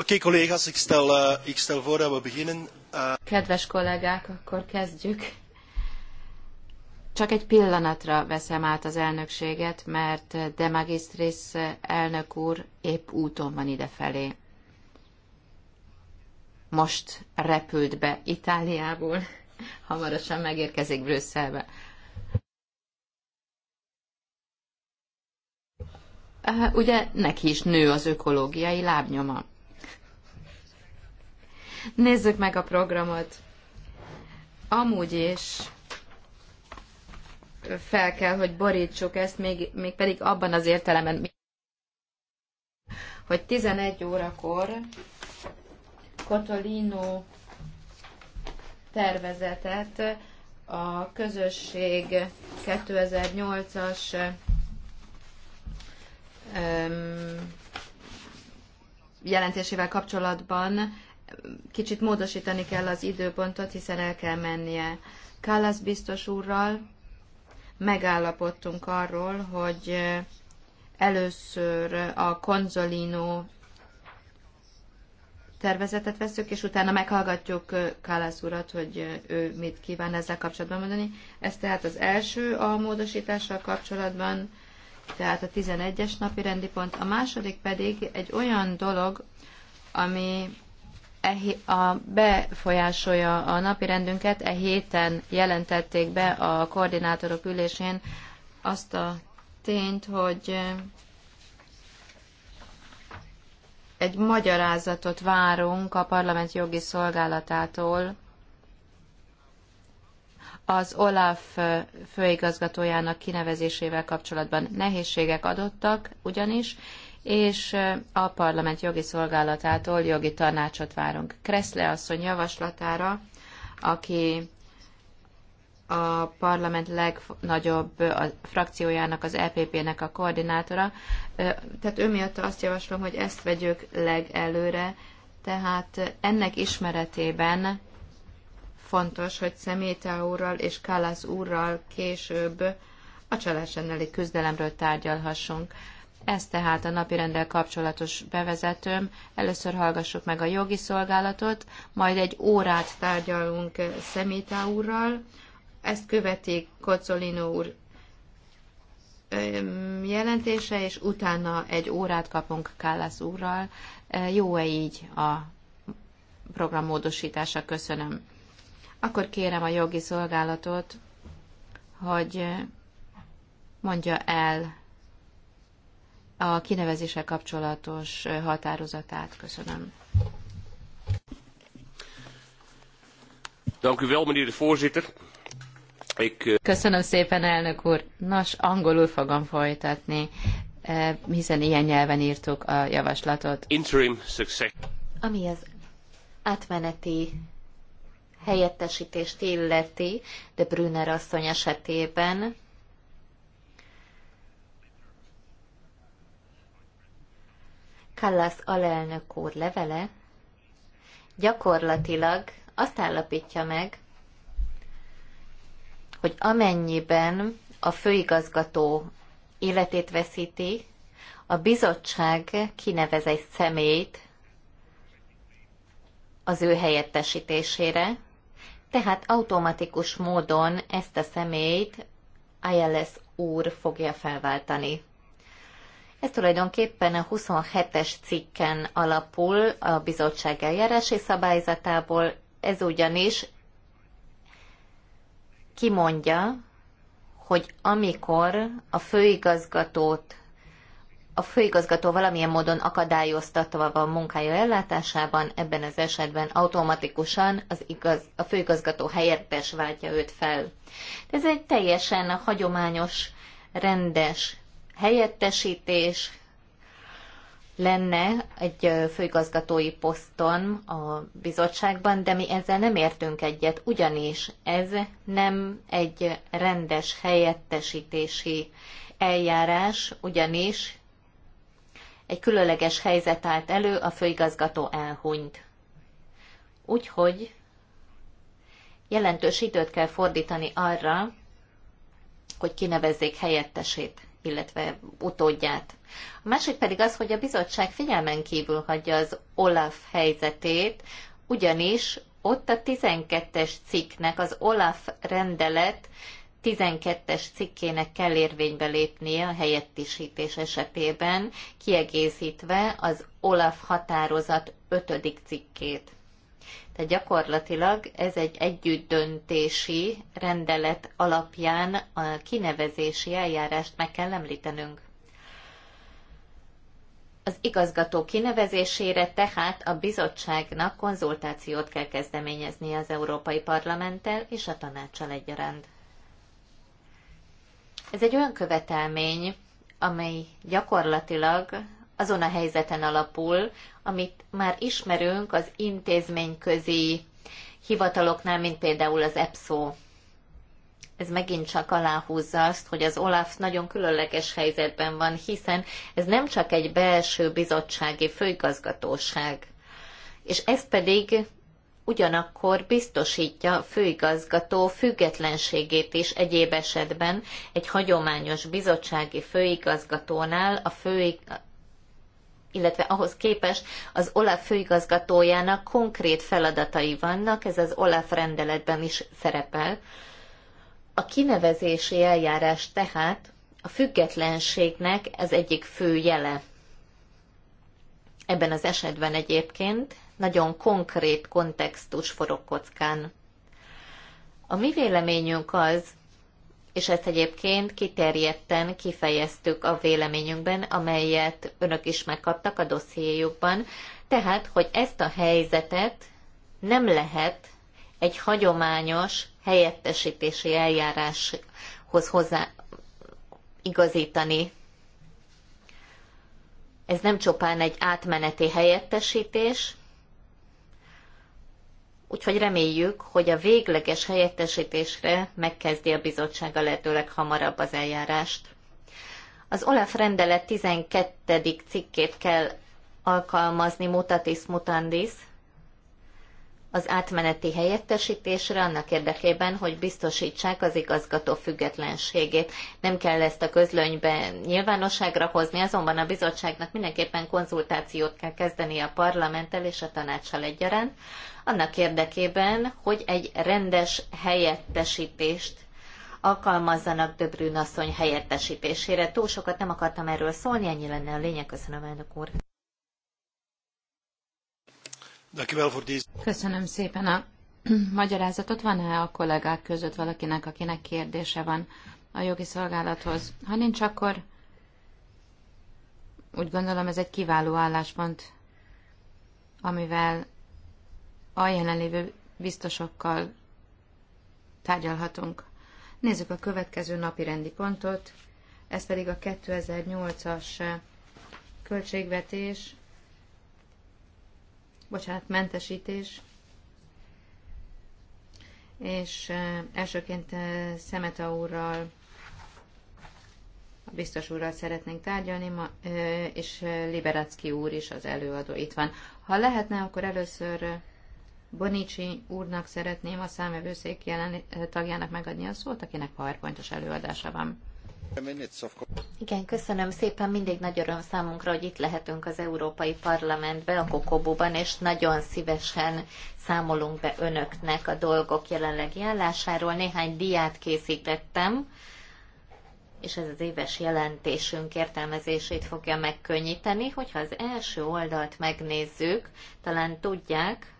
Oké, collega's, ik stel, eh, ik stel voor dat we beginnen. Eh, Kedves kollégák, akkor kezdjük. Csak egy pillanatra veszem át az elnökséget, mert De Magistris elnök úr épp úton van idefelé. Most repült be Itáliából, hamarosan megérkezik Brüsszelbe. Eh, ugye neki is nő az ökológiai lábnyoma. Nézzük meg a programot. Amúgy is fel kell, hogy borítsuk ezt, még, még pedig abban az értelemben, hogy 11 órakor Kotolino tervezetet a közösség 2008-as jelentésével kapcsolatban kicsit módosítani kell az időpontot, hiszen el kell mennie. Kallas biztos úrral megállapodtunk arról, hogy először a konzolino tervezetet veszük, és utána meghallgatjuk Kálász urat, hogy ő mit kíván ezzel kapcsolatban mondani. Ez tehát az első a módosítással kapcsolatban, tehát a 11-es napi rendi pont. A második pedig egy olyan dolog, ami E a befolyásolja a napi rendünket. E héten jelentették be a koordinátorok ülésén azt a tényt, hogy egy magyarázatot várunk a parlament jogi szolgálatától az OLAF főigazgatójának kinevezésével kapcsolatban nehézségek adottak, ugyanis és a parlament jogi szolgálatától jogi tanácsot várunk. Kreszle asszony javaslatára, aki a parlament legnagyobb a frakciójának, az EPP-nek a koordinátora. Tehát ő miatt azt javaslom, hogy ezt vegyük legelőre, tehát ennek ismeretében fontos, hogy Szeméta úrral és Kalasz úrral később a csalás elleni küzdelemről tárgyalhassunk. Ez tehát a napirendel kapcsolatos bevezetőm. Először hallgassuk meg a jogi szolgálatot, majd egy órát tárgyalunk Szeméta úrral. Ezt követi Kocolino úr jelentése, és utána egy órát kapunk Kállász úrral. Jó-e így a program módosítása? Köszönöm. Akkor kérem a jogi szolgálatot, hogy mondja el a kinevezése kapcsolatos határozatát. Köszönöm. Eh, Köszönöm szépen, elnök úr. Nos, angolul fogom folytatni, eh, hiszen ilyen nyelven írtuk a javaslatot. Interim success. Ami az átmeneti helyettesítést illeti, de Brüner asszony esetében Kallász alelnök úr levele gyakorlatilag azt állapítja meg, hogy amennyiben a főigazgató életét veszíti, a bizottság kinevez egy személyt az ő helyettesítésére, tehát automatikus módon ezt a személyt ILS úr fogja felváltani. Ez tulajdonképpen a 27-es cikken alapul a bizottság eljárási szabályzatából, ez ugyanis kimondja, hogy amikor a főigazgatót a főigazgató valamilyen módon akadályoztatva van munkája ellátásában, ebben az esetben automatikusan az igaz, a főigazgató helyettes váltja őt fel. Ez egy teljesen hagyományos, rendes helyettesítés lenne egy főigazgatói poszton a bizottságban, de mi ezzel nem értünk egyet, ugyanis ez nem egy rendes helyettesítési eljárás, ugyanis egy különleges helyzet állt elő, a főigazgató elhunyt. Úgyhogy jelentős időt kell fordítani arra, hogy kinevezzék helyettesét illetve utódját. A másik pedig az, hogy a bizottság figyelmen kívül hagyja az Olaf helyzetét, ugyanis ott a 12-es cikknek, az Olaf rendelet 12-es cikkének kell érvénybe lépnie a helyettisítés esetében, kiegészítve az Olaf határozat 5. cikkét. Tehát gyakorlatilag ez egy együttdöntési rendelet alapján a kinevezési eljárást meg kell említenünk. Az igazgató kinevezésére tehát a bizottságnak konzultációt kell kezdeményezni az Európai Parlamenttel és a tanácssal egyaránt. Ez egy olyan követelmény, amely gyakorlatilag azon a helyzeten alapul, amit már ismerünk az intézményközi hivataloknál, mint például az EPSO. Ez megint csak aláhúzza azt, hogy az OLAF nagyon különleges helyzetben van, hiszen ez nem csak egy belső bizottsági főigazgatóság, és ez pedig ugyanakkor biztosítja a főigazgató függetlenségét is egyéb esetben egy hagyományos bizottsági főigazgatónál a, fő, illetve ahhoz képest az OLAF főigazgatójának konkrét feladatai vannak, ez az OLAF rendeletben is szerepel. A kinevezési eljárás tehát a függetlenségnek ez egyik fő jele. Ebben az esetben egyébként nagyon konkrét kontextus forog kockán. A mi véleményünk az, és ezt egyébként kiterjedten kifejeztük a véleményünkben, amelyet önök is megkaptak a dossziéjukban, tehát, hogy ezt a helyzetet nem lehet egy hagyományos helyettesítési eljáráshoz hozzá igazítani. Ez nem csupán egy átmeneti helyettesítés, úgyhogy reméljük, hogy a végleges helyettesítésre megkezdi a bizottság a lehető leghamarabb az eljárást. Az OLAF rendelet 12. cikkét kell alkalmazni mutatis mutandis, az átmeneti helyettesítésre annak érdekében, hogy biztosítsák az igazgató függetlenségét. Nem kell ezt a közlönybe nyilvánosságra hozni, azonban a bizottságnak mindenképpen konzultációt kell kezdeni a parlamenttel és a tanácssal egyaránt, annak érdekében, hogy egy rendes helyettesítést alkalmazzanak Döbrűn asszony helyettesítésére. Túl sokat nem akartam erről szólni, ennyi lenne a lényeg. Köszönöm, elnök úr. Köszönöm szépen a magyarázatot. Van-e a kollégák között valakinek, akinek kérdése van a jogi szolgálathoz? Ha nincs, akkor úgy gondolom ez egy kiváló álláspont, amivel a jelenlévő biztosokkal tárgyalhatunk. Nézzük a következő napi rendi pontot, ez pedig a 2008-as költségvetés bocsánat, mentesítés, és elsőként Szemeta úrral, a biztos úrral szeretnénk tárgyalni, és Liberacki úr is az előadó itt van. Ha lehetne, akkor először Bonici úrnak szeretném a számvevőszék jelen tagjának megadni a szót, akinek powerpointos előadása van. Igen, köszönöm szépen. Mindig nagy öröm számunkra, hogy itt lehetünk az Európai Parlamentben, a Kokobóban, és nagyon szívesen számolunk be önöknek a dolgok jelenlegi állásáról. Néhány diát készítettem, és ez az éves jelentésünk értelmezését fogja megkönnyíteni, hogyha az első oldalt megnézzük, talán tudják,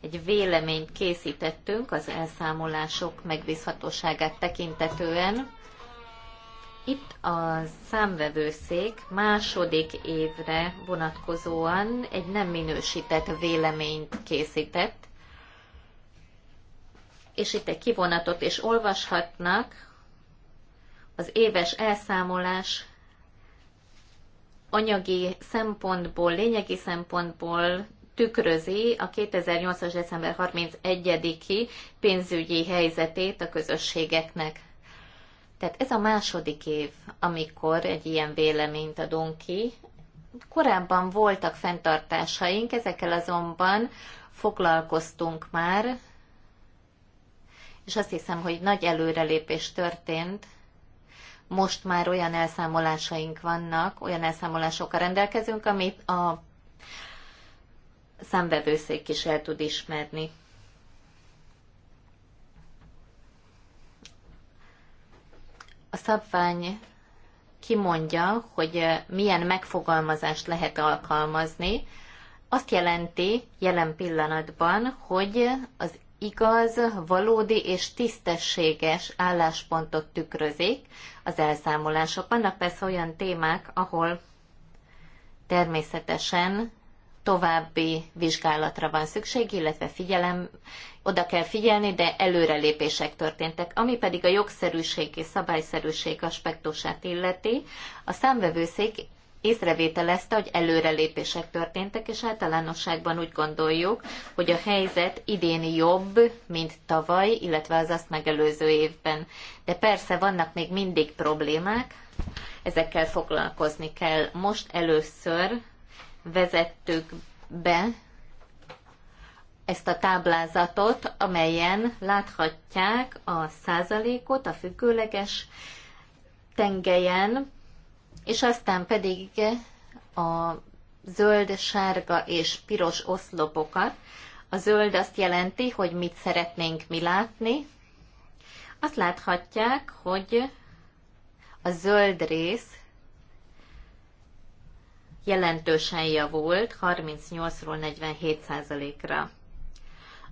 egy véleményt készítettünk az elszámolások megbízhatóságát tekintetően, itt a számvevőszék második évre vonatkozóan egy nem minősített véleményt készített, és itt egy kivonatot is olvashatnak, az éves elszámolás anyagi szempontból, lényegi szempontból tükrözi a 2008. december 31-i pénzügyi helyzetét a közösségeknek. Tehát ez a második év, amikor egy ilyen véleményt adunk ki. Korábban voltak fenntartásaink, ezekkel azonban foglalkoztunk már, és azt hiszem, hogy nagy előrelépés történt. Most már olyan elszámolásaink vannak, olyan elszámolásokkal rendelkezünk, amit a számbevőszék is el tud ismerni. a szabvány kimondja, hogy milyen megfogalmazást lehet alkalmazni, azt jelenti jelen pillanatban, hogy az igaz, valódi és tisztességes álláspontot tükrözik az elszámolások. Vannak persze olyan témák, ahol természetesen további vizsgálatra van szükség, illetve figyelem, oda kell figyelni, de előrelépések történtek. Ami pedig a jogszerűség és szabályszerűség aspektusát illeti, a számvevőszék észrevételezte, hogy előrelépések történtek, és általánosságban úgy gondoljuk, hogy a helyzet idén jobb, mint tavaly, illetve az azt megelőző évben. De persze vannak még mindig problémák, ezekkel foglalkozni kell. Most először vezettük be ezt a táblázatot, amelyen láthatják a százalékot a függőleges tengelyen, és aztán pedig a zöld, sárga és piros oszlopokat. A zöld azt jelenti, hogy mit szeretnénk mi látni. Azt láthatják, hogy a zöld rész jelentősen javult, 38-ról 47%-ra.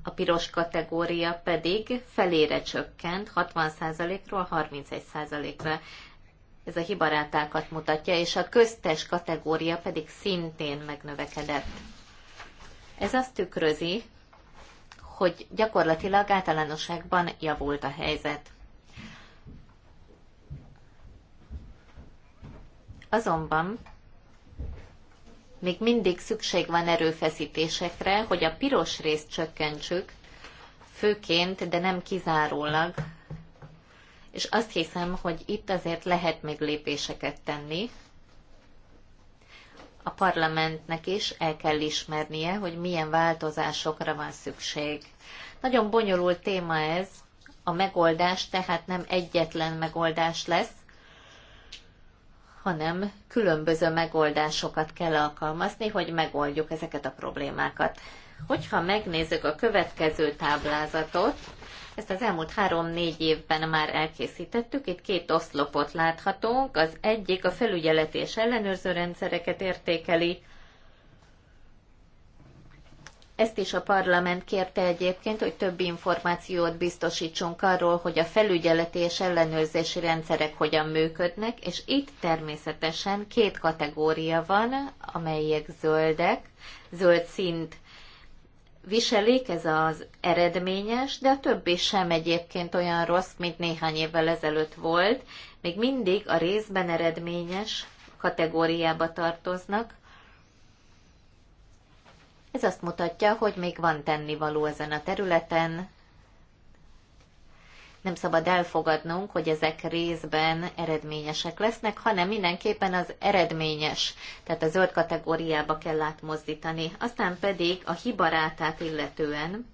A piros kategória pedig felére csökkent, 60%-ról 31%-ra. Ez a hibarátákat mutatja, és a köztes kategória pedig szintén megnövekedett. Ez azt tükrözi, hogy gyakorlatilag általánosságban javult a helyzet. Azonban még mindig szükség van erőfeszítésekre, hogy a piros részt csökkentsük, főként, de nem kizárólag. És azt hiszem, hogy itt azért lehet még lépéseket tenni. A parlamentnek is el kell ismernie, hogy milyen változásokra van szükség. Nagyon bonyolult téma ez, a megoldás tehát nem egyetlen megoldás lesz, hanem különböző megoldásokat kell alkalmazni, hogy megoldjuk ezeket a problémákat. Hogyha megnézzük a következő táblázatot, ezt az elmúlt három-négy évben már elkészítettük, itt két oszlopot láthatunk, az egyik a felügyeleti és ellenőrző rendszereket értékeli, ezt is a parlament kérte egyébként, hogy több információt biztosítsunk arról, hogy a felügyeleti és ellenőrzési rendszerek hogyan működnek, és itt természetesen két kategória van, amelyek zöldek, zöld szint viselik, ez az eredményes, de a többi sem egyébként olyan rossz, mint néhány évvel ezelőtt volt. Még mindig a részben eredményes kategóriába tartoznak, ez azt mutatja, hogy még van tennivaló ezen a területen. Nem szabad elfogadnunk, hogy ezek részben eredményesek lesznek, hanem mindenképpen az eredményes, tehát a zöld kategóriába kell átmozdítani. Aztán pedig a hibarátát illetően,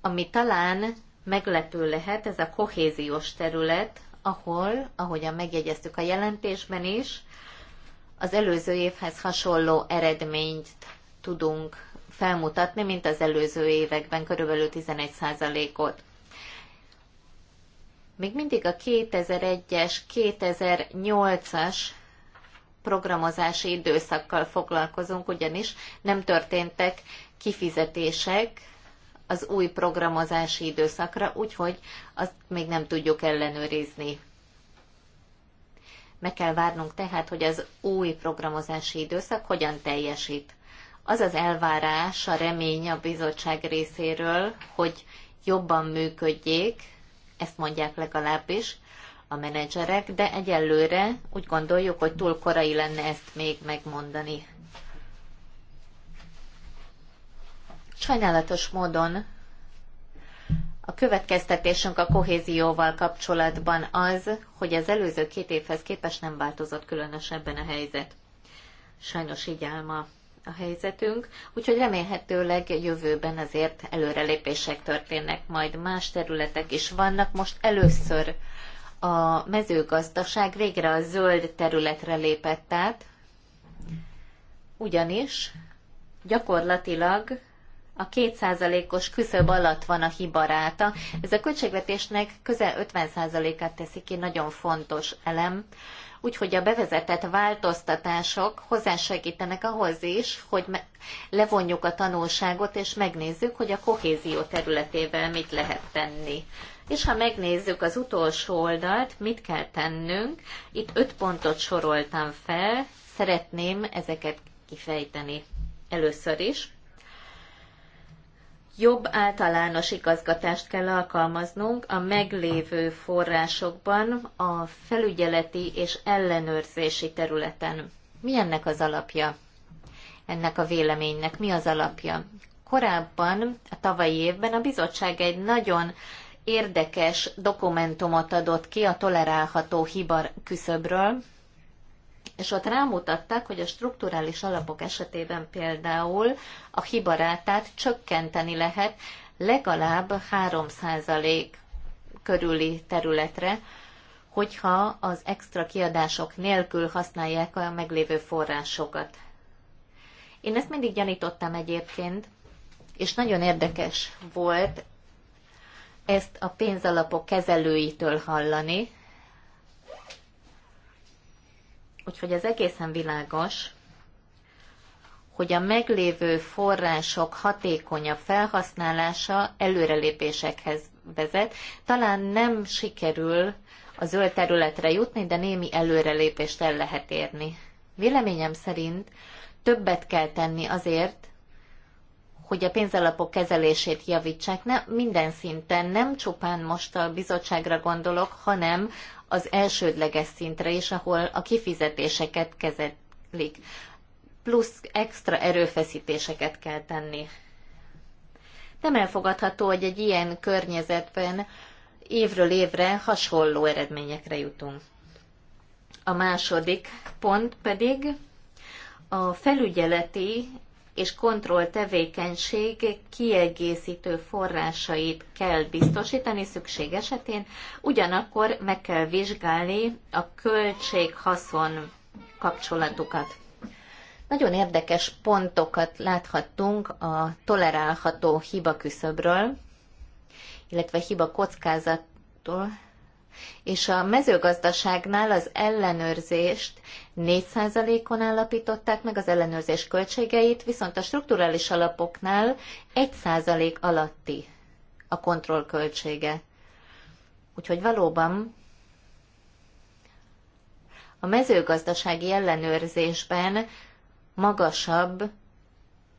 ami talán meglepő lehet, ez a kohéziós terület, ahol, ahogyan megjegyeztük a jelentésben is, az előző évhez hasonló eredményt tudunk felmutatni, mint az előző években, körülbelül 11%-ot. Még mindig a 2001-es, 2008-as programozási időszakkal foglalkozunk, ugyanis nem történtek kifizetések az új programozási időszakra, úgyhogy azt még nem tudjuk ellenőrizni. Meg kell várnunk tehát, hogy az új programozási időszak hogyan teljesít az az elvárás, a remény a bizottság részéről, hogy jobban működjék, ezt mondják legalábbis a menedzserek, de egyelőre úgy gondoljuk, hogy túl korai lenne ezt még megmondani. Sajnálatos módon a következtetésünk a kohézióval kapcsolatban az, hogy az előző két évhez képest nem változott különösebben a helyzet. Sajnos így áll ma a helyzetünk, úgyhogy remélhetőleg jövőben azért előrelépések történnek, majd más területek is vannak. Most először a mezőgazdaság végre a zöld területre lépett át, ugyanis gyakorlatilag a kétszázalékos küszöb alatt van a hibaráta. Ez a költségvetésnek közel 50%-át teszi ki, nagyon fontos elem úgyhogy a bevezetett változtatások hozzásegítenek ahhoz is, hogy levonjuk a tanulságot, és megnézzük, hogy a kohézió területével mit lehet tenni. És ha megnézzük az utolsó oldalt, mit kell tennünk, itt öt pontot soroltam fel, szeretném ezeket kifejteni. Először is jobb általános igazgatást kell alkalmaznunk a meglévő forrásokban a felügyeleti és ellenőrzési területen. Mi ennek az alapja? Ennek a véleménynek mi az alapja? Korábban, a tavalyi évben a bizottság egy nagyon érdekes dokumentumot adott ki a tolerálható hiba küszöbről, és ott rámutattak, hogy a strukturális alapok esetében például a hibarátát csökkenteni lehet legalább 3% körüli területre, hogyha az extra kiadások nélkül használják a meglévő forrásokat. Én ezt mindig gyanítottam egyébként, és nagyon érdekes volt ezt a pénzalapok kezelőitől hallani, Úgyhogy ez egészen világos, hogy a meglévő források hatékonyabb felhasználása előrelépésekhez vezet. Talán nem sikerül a zöld területre jutni, de némi előrelépést el lehet érni. Véleményem szerint többet kell tenni azért, hogy a pénzalapok kezelését javítsák, ne, minden szinten, nem csupán most a bizottságra gondolok, hanem az elsődleges szintre is, ahol a kifizetéseket kezelik. Plusz extra erőfeszítéseket kell tenni. Nem elfogadható, hogy egy ilyen környezetben évről évre hasonló eredményekre jutunk. A második pont pedig a felügyeleti és kontroll tevékenység kiegészítő forrásait kell biztosítani szükség esetén, ugyanakkor meg kell vizsgálni a költség-haszon kapcsolatukat. Nagyon érdekes pontokat láthattunk a tolerálható hiba illetve hiba kockázattól, és a mezőgazdaságnál az ellenőrzést 4%-on állapították meg az ellenőrzés költségeit, viszont a strukturális alapoknál 1% alatti a kontroll költsége. Úgyhogy valóban a mezőgazdasági ellenőrzésben magasabb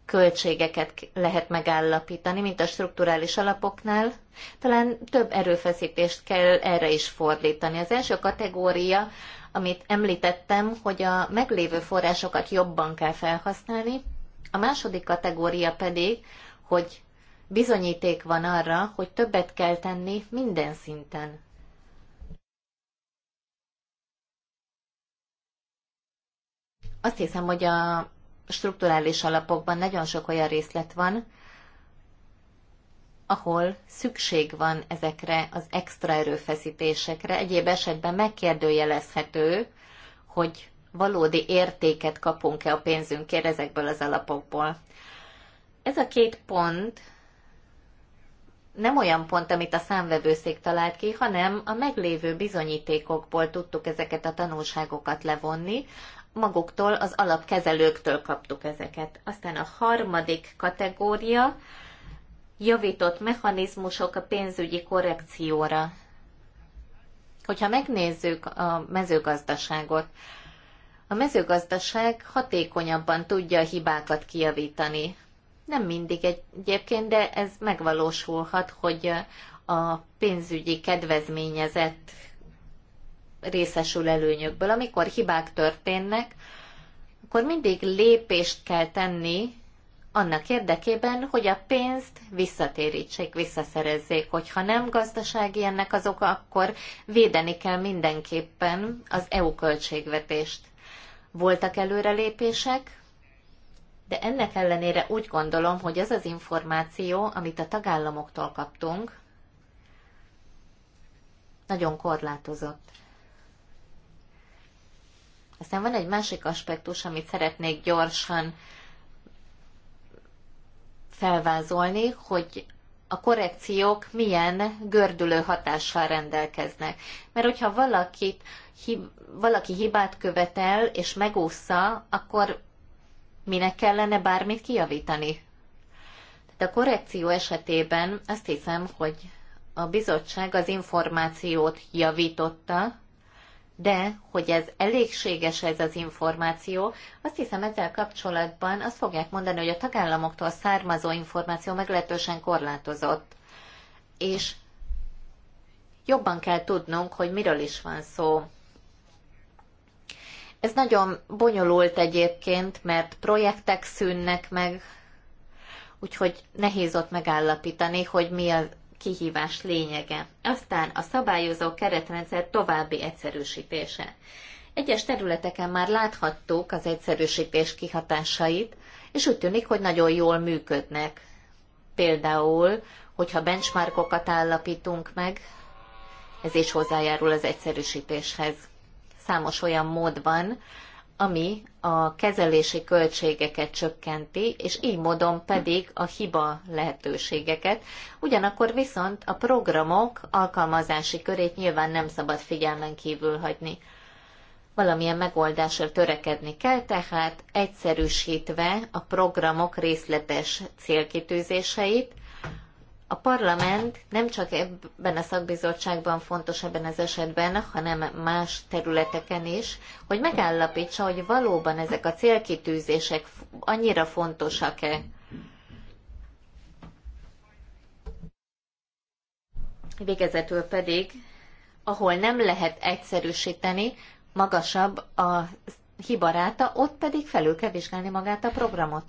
költségeket lehet megállapítani, mint a strukturális alapoknál. Talán több erőfeszítést kell erre is fordítani. Az első kategória, amit említettem, hogy a meglévő forrásokat jobban kell felhasználni. A második kategória pedig, hogy bizonyíték van arra, hogy többet kell tenni minden szinten. Azt hiszem, hogy a strukturális alapokban nagyon sok olyan részlet van, ahol szükség van ezekre az extra erőfeszítésekre. Egyéb esetben megkérdőjelezhető, hogy valódi értéket kapunk-e a pénzünkért ezekből az alapokból. Ez a két pont nem olyan pont, amit a számvevőszék talált ki, hanem a meglévő bizonyítékokból tudtuk ezeket a tanulságokat levonni, maguktól, az alapkezelőktől kaptuk ezeket. Aztán a harmadik kategória, javított mechanizmusok a pénzügyi korrekcióra. Hogyha megnézzük a mezőgazdaságot, a mezőgazdaság hatékonyabban tudja a hibákat kijavítani. Nem mindig egyébként, de ez megvalósulhat, hogy a pénzügyi kedvezményezett részesül előnyökből. Amikor hibák történnek, akkor mindig lépést kell tenni annak érdekében, hogy a pénzt visszatérítsék, visszaszerezzék. Hogyha nem gazdasági ennek az oka, akkor védeni kell mindenképpen az EU költségvetést. Voltak előrelépések, de ennek ellenére úgy gondolom, hogy az az információ, amit a tagállamoktól kaptunk, nagyon korlátozott. Aztán van egy másik aspektus, amit szeretnék gyorsan felvázolni, hogy a korrekciók milyen gördülő hatással rendelkeznek. Mert hogyha valakit, hib, valaki hibát követel és megúszza, akkor minek kellene bármit kijavítani? Tehát a korrekció esetében azt hiszem, hogy a bizottság az információt javította, de hogy ez elégséges ez az információ, azt hiszem ezzel kapcsolatban azt fogják mondani, hogy a tagállamoktól származó információ meglehetősen korlátozott, és jobban kell tudnunk, hogy miről is van szó. Ez nagyon bonyolult egyébként, mert projektek szűnnek meg, úgyhogy nehéz ott megállapítani, hogy mi az kihívás lényege. Aztán a szabályozó keretrendszer további egyszerűsítése. Egyes területeken már láthattuk az egyszerűsítés kihatásait, és úgy tűnik, hogy nagyon jól működnek. Például, hogyha benchmarkokat állapítunk meg, ez is hozzájárul az egyszerűsítéshez. Számos olyan mód van, ami a kezelési költségeket csökkenti, és így módon pedig a hiba lehetőségeket. Ugyanakkor viszont a programok alkalmazási körét nyilván nem szabad figyelmen kívül hagyni. Valamilyen megoldásra törekedni kell, tehát egyszerűsítve a programok részletes célkitűzéseit, a parlament nem csak ebben a szakbizottságban fontos ebben az esetben, hanem más területeken is, hogy megállapítsa, hogy valóban ezek a célkitűzések annyira fontosak-e. Végezetül pedig, ahol nem lehet egyszerűsíteni, magasabb a hibaráta, ott pedig felül kell vizsgálni magát a programot.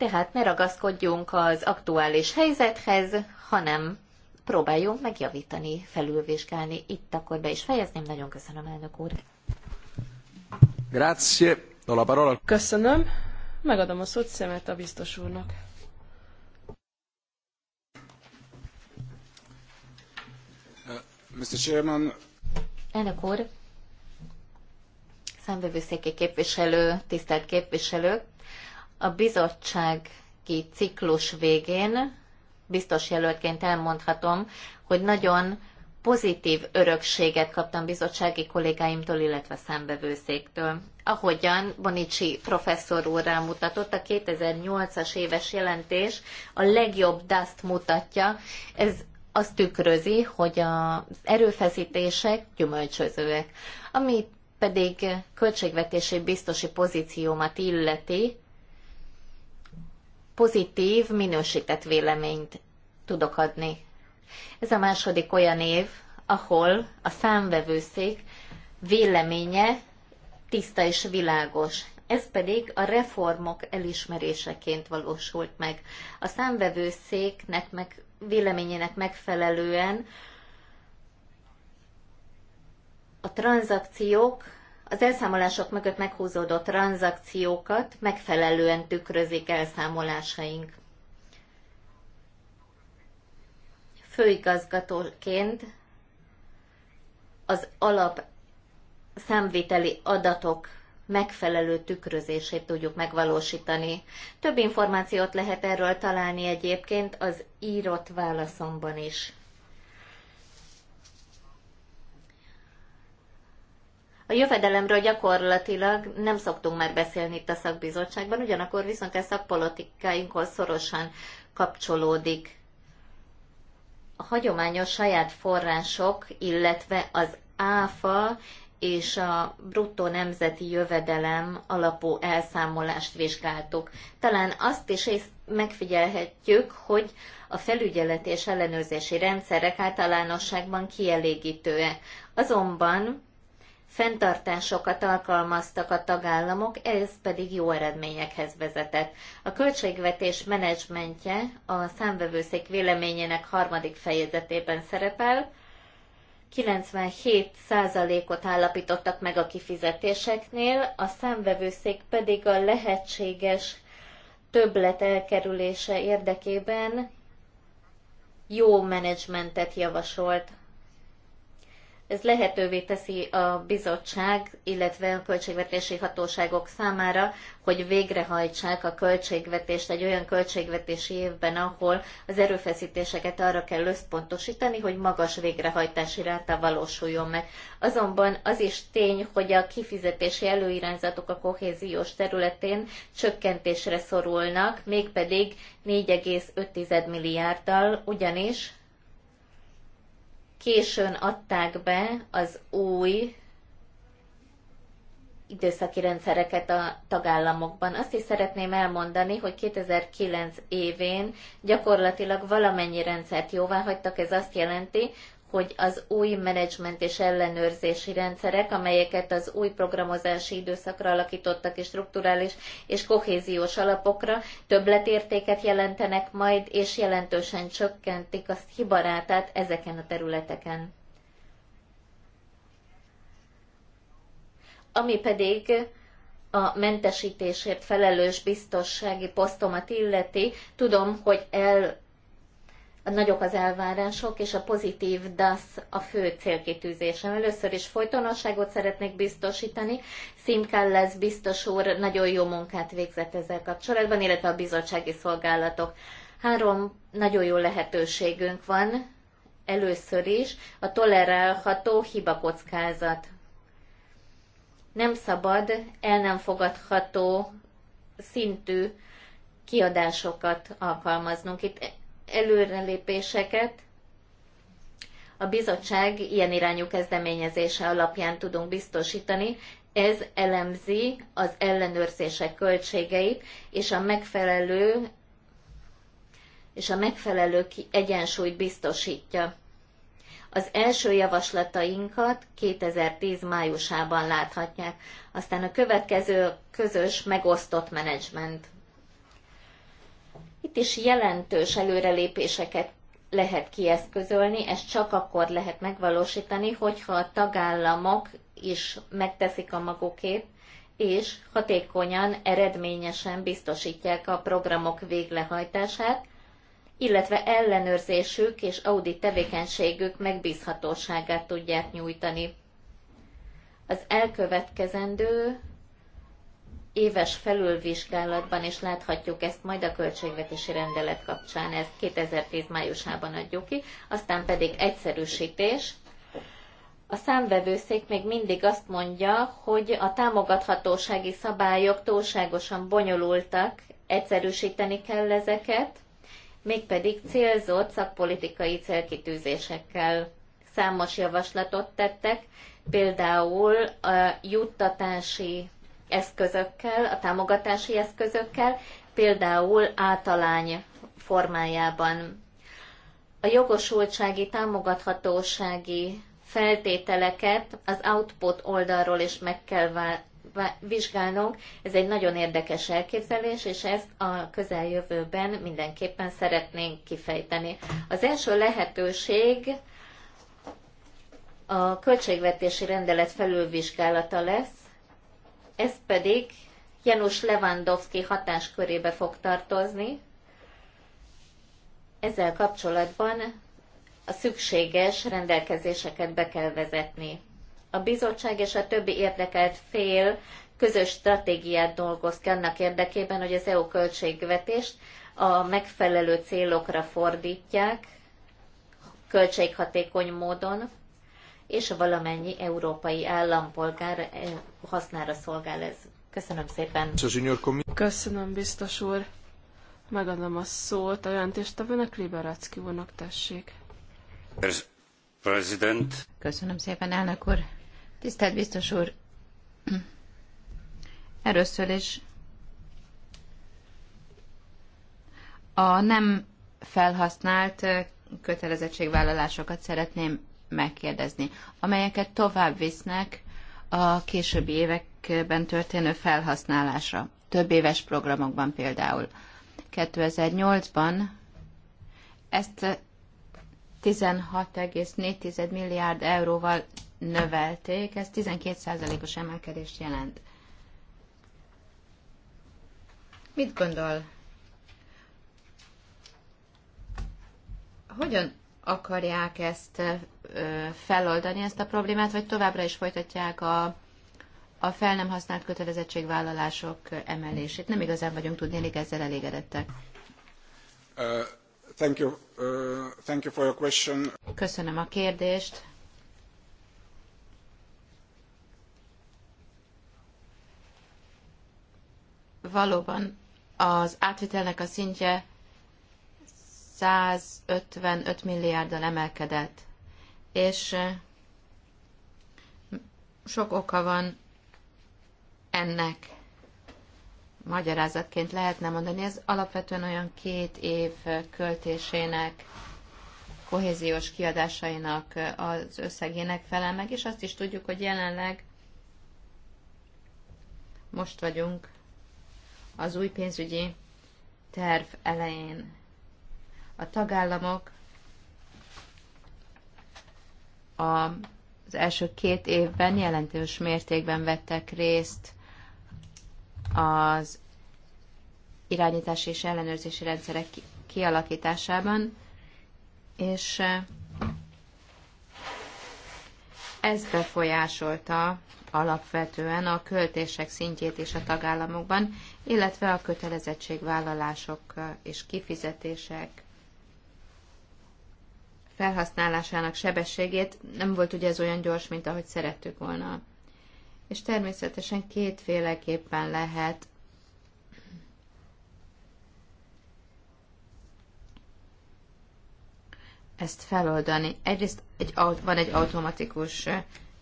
Tehát ne ragaszkodjunk az aktuális helyzethez, hanem próbáljunk megjavítani, felülvizsgálni. Itt akkor be is fejezném. Nagyon köszönöm, elnök úr. Grazie. la parola. Köszönöm. Megadom a szót szemet a biztos úrnak. Mr. Chairman. Elnök úr, számvevőszéki képviselő, tisztelt képviselők, a bizottsági ciklus végén biztos jelöltként elmondhatom, hogy nagyon pozitív örökséget kaptam bizottsági kollégáimtól, illetve szembevőszéktől. Ahogyan Bonicsi professzor úr rámutatott, a 2008-as éves jelentés a legjobb dust mutatja. Ez azt tükrözi, hogy az erőfeszítések gyümölcsözőek. Ami pedig költségvetési biztosi pozíciómat illeti, pozitív, minősített véleményt tudok adni. Ez a második olyan év, ahol a számvevőszék véleménye tiszta és világos. Ez pedig a reformok elismeréseként valósult meg. A számvevőszéknek meg, véleményének megfelelően a tranzakciók az elszámolások mögött meghúzódó tranzakciókat megfelelően tükrözik elszámolásaink. Főigazgatóként az alap számviteli adatok megfelelő tükrözését tudjuk megvalósítani. Több információt lehet erről találni egyébként az írott válaszomban is. A jövedelemről gyakorlatilag nem szoktunk már beszélni itt a szakbizottságban, ugyanakkor viszont ez politikáinkhoz szorosan kapcsolódik. A hagyományos saját források, illetve az áfa és a bruttó nemzeti jövedelem alapú elszámolást vizsgáltuk. Talán azt is megfigyelhetjük, hogy a felügyelet és ellenőrzési rendszerek általánosságban kielégítőek. Azonban fenntartásokat alkalmaztak a tagállamok, ez pedig jó eredményekhez vezetett. A költségvetés menedzsmentje a számvevőszék véleményének harmadik fejezetében szerepel, 97%-ot állapítottak meg a kifizetéseknél, a számvevőszék pedig a lehetséges többlet elkerülése érdekében jó menedzsmentet javasolt. Ez lehetővé teszi a bizottság, illetve a költségvetési hatóságok számára, hogy végrehajtsák a költségvetést egy olyan költségvetési évben, ahol az erőfeszítéseket arra kell összpontosítani, hogy magas végrehajtási ráta valósuljon meg. Azonban az is tény, hogy a kifizetési előirányzatok a kohéziós területén csökkentésre szorulnak, mégpedig 4,5 milliárddal, ugyanis későn adták be az új időszaki rendszereket a tagállamokban. Azt is szeretném elmondani, hogy 2009 évén gyakorlatilag valamennyi rendszert jóvá hagytak, ez azt jelenti, hogy az új menedzsment és ellenőrzési rendszerek, amelyeket az új programozási időszakra alakítottak és strukturális és kohéziós alapokra többletértéket jelentenek majd, és jelentősen csökkentik a hibarátát ezeken a területeken. Ami pedig a mentesítésért felelős biztonsági posztomat illeti, tudom, hogy el nagyok az elvárások, és a pozitív DAS a fő célkitűzésem. Először is folytonosságot szeretnék biztosítani. Szimkán lesz biztos úr, nagyon jó munkát végzett ezzel kapcsolatban, illetve a bizottsági szolgálatok. Három nagyon jó lehetőségünk van. Először is a tolerálható hibakockázat. Nem szabad, el nem fogadható szintű kiadásokat alkalmaznunk. Itt előrelépéseket a bizottság ilyen irányú kezdeményezése alapján tudunk biztosítani. Ez elemzi az ellenőrzések költségeit és a megfelelő és a megfelelő egyensúlyt biztosítja. Az első javaslatainkat 2010 májusában láthatják, aztán a következő közös megosztott menedzsment. Itt is jelentős előrelépéseket lehet kieszközölni, ezt csak akkor lehet megvalósítani, hogyha a tagállamok is megteszik a magukét, és hatékonyan, eredményesen biztosítják a programok végrehajtását, illetve ellenőrzésük és audit tevékenységük megbízhatóságát tudják nyújtani. Az elkövetkezendő éves felülvizsgálatban, és láthatjuk ezt majd a költségvetési rendelet kapcsán, ezt 2010 májusában adjuk ki, aztán pedig egyszerűsítés. A számvevőszék még mindig azt mondja, hogy a támogathatósági szabályok túlságosan bonyolultak, egyszerűsíteni kell ezeket, mégpedig célzott szakpolitikai célkitűzésekkel számos javaslatot tettek, például a juttatási eszközökkel, a támogatási eszközökkel, például általány formájában. A jogosultsági, támogathatósági feltételeket az output oldalról is meg kell vizsgálnunk. Ez egy nagyon érdekes elképzelés, és ezt a közeljövőben mindenképpen szeretnénk kifejteni. Az első lehetőség a költségvetési rendelet felülvizsgálata lesz, ez pedig Janusz Lewandowski hatáskörébe fog tartozni. Ezzel kapcsolatban a szükséges rendelkezéseket be kell vezetni. A bizottság és a többi érdekelt fél közös stratégiát dolgoz ki annak érdekében, hogy az EU költségvetést a megfelelő célokra fordítják, költséghatékony módon, és valamennyi európai állampolgár eh, hasznára szolgál ez. Köszönöm szépen. Köszönöm, biztos úr. Megadom a szót a jelentéstevőnek, Liberácki úrnak tessék. President. Köszönöm szépen, elnök úr. Tisztelt biztos úr, Erőször is a nem felhasznált eh, kötelezettségvállalásokat szeretném megkérdezni, amelyeket tovább visznek a későbbi években történő felhasználásra, több éves programokban például. 2008-ban ezt 16,4 milliárd euróval növelték, ez 12%-os emelkedést jelent. Mit gondol? Hogyan akarják ezt feloldani ezt a problémát, vagy továbbra is folytatják a, a fel nem használt kötelezettségvállalások emelését. Nem igazán vagyunk tudnélik ezzel elégedettek. Uh, thank you. Uh, thank you for your question. Köszönöm a kérdést. Valóban az átvitelnek a szintje 155 milliárddal emelkedett és sok oka van ennek. Magyarázatként lehetne mondani, ez alapvetően olyan két év költésének, kohéziós kiadásainak az összegének felel meg, és azt is tudjuk, hogy jelenleg most vagyunk az új pénzügyi terv elején. A tagállamok az első két évben jelentős mértékben vettek részt az irányítási és ellenőrzési rendszerek kialakításában, és eh, ez befolyásolta alapvetően a költések szintjét is a tagállamokban, illetve a kötelezettségvállalások eh, és kifizetések felhasználásának sebességét, nem volt ugye ez olyan gyors, mint ahogy szerettük volna. És természetesen kétféleképpen lehet ezt feloldani. Egyrészt egy, van egy automatikus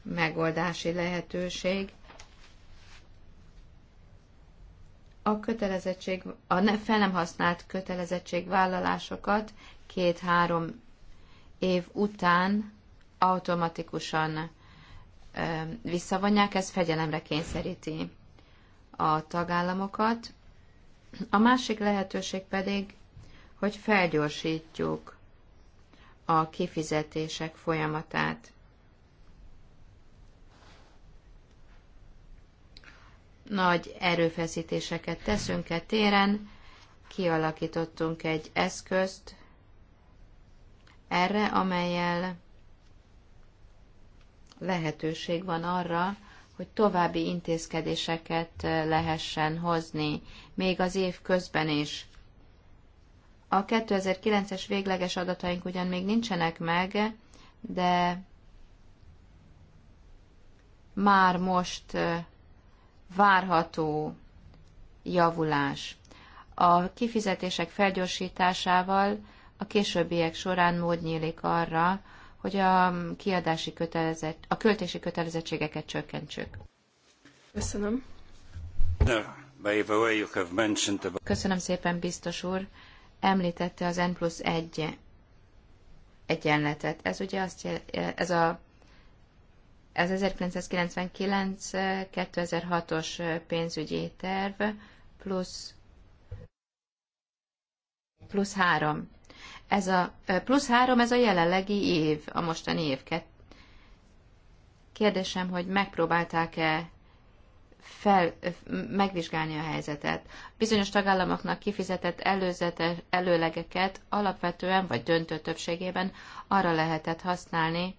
megoldási lehetőség. A kötelezettség, a fel nem használt kötelezettségvállalásokat két-három év után automatikusan visszavonják, ez fegyelemre kényszeríti a tagállamokat. A másik lehetőség pedig, hogy felgyorsítjuk a kifizetések folyamatát. Nagy erőfeszítéseket teszünk e téren, kialakítottunk egy eszközt, erre, amelyel lehetőség van arra, hogy további intézkedéseket eh, lehessen hozni, még az év közben is. A 2009-es végleges adataink ugyan még nincsenek meg, de már most eh, várható javulás. A kifizetések felgyorsításával a későbbiek során mód nyílik arra, hogy a kiadási kötelezett, a költési kötelezettségeket csökkentsük. Köszönöm. Köszönöm szépen, biztos úr. Említette az N plusz egy egyenletet. Ez ugye azt jel, ez a ez 1999-2006-os pénzügyi terv plusz plusz három. Ez a plusz három, ez a jelenlegi év, a mostani év. Kérdésem, hogy megpróbálták-e fel, megvizsgálni a helyzetet. Bizonyos tagállamoknak kifizetett előzete, előlegeket alapvetően vagy döntő többségében arra lehetett használni,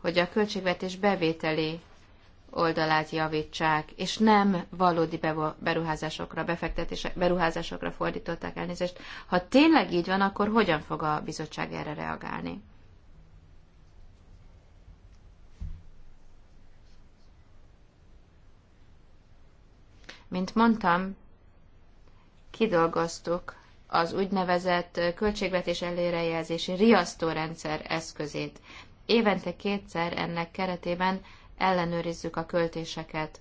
hogy a költségvetés bevételi oldalát javítsák, és nem valódi beruházásokra, beruházásokra fordították elnézést. Ha tényleg így van, akkor hogyan fog a bizottság erre reagálni? Mint mondtam, kidolgoztuk az úgynevezett költségvetés előrejelzési riasztórendszer eszközét. Évente kétszer ennek keretében ellenőrizzük a költéseket,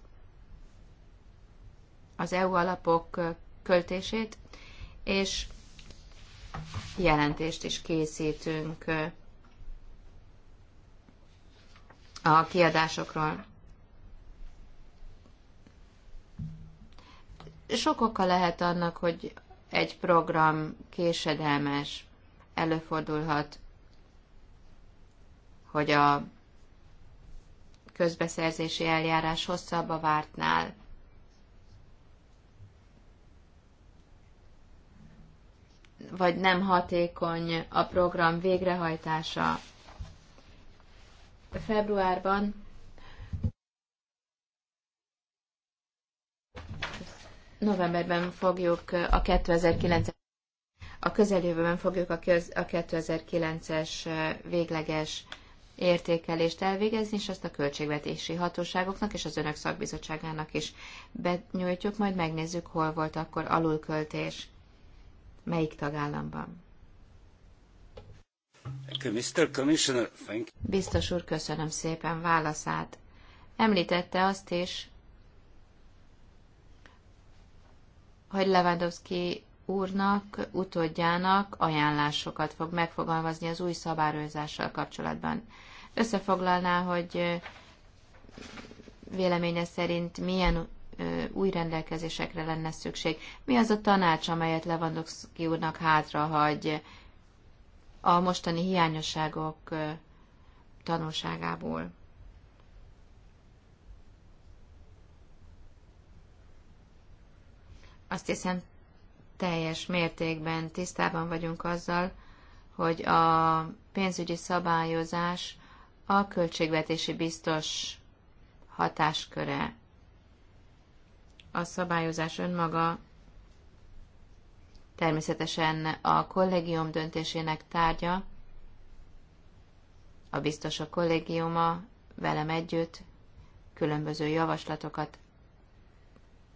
az EU alapok költését, és jelentést is készítünk a kiadásokról. Sok oka lehet annak, hogy egy program késedelmes, előfordulhat, hogy a közbeszerzési eljárás hosszabb a vártnál. Vagy nem hatékony a program végrehajtása. Februárban novemberben fogjuk a 2009 a közeljövőben fogjuk a, köz, a 2009-es végleges értékelést elvégezni, és azt a költségvetési hatóságoknak és az önök szakbizottságának is benyújtjuk, majd megnézzük, hol volt akkor alulköltés, melyik tagállamban. Biztos úr, köszönöm szépen válaszát. Említette azt is, hogy Lewandowski úrnak, utódjának ajánlásokat fog megfogalmazni az új szabályozással kapcsolatban összefoglalná, hogy véleménye szerint milyen új rendelkezésekre lenne szükség. Mi az a tanács, amelyet Lewandowski úrnak hátra hagy a mostani hiányosságok tanulságából? Azt hiszem, teljes mértékben tisztában vagyunk azzal, hogy a pénzügyi szabályozás a költségvetési biztos hatásköre. A szabályozás önmaga természetesen a kollégium döntésének tárgya, a biztos a kollégiuma velem együtt különböző javaslatokat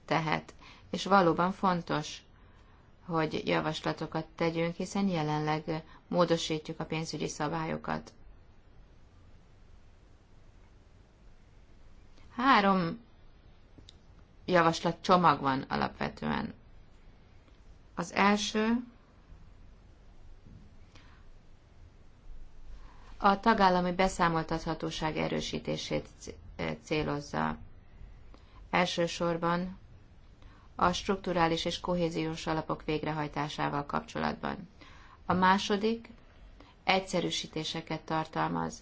tehet. És valóban fontos, hogy javaslatokat tegyünk, hiszen jelenleg módosítjuk a pénzügyi szabályokat. Három javaslat csomag van alapvetően. Az első a tagállami beszámoltathatóság erősítését eh, célozza. Elsősorban a strukturális és kohéziós alapok végrehajtásával kapcsolatban. A második egyszerűsítéseket tartalmaz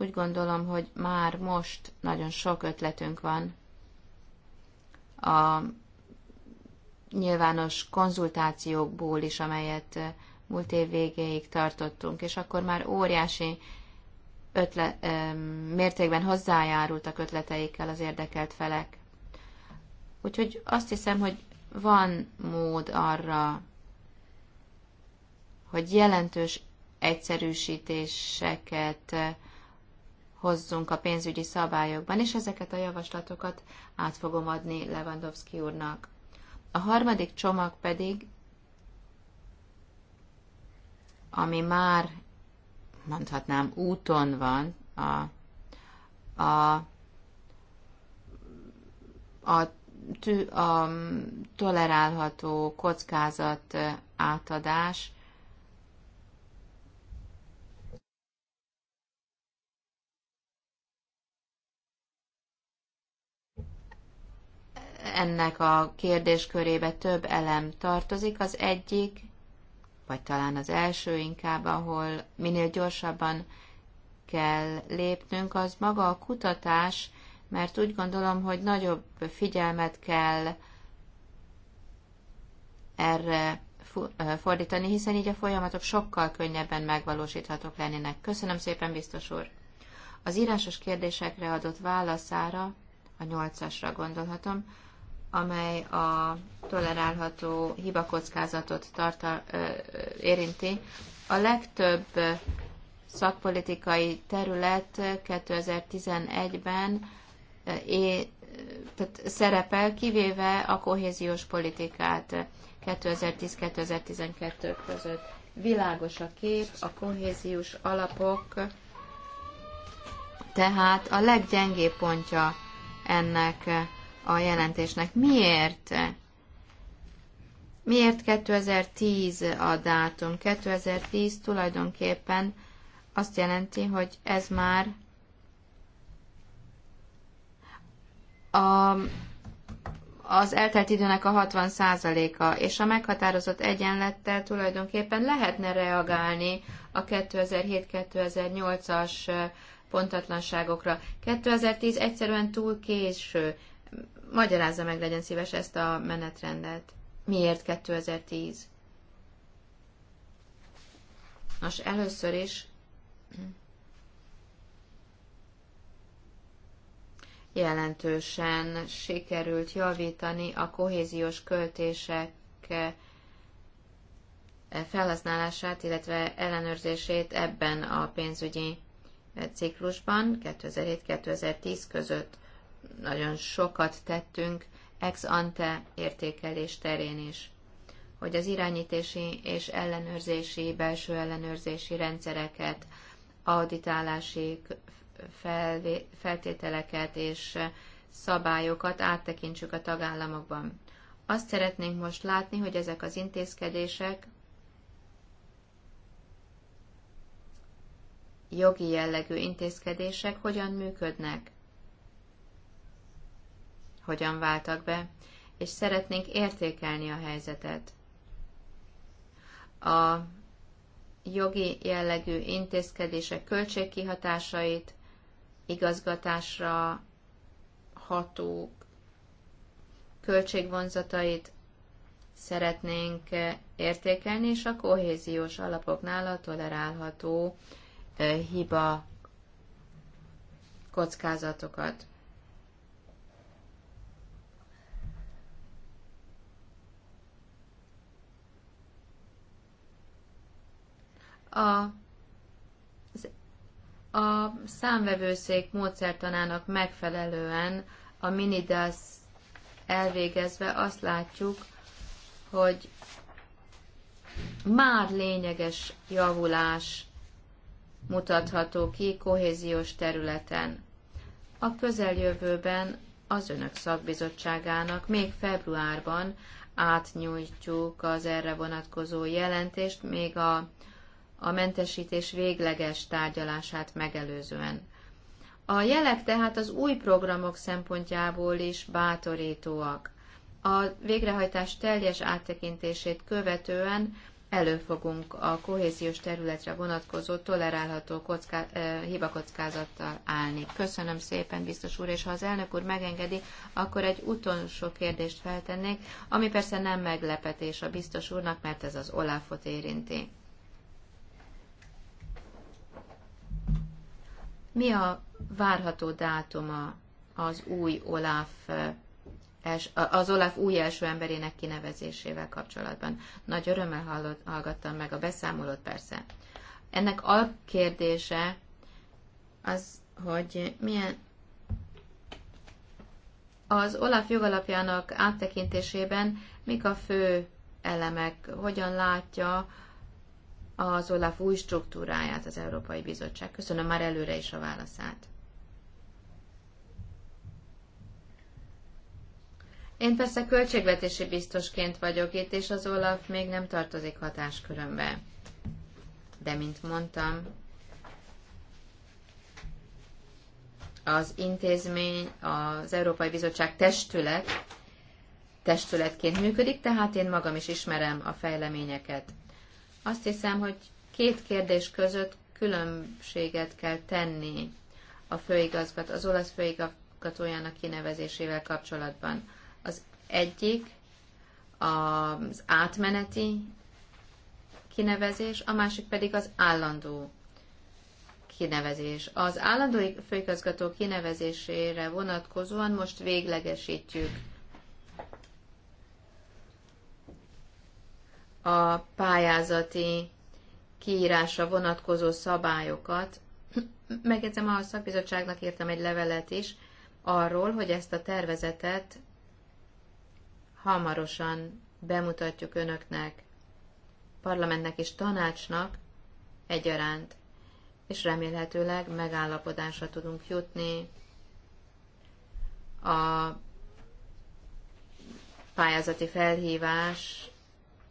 úgy gondolom, hogy már most nagyon sok ötletünk van a nyilvános konzultációkból is, amelyet eh, múlt év végéig tartottunk, és akkor már óriási ötle, eh, mértékben hozzájárultak ötleteikkel az érdekelt felek. Úgyhogy azt hiszem, hogy van mód arra, hogy jelentős egyszerűsítéseket eh, hozzunk a pénzügyi szabályokban, és ezeket a javaslatokat át fogom adni Lewandowski úrnak. A harmadik csomag pedig, ami már mondhatnám úton van, a, a, a, tű, a tolerálható kockázat átadás, ennek a kérdéskörébe több elem tartozik. Az egyik, vagy talán az első inkább, ahol minél gyorsabban kell lépnünk, az maga a kutatás, mert úgy gondolom, hogy nagyobb figyelmet kell erre fordítani, hiszen így a folyamatok sokkal könnyebben megvalósíthatók lennének. Köszönöm szépen, biztos úr! Az írásos kérdésekre adott válaszára, a nyolcasra gondolhatom, amely a tolerálható hibakockázatot tartal, érinti. A legtöbb szakpolitikai terület 2011-ben tehát szerepel, kivéve a kohéziós politikát 2010-2012 között. Világos a kép, a kohéziós alapok, tehát a leggyengébb pontja ennek a jelentésnek. Miért? Miért 2010 a dátum? 2010 tulajdonképpen azt jelenti, hogy ez már a, az eltelt időnek a 60%-a, és a meghatározott egyenlettel tulajdonképpen lehetne reagálni a 2007-2008-as pontatlanságokra. 2010 egyszerűen túl késő. Magyarázza meg, legyen szíves ezt a menetrendet. Miért 2010? Nos, először is jelentősen sikerült javítani a kohéziós költések felhasználását, illetve ellenőrzését ebben a pénzügyi ciklusban 2007-2010 között nagyon sokat tettünk ex ante értékelés terén is, hogy az irányítési és ellenőrzési, belső ellenőrzési rendszereket, auditálási feltételeket és szabályokat áttekintsük a tagállamokban. Azt szeretnénk most látni, hogy ezek az intézkedések jogi jellegű intézkedések hogyan működnek, hogyan váltak be, és szeretnénk értékelni a helyzetet. A jogi jellegű intézkedések költségkihatásait, igazgatásra ható költségvonzatait szeretnénk értékelni, és a kohéziós alapoknál a tolerálható hiba kockázatokat. a, a számvevőszék módszertanának megfelelően a minidas elvégezve azt látjuk, hogy már lényeges javulás mutatható ki kohéziós területen. A közeljövőben az önök szakbizottságának még februárban átnyújtjuk az erre vonatkozó jelentést, még a a mentesítés végleges tárgyalását megelőzően. A jelek tehát az új programok szempontjából is bátorítóak. A végrehajtás teljes áttekintését követően elő fogunk a kohéziós területre vonatkozó tolerálható kocká, eh, hibakockázattal állni. Köszönöm szépen, biztos úr, és ha az elnök úr megengedi, akkor egy utolsó kérdést feltennék, ami persze nem meglepetés a biztos úrnak, mert ez az Olafot érinti. Mi a várható dátuma az új Olaf eh, az Olaf új első emberének kinevezésével kapcsolatban. Nagy örömmel hallott, hallgattam meg a beszámolót persze. Ennek a kérdése az, hogy milyen az Olaf jogalapjának áttekintésében mik a fő elemek, hogyan látja az Olaf új struktúráját az Európai Bizottság. Köszönöm már előre is a válaszát. Én persze költségvetési biztosként vagyok itt, és az Olaf még nem tartozik hatáskörömbe. De, mint mondtam, az intézmény, az Európai Bizottság testület, testületként működik, tehát én magam is ismerem a fejleményeket. Azt hiszem, hogy két kérdés között különbséget kell tenni a főigazgató, az olasz főigazgatójának kinevezésével kapcsolatban. Az egyik az átmeneti kinevezés, a másik pedig az állandó kinevezés. Az állandó főigazgató kinevezésére vonatkozóan most véglegesítjük a pályázati kiírásra vonatkozó szabályokat. Megjegyzem, a szakbizottságnak írtam egy levelet is arról, hogy ezt a tervezetet hamarosan bemutatjuk önöknek, parlamentnek és tanácsnak egyaránt, és remélhetőleg megállapodásra tudunk jutni a pályázati felhívás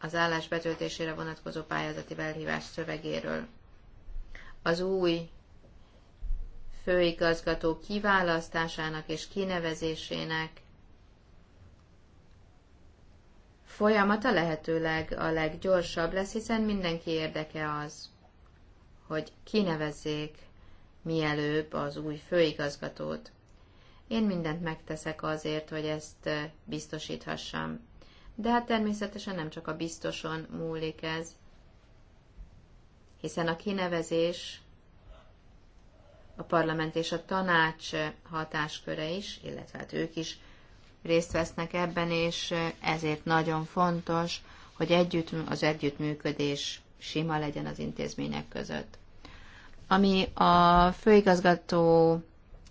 az állás betöltésére vonatkozó pályázati felhívás szövegéről. Az új főigazgató kiválasztásának és kinevezésének folyamata lehetőleg a leggyorsabb lesz, hiszen mindenki érdeke az, hogy kinevezzék mielőbb az új főigazgatót. Én mindent megteszek azért, hogy ezt eh, biztosíthassam de hát természetesen nem csak a biztoson múlik ez, hiszen a kinevezés a parlament és a tanács hatásköre is, illetve hát ők is részt vesznek ebben, és ezért nagyon fontos, hogy együtt, az együttműködés sima legyen az intézmények között. Ami a főigazgató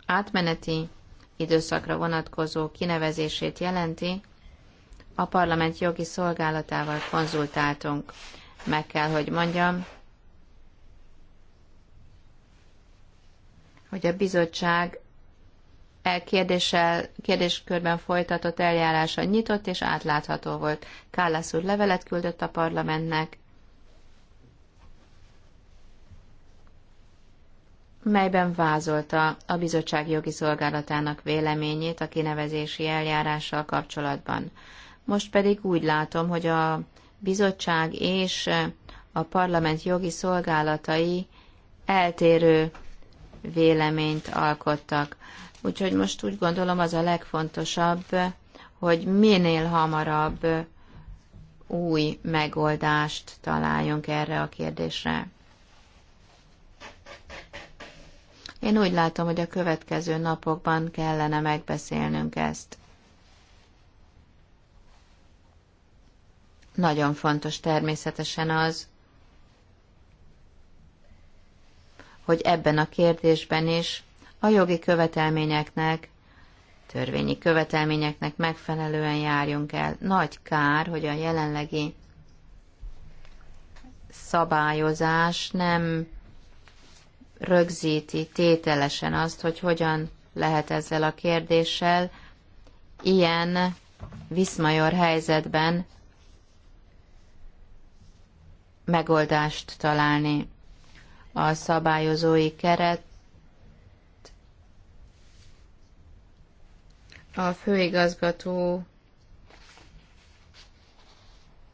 átmeneti időszakra vonatkozó kinevezését jelenti, a parlament jogi szolgálatával konzultáltunk. Meg kell, hogy mondjam, hogy a bizottság e kérdéssel, kérdéskörben folytatott eljárása nyitott és átlátható volt. Kállász úr levelet küldött a parlamentnek, melyben vázolta a bizottság jogi szolgálatának véleményét a kinevezési eljárással kapcsolatban. Most pedig úgy látom, hogy a bizottság és a parlament jogi szolgálatai eltérő véleményt alkottak. Úgyhogy most úgy gondolom az a legfontosabb, hogy minél hamarabb új megoldást találjunk erre a kérdésre. Én úgy látom, hogy a következő napokban kellene megbeszélnünk ezt. Nagyon fontos természetesen az, hogy ebben a kérdésben is a jogi követelményeknek, törvényi követelményeknek megfelelően járjunk el. Nagy kár, hogy a jelenlegi szabályozás nem rögzíti tételesen azt, hogy hogyan lehet ezzel a kérdéssel ilyen viszmajor helyzetben megoldást találni. A szabályozói keret a főigazgató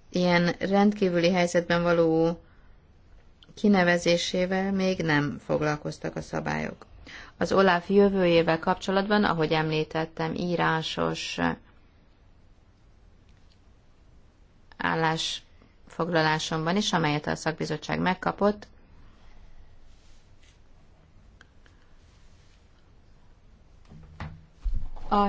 ilyen rendkívüli helyzetben való kinevezésével még nem foglalkoztak a szabályok. Az Olaf jövőjével kapcsolatban, ahogy említettem, írásos állás foglalásomban is, amelyet a szakbizottság megkapott, a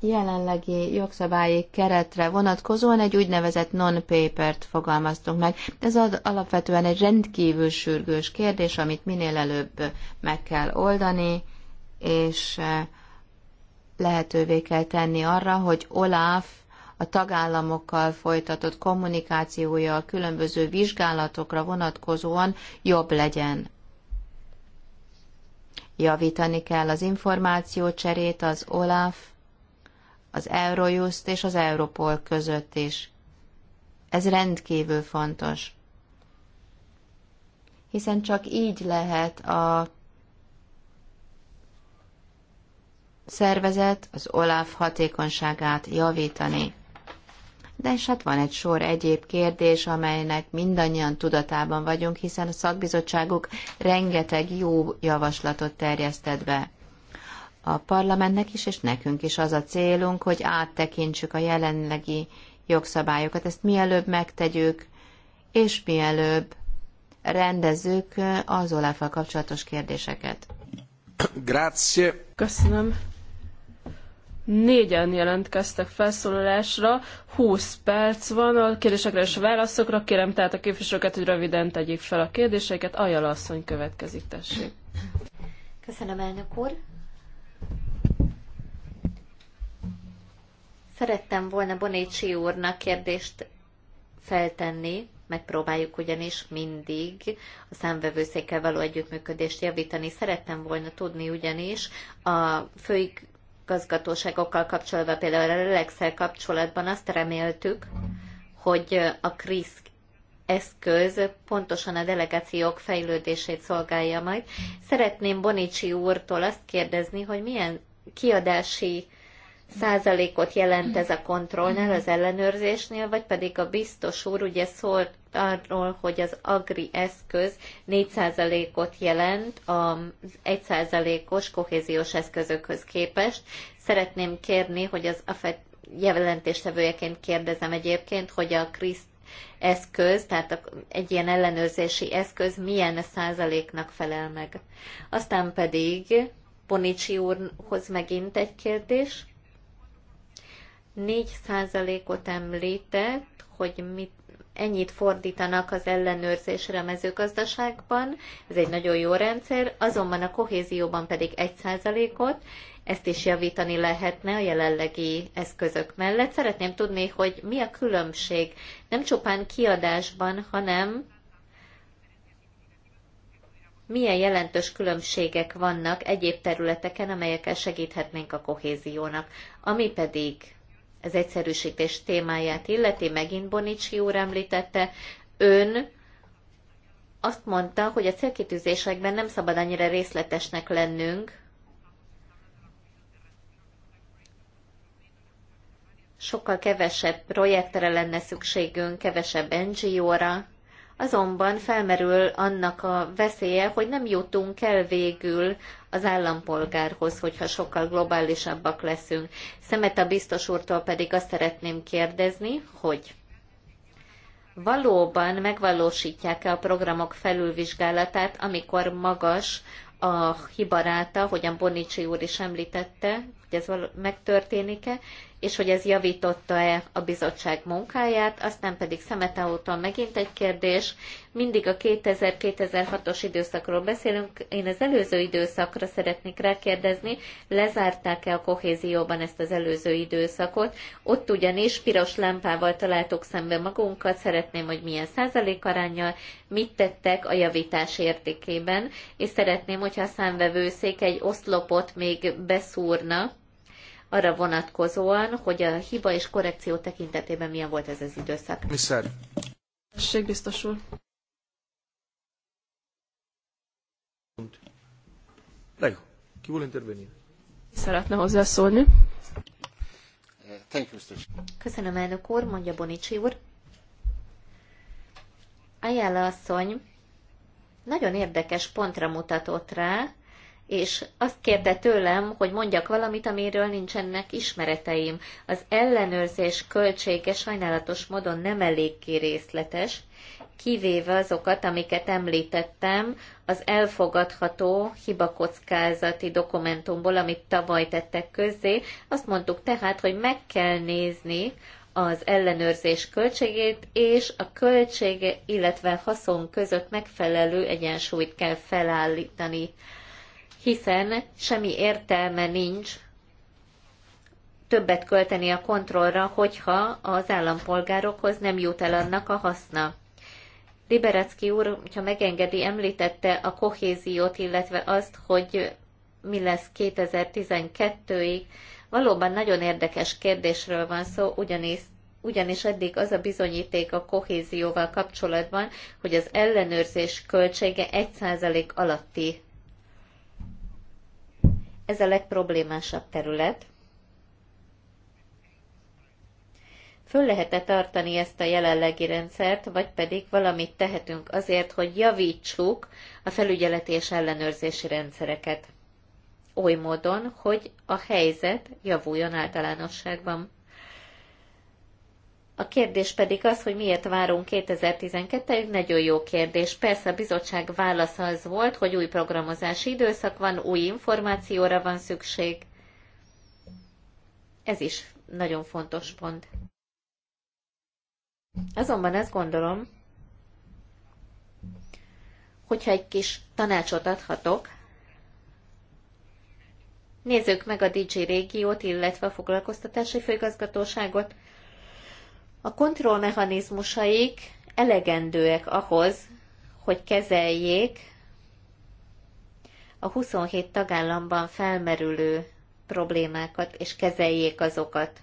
jelenlegi jogszabályi keretre vonatkozóan egy úgynevezett non-papert fogalmaztunk meg. Ez az alapvetően egy rendkívül sürgős kérdés, amit minél előbb meg kell oldani, és lehetővé kell tenni arra, hogy Olaf a tagállamokkal folytatott kommunikációja a különböző vizsgálatokra vonatkozóan jobb legyen. Javítani kell az információcserét az OLAF, az Eurojust és az Europol között is. Ez rendkívül fontos. Hiszen csak így lehet a szervezet az OLAF hatékonyságát javítani de és hát van egy sor egyéb kérdés, amelynek mindannyian tudatában vagyunk, hiszen a szakbizottságuk rengeteg jó javaslatot terjesztett be. A parlamentnek is, és nekünk is az a célunk, hogy áttekintsük a jelenlegi jogszabályokat. Ezt mielőbb megtegyük, és mielőbb rendezzük az olaf kapcsolatos kérdéseket. Grazie. Köszönöm. Négyen jelentkeztek felszólalásra, 20 perc van a kérdésekre és a válaszokra. Kérem tehát a képviselőket, hogy röviden tegyék fel a kérdéseiket. Ajala asszony következik, tessék. Köszönöm, elnök úr. Szerettem volna Bonécsi úrnak kérdést feltenni, megpróbáljuk ugyanis mindig a számvevőszékkel való együttműködést javítani. Szerettem volna tudni ugyanis a főig gazgatóságokkal kapcsolatban, például a relax kapcsolatban azt reméltük, hogy a KRISZ eszköz pontosan a delegációk fejlődését szolgálja majd. Szeretném Bonicsi úrtól azt kérdezni, hogy milyen kiadási százalékot jelent ez a kontrollnál, az ellenőrzésnél, vagy pedig a biztos úr ugye szólt arról, hogy az agri eszköz 4 százalékot jelent az 1 százalékos kohéziós eszközökhöz képest. Szeretném kérni, hogy az AFET jelentéstevőjeként kérdezem egyébként, hogy a KRISZ eszköz, tehát egy ilyen ellenőrzési eszköz milyen százaléknak felel meg. Aztán pedig Bonicsi úrhoz megint egy kérdés 4%-ot említett, hogy mit, ennyit fordítanak az ellenőrzésre a mezőgazdaságban, ez egy nagyon jó rendszer, azonban a kohézióban pedig 1%-ot, ezt is javítani lehetne a jelenlegi eszközök mellett. Szeretném tudni, hogy mi a különbség nem csupán kiadásban, hanem milyen jelentős különbségek vannak egyéb területeken, amelyekkel segíthetnénk a kohéziónak, ami pedig az egyszerűsítés témáját illeti, megint Bonicsi úr említette, ön azt mondta, hogy a célkitűzésekben nem szabad annyira részletesnek lennünk, sokkal kevesebb projektre lenne szükségünk, kevesebb NGO-ra, azonban felmerül annak a veszélye, hogy nem jutunk el végül az állampolgárhoz, hogyha sokkal globálisabbak leszünk. Szemeta biztos úrtól pedig azt szeretném kérdezni, hogy valóban megvalósítják-e a programok felülvizsgálatát, amikor magas a hibaráta, hogyan Bonicsi úr is említette, hogy ez megtörténik-e, és hogy ez javította-e a bizottság munkáját, aztán pedig Szemetáótól megint egy kérdés. Mindig a 2000-2006-os időszakról beszélünk, én az előző időszakra szeretnék rákérdezni, lezárták-e a kohézióban ezt az előző időszakot? Ott ugyanis piros lámpával találtuk szembe magunkat, szeretném, hogy milyen százalékarányjal, mit tettek a javítás értékében, és szeretném, hogyha a számvevőszék egy oszlopot még beszúrna, arra vonatkozóan, hogy a hiba és korrekció tekintetében milyen volt ez az időszak. Mr. Biztos úr. Prego, ki vuole intervenire? Szeretne hozzászólni. Thank you, Mr. Köszönöm, elnök úr, mondja Bonicsi úr. Ajánla asszony nagyon érdekes pontra mutatott rá, és azt kérte tőlem, hogy mondjak valamit, amiről nincsenek ismereteim. Az ellenőrzés költsége sajnálatos módon nem eléggé részletes, kivéve azokat, amiket említettem, az elfogadható hibakockázati dokumentumból, amit tavaly tettek közzé. Azt mondtuk tehát, hogy meg kell nézni az ellenőrzés költségét, és a költség, illetve haszon között megfelelő egyensúlyt kell felállítani hiszen semmi értelme nincs többet költeni a kontrollra, hogyha az állampolgárokhoz nem jut el annak a haszna. Liberecki úr, ha megengedi, említette a kohéziót, illetve azt, hogy mi lesz 2012-ig. Valóban nagyon érdekes kérdésről van szó, ugyanis ugyanis eddig az a bizonyíték a kohézióval kapcsolatban, hogy az ellenőrzés költsége 1% alatti ez a legproblémásabb terület. Föl lehet-e tartani ezt a jelenlegi rendszert, vagy pedig valamit tehetünk azért, hogy javítsuk a felügyeleti és ellenőrzési rendszereket? Oly módon, hogy a helyzet javuljon általánosságban. A kérdés pedig az, hogy miért várunk 2012-ig, nagyon jó kérdés. Persze a bizottság válasza az volt, hogy új programozási időszak van, új információra van szükség. Ez is nagyon fontos pont. Azonban ezt gondolom, hogyha egy kis tanácsot adhatok, nézzük meg a DJ régiót, illetve a foglalkoztatási főigazgatóságot, a kontrollmechanizmusaik elegendőek ahhoz, hogy kezeljék a 27 tagállamban felmerülő problémákat, és kezeljék azokat.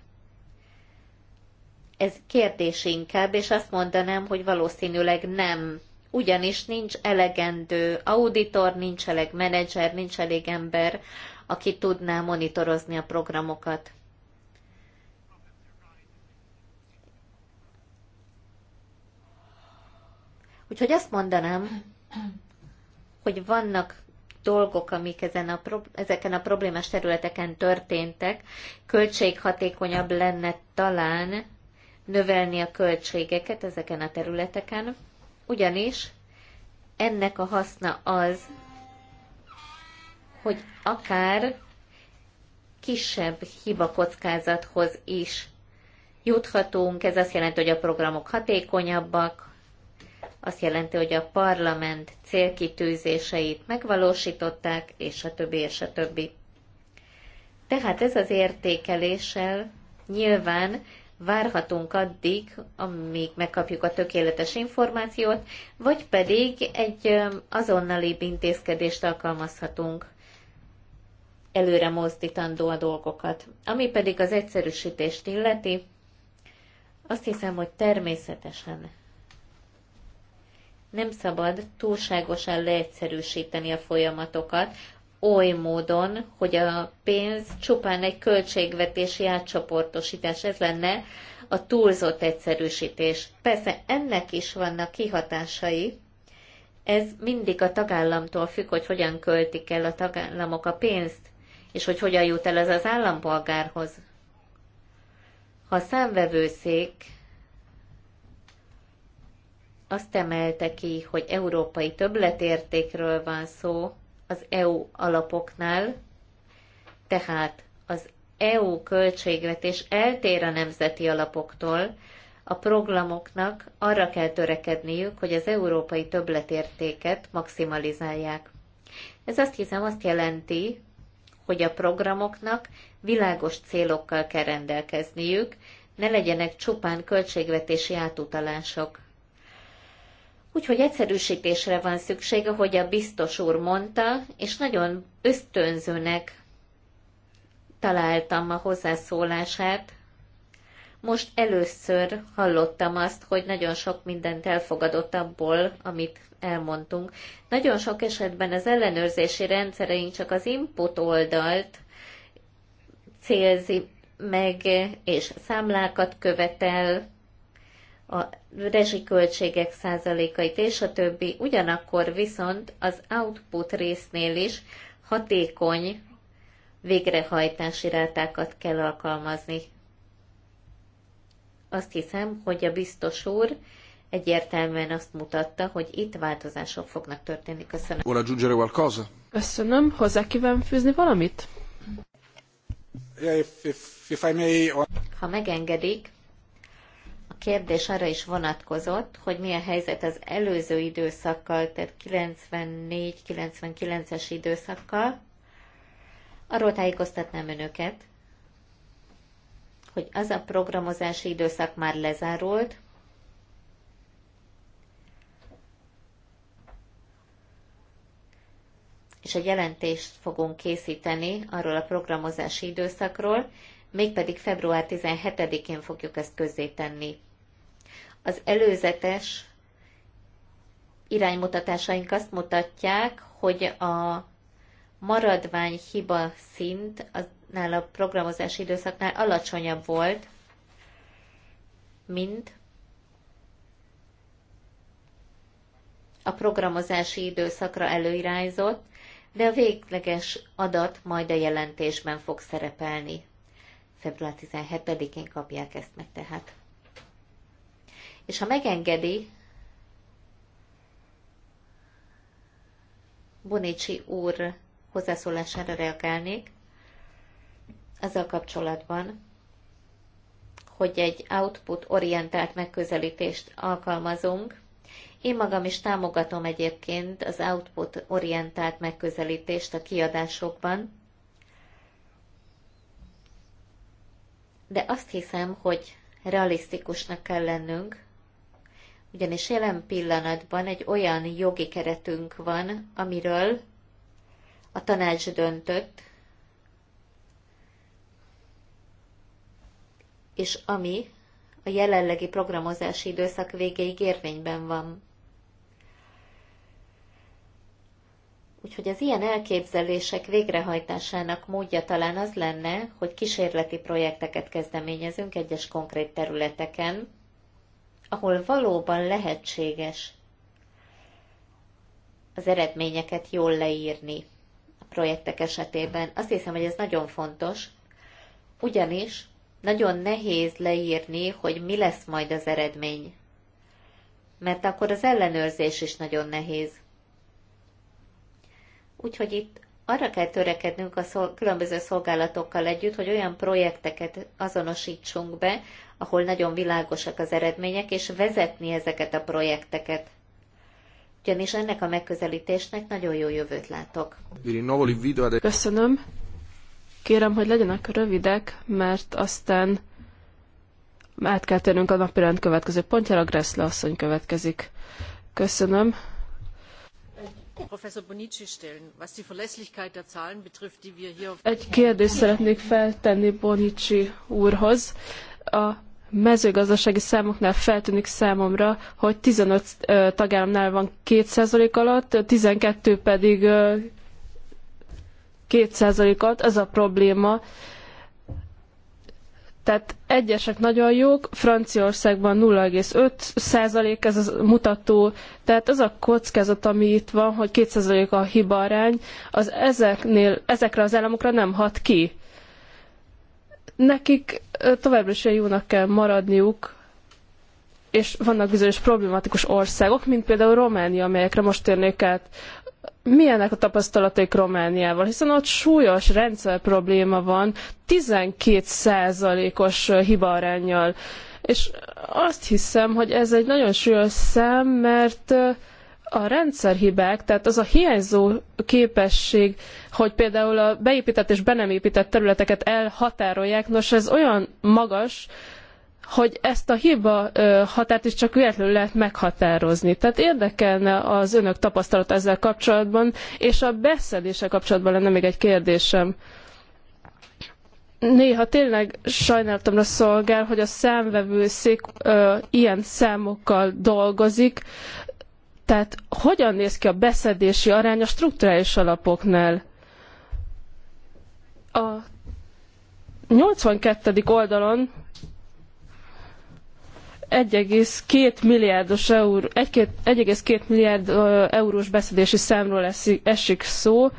Ez kérdés inkább, és azt mondanám, hogy valószínűleg nem. Ugyanis nincs elegendő auditor, nincs elég menedzser, nincs elég ember, aki tudná monitorozni a programokat. Úgyhogy azt mondanám, hogy vannak dolgok, amik ezen a, ezeken a problémás területeken történtek, költséghatékonyabb lenne talán növelni a költségeket ezeken a területeken, ugyanis ennek a haszna az, hogy akár kisebb hibakockázathoz is juthatunk. Ez azt jelenti, hogy a programok hatékonyabbak, azt jelenti, hogy a parlament célkitűzéseit megvalósították, és a többi, és a többi. Tehát ez az értékeléssel nyilván várhatunk addig, amíg megkapjuk a tökéletes információt, vagy pedig egy azonnali intézkedést alkalmazhatunk előre mozdítandó a dolgokat. Ami pedig az egyszerűsítést illeti, azt hiszem, hogy természetesen nem szabad túlságosan leegyszerűsíteni a folyamatokat, oly módon, hogy a pénz csupán egy költségvetési átcsoportosítás, ez lenne a túlzott egyszerűsítés. Persze ennek is vannak kihatásai, ez mindig a tagállamtól függ, hogy hogyan költik el a tagállamok a pénzt, és hogy hogyan jut el ez az állampolgárhoz. Ha a számvevőszék azt emelte ki, hogy európai többletértékről van szó az EU alapoknál, tehát az EU költségvetés eltér a nemzeti alapoktól, a programoknak arra kell törekedniük, hogy az európai többletértéket maximalizálják. Ez azt hiszem azt jelenti, hogy a programoknak világos célokkal kell rendelkezniük, ne legyenek csupán költségvetési átutalások. Úgyhogy egyszerűsítésre van szüksége, hogy a biztos úr mondta, és nagyon ösztönzőnek találtam a hozzászólását. Most először hallottam azt, hogy nagyon sok mindent elfogadott abból, amit elmondtunk. Nagyon sok esetben az ellenőrzési rendszereink csak az input oldalt célzi meg, és számlákat követel, a rezsiköltségek százalékait és a többi, ugyanakkor viszont az output résznél is hatékony végrehajtási rátákat kell alkalmazni. Azt hiszem, hogy a biztos úr egyértelműen azt mutatta, hogy itt változások fognak történni. Köszönöm. Vuole aggiungere qualcosa? Köszönöm. Hozzá kívánom fűzni valamit? Uh, ha megengedik, kérdés arra is vonatkozott, hogy milyen helyzet az előző időszakkal, tehát 94-99-es időszakkal. Arról tájékoztatnám önöket, hogy az a programozási időszak már lezárult, és egy jelentést fogunk készíteni arról a programozási időszakról, mégpedig február 17-én fogjuk ezt közzétenni. Az előzetes iránymutatásaink azt mutatják, hogy a maradvány hiba szint aznál a programozási időszaknál alacsonyabb volt, mint a programozási időszakra előirányzott, de a végleges adat majd a jelentésben fog szerepelni. Február 17-én kapják ezt meg tehát. És ha megengedi, Bonicsi úr hozzászólására reagálnék, ezzel kapcsolatban, hogy egy output-orientált megközelítést alkalmazunk. Én magam is támogatom egyébként az output-orientált megközelítést a kiadásokban, de azt hiszem, hogy realisztikusnak kell lennünk, ugyanis jelen pillanatban egy olyan jogi keretünk van, amiről a tanács döntött, és ami a jelenlegi programozási időszak végéig érvényben van. Úgyhogy az ilyen elképzelések végrehajtásának módja talán az lenne, hogy kísérleti projekteket kezdeményezünk egyes konkrét területeken, ahol valóban lehetséges az eredményeket jól leírni a projektek esetében. Azt hiszem, hogy ez nagyon fontos, ugyanis nagyon nehéz leírni, hogy mi lesz majd az eredmény, mert akkor az ellenőrzés is nagyon nehéz. Úgyhogy itt arra kell törekednünk a szol- különböző szolgálatokkal együtt, hogy olyan projekteket azonosítsunk be, ahol nagyon világosak az eredmények, és vezetni ezeket a projekteket. Ugyanis ennek a megközelítésnek nagyon jó jövőt látok. Köszönöm. Kérem, hogy legyenek rövidek, mert aztán át kell térnünk a napirend következő pontjára, Gressle asszony következik. Köszönöm. Egy kérdést szeretnék feltenni Bonici úrhoz. A mezőgazdasági számoknál feltűnik számomra, hogy 15 tagállamnál van 2% alatt, 12 pedig 2% alatt, ez a probléma. Tehát egyesek nagyon jók, Franciaországban 0,5% ez a mutató, tehát az a kockázat, ami itt van, hogy 2% a hiba arány, az ezeknél, ezekre az államokra nem hat ki nekik továbbra is jónak kell maradniuk, és vannak bizonyos problematikus országok, mint például Románia, amelyekre most térnék át. Milyenek a tapasztalaték Romániával? Hiszen ott súlyos rendszer probléma van, 12%-os hibaarányjal. És azt hiszem, hogy ez egy nagyon súlyos szám, mert a rendszerhibák, tehát az a hiányzó képesség hogy például a beépített és be nem épített területeket elhatárolják. Nos, ez olyan magas, hogy ezt a hiba határt is csak véletlenül lehet meghatározni. Tehát érdekelne az önök tapasztalat ezzel kapcsolatban, és a beszedéssel kapcsolatban lenne még egy kérdésem néha tényleg sajnálatomra szolgál, hogy a számvevőszék ö, ilyen számokkal dolgozik. Tehát hogyan néz ki a beszedési arány a strukturális alapoknál? A 82. oldalon 1,2 milliárdos euró, 1,2 milliárd eurós beszedési számról esik szó.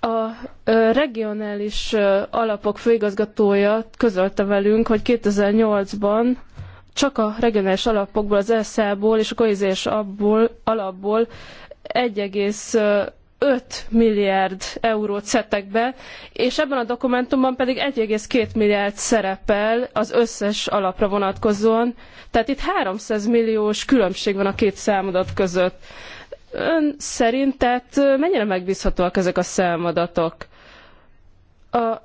A regionális alapok főigazgatója közölte velünk, hogy 2008-ban csak a regionális alapokból, az ESZ-ból és a kohéziós alapból 1,5 5 milliárd eurót szedtek be, és ebben a dokumentumban pedig 1,2 milliárd szerepel az összes alapra vonatkozóan. Tehát itt 300 milliós különbség van a két számadat között. Ön szerint tehát mennyire megbízhatóak ezek a számadatok? A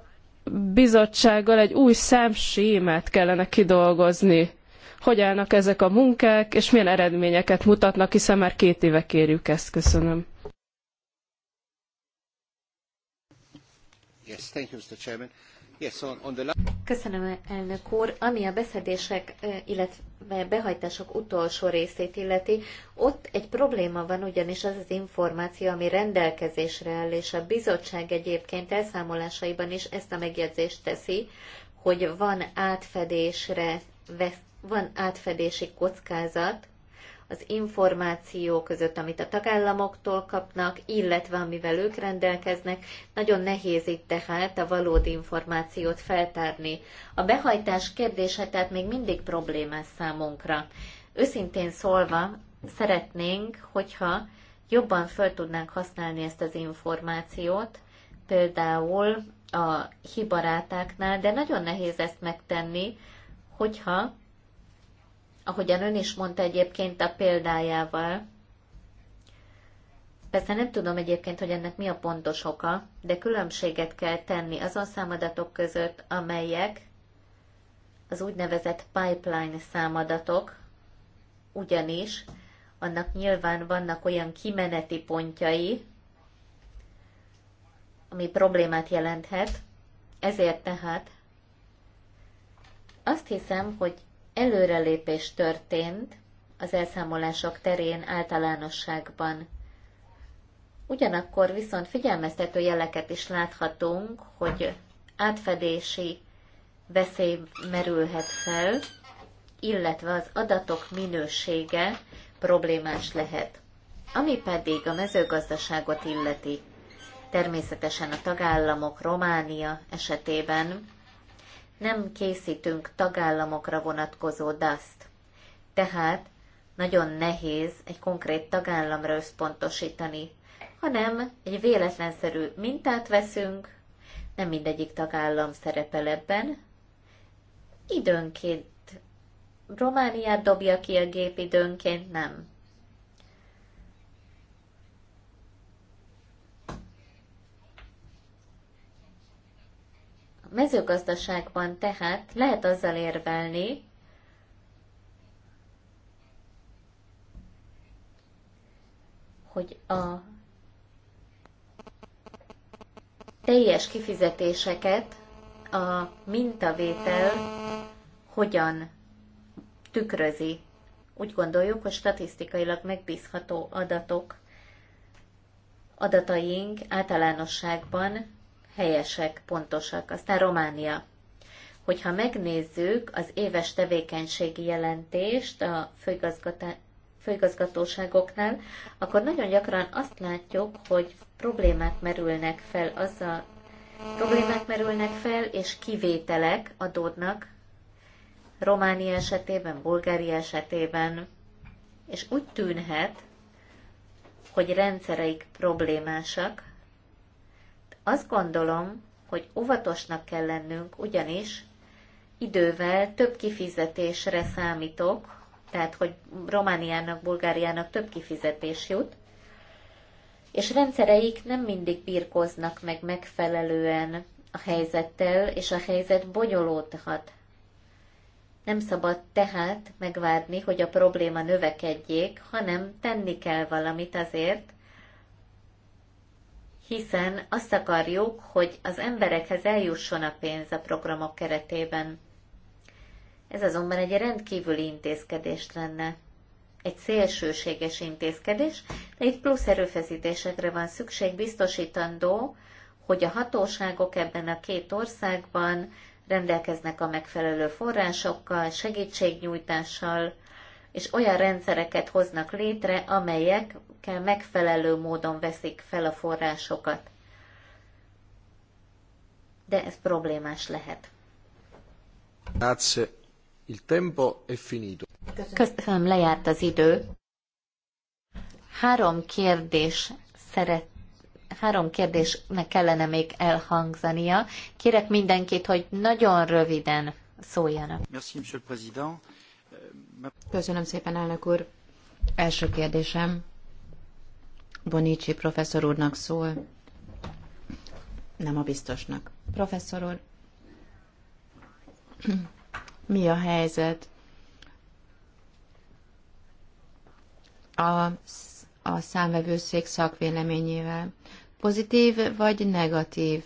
bizottsággal egy új számsémát kellene kidolgozni. Hogy állnak ezek a munkák, és milyen eredményeket mutatnak, hiszen már két éve kérjük ezt. Köszönöm. Köszönöm, elnök úr. Ami a beszedések, illetve behajtások utolsó részét illeti, ott egy probléma van, ugyanis az az információ, ami rendelkezésre áll, és a bizottság egyébként elszámolásaiban is ezt a megjegyzést teszi, hogy van átfedésre, van átfedési kockázat, az információ között, amit a tagállamoktól kapnak, illetve amivel ők rendelkeznek. Nagyon nehéz itt tehát a valódi információt feltárni. A behajtás kérdése tehát még mindig problémás számunkra. Őszintén szólva, szeretnénk, hogyha jobban fel tudnánk használni ezt az információt, például a hibarátáknál, de nagyon nehéz ezt megtenni, hogyha ahogyan ön is mondta egyébként a példájával, Persze nem tudom egyébként, hogy ennek mi a pontos oka, de különbséget kell tenni azon számadatok között, amelyek az úgynevezett pipeline számadatok, ugyanis annak nyilván vannak olyan kimeneti pontjai, ami problémát jelenthet, ezért tehát azt hiszem, hogy előrelépés történt az elszámolások terén általánosságban. Ugyanakkor viszont figyelmeztető jeleket is láthatunk, hogy átfedési veszély merülhet fel, illetve az adatok minősége problémás lehet. Ami pedig a mezőgazdaságot illeti, természetesen a tagállamok Románia esetében nem készítünk tagállamokra vonatkozó DAS-t. Tehát nagyon nehéz egy konkrét tagállamra összpontosítani, hanem egy véletlenszerű mintát veszünk, nem mindegyik tagállam szerepel ebben. Időnként Romániát dobja ki a gép, időnként nem. A mezőgazdaságban tehát lehet azzal érvelni, hogy a teljes kifizetéseket a mintavétel hogyan tükrözi. Úgy gondoljuk, hogy statisztikailag megbízható adatok adataink általánosságban helyesek, pontosak. Aztán Románia. Hogyha megnézzük az éves tevékenységi jelentést a főigazgatóságoknál, akkor nagyon gyakran azt látjuk, hogy problémák merülnek fel azzal, problémák merülnek fel, és kivételek adódnak Románia esetében, Bulgária esetében, és úgy tűnhet, hogy rendszereik problémásak, azt gondolom, hogy óvatosnak kell lennünk, ugyanis idővel több kifizetésre számítok, tehát hogy Romániának, Bulgáriának több kifizetés jut, és rendszereik nem mindig birkoznak meg megfelelően a helyzettel, és a helyzet bonyolódhat. Nem szabad tehát megvárni, hogy a probléma növekedjék, hanem tenni kell valamit azért, hiszen azt akarjuk, hogy az emberekhez eljusson a pénz a programok keretében. Ez azonban egy rendkívüli intézkedés lenne. Egy szélsőséges intézkedés, de itt plusz erőfeszítésekre van szükség biztosítandó, hogy a hatóságok ebben a két országban rendelkeznek a megfelelő forrásokkal, segítségnyújtással, és olyan rendszereket hoznak létre, amelyek kell megfelelő módon veszik fel a forrásokat. De ez problémás lehet. Grazie. Il tempo è finito. Köszönöm, lejárt az idő. Három kérdés szeret, három kérdésnek kellene még elhangzania. Kérek mindenkit, hogy nagyon röviden szóljanak. Merci, euh, Köszönöm szépen, elnök úr. Első kérdésem Bonici professzor úrnak szól, nem a biztosnak. Professzor úr, mi a helyzet a, a számvevőszék szakvéleményével? Pozitív vagy negatív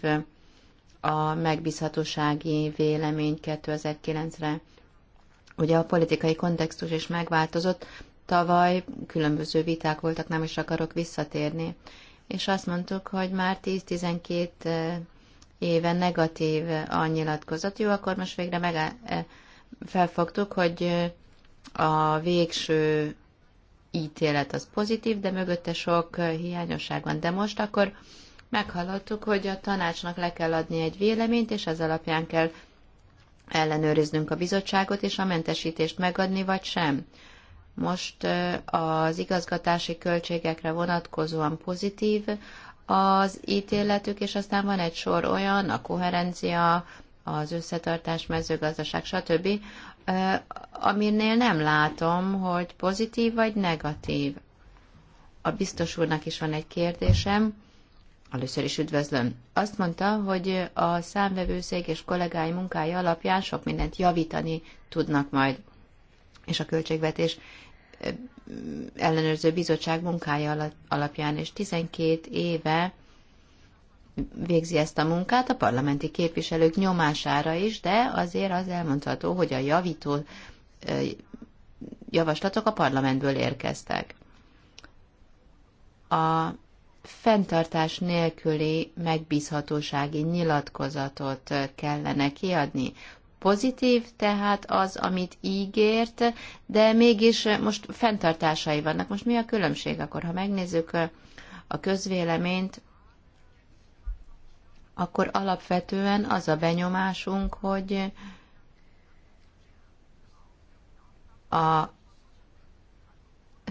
a megbízhatósági vélemény 2009-re? Ugye a politikai kontextus is megváltozott, tavaly különböző viták voltak, nem is akarok visszatérni, és azt mondtuk, hogy már 10-12 éve negatív a nyilatkozat. Jó, akkor most végre meg felfogtuk, hogy a végső ítélet az pozitív, de mögötte sok hiányosság van. De most akkor meghallottuk, hogy a tanácsnak le kell adni egy véleményt, és ez alapján kell ellenőriznünk a bizottságot, és a mentesítést megadni, vagy sem most az igazgatási költségekre vonatkozóan pozitív az ítéletük, és aztán van egy sor olyan, a koherencia, az összetartás, mezőgazdaság, stb., aminél nem látom, hogy pozitív vagy negatív. A biztos úrnak is van egy kérdésem, először is üdvözlöm. Azt mondta, hogy a számvevőszék és kollégái munkája alapján sok mindent javítani tudnak majd és a költségvetés ellenőrző bizottság munkája alapján, és 12 éve végzi ezt a munkát a parlamenti képviselők nyomására is, de azért az elmondható, hogy a javító javaslatok a parlamentből érkeztek. A fenntartás nélküli megbízhatósági nyilatkozatot kellene kiadni. Pozitív tehát az, amit ígért, de mégis most fenntartásai vannak. Most mi a különbség akkor, ha megnézzük a közvéleményt, akkor alapvetően az a benyomásunk, hogy a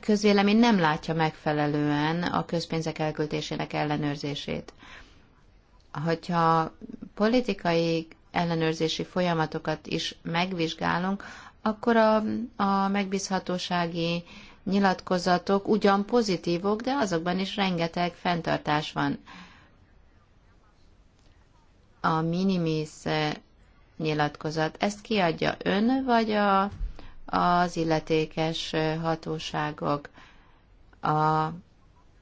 közvélemény nem látja megfelelően a közpénzek elköltésének ellenőrzését. Hogyha politikai ellenőrzési folyamatokat is megvizsgálunk, akkor a, a megbízhatósági nyilatkozatok ugyan pozitívok, de azokban is rengeteg fenntartás van. A minimis eh, nyilatkozat, ezt kiadja ön, vagy a, az illetékes eh, hatóságok? A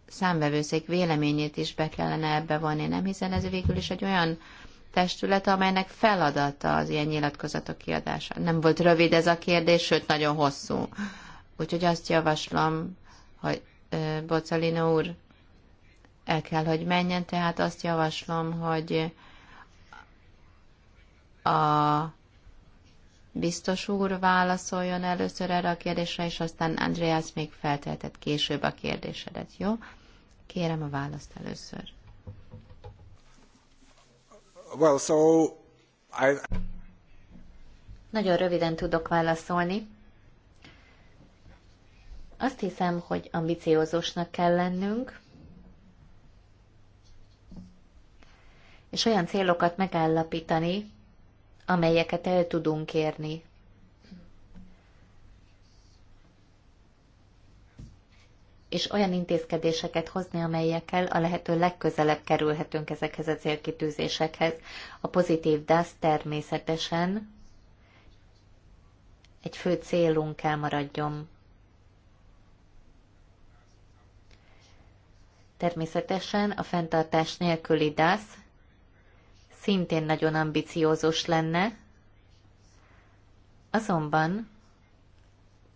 számvevőszék véleményét is be kellene ebbe vonni, nem? Hiszen ez végül is egy olyan testület, amelynek feladata az ilyen nyilatkozatok kiadása. Nem volt rövid ez a kérdés, sőt nagyon hosszú. Úgyhogy azt javaslom, hogy Bocalino úr el kell, hogy menjen, tehát azt javaslom, hogy a biztos úr válaszoljon először erre a kérdésre, és aztán Andreas még feltehetett később a kérdésedet, jó? Kérem a választ először well, so I... Nagyon röviden tudok válaszolni. Azt hiszem, hogy ambiciózusnak kell lennünk, és olyan célokat megállapítani, amelyeket el tudunk érni. és olyan intézkedéseket hozni, amelyekkel a lehető legközelebb kerülhetünk ezekhez a célkitűzésekhez. A pozitív DASZ természetesen egy fő célunk kell maradjon. Természetesen a fenntartás nélküli DASZ szintén nagyon ambiciózus lenne, azonban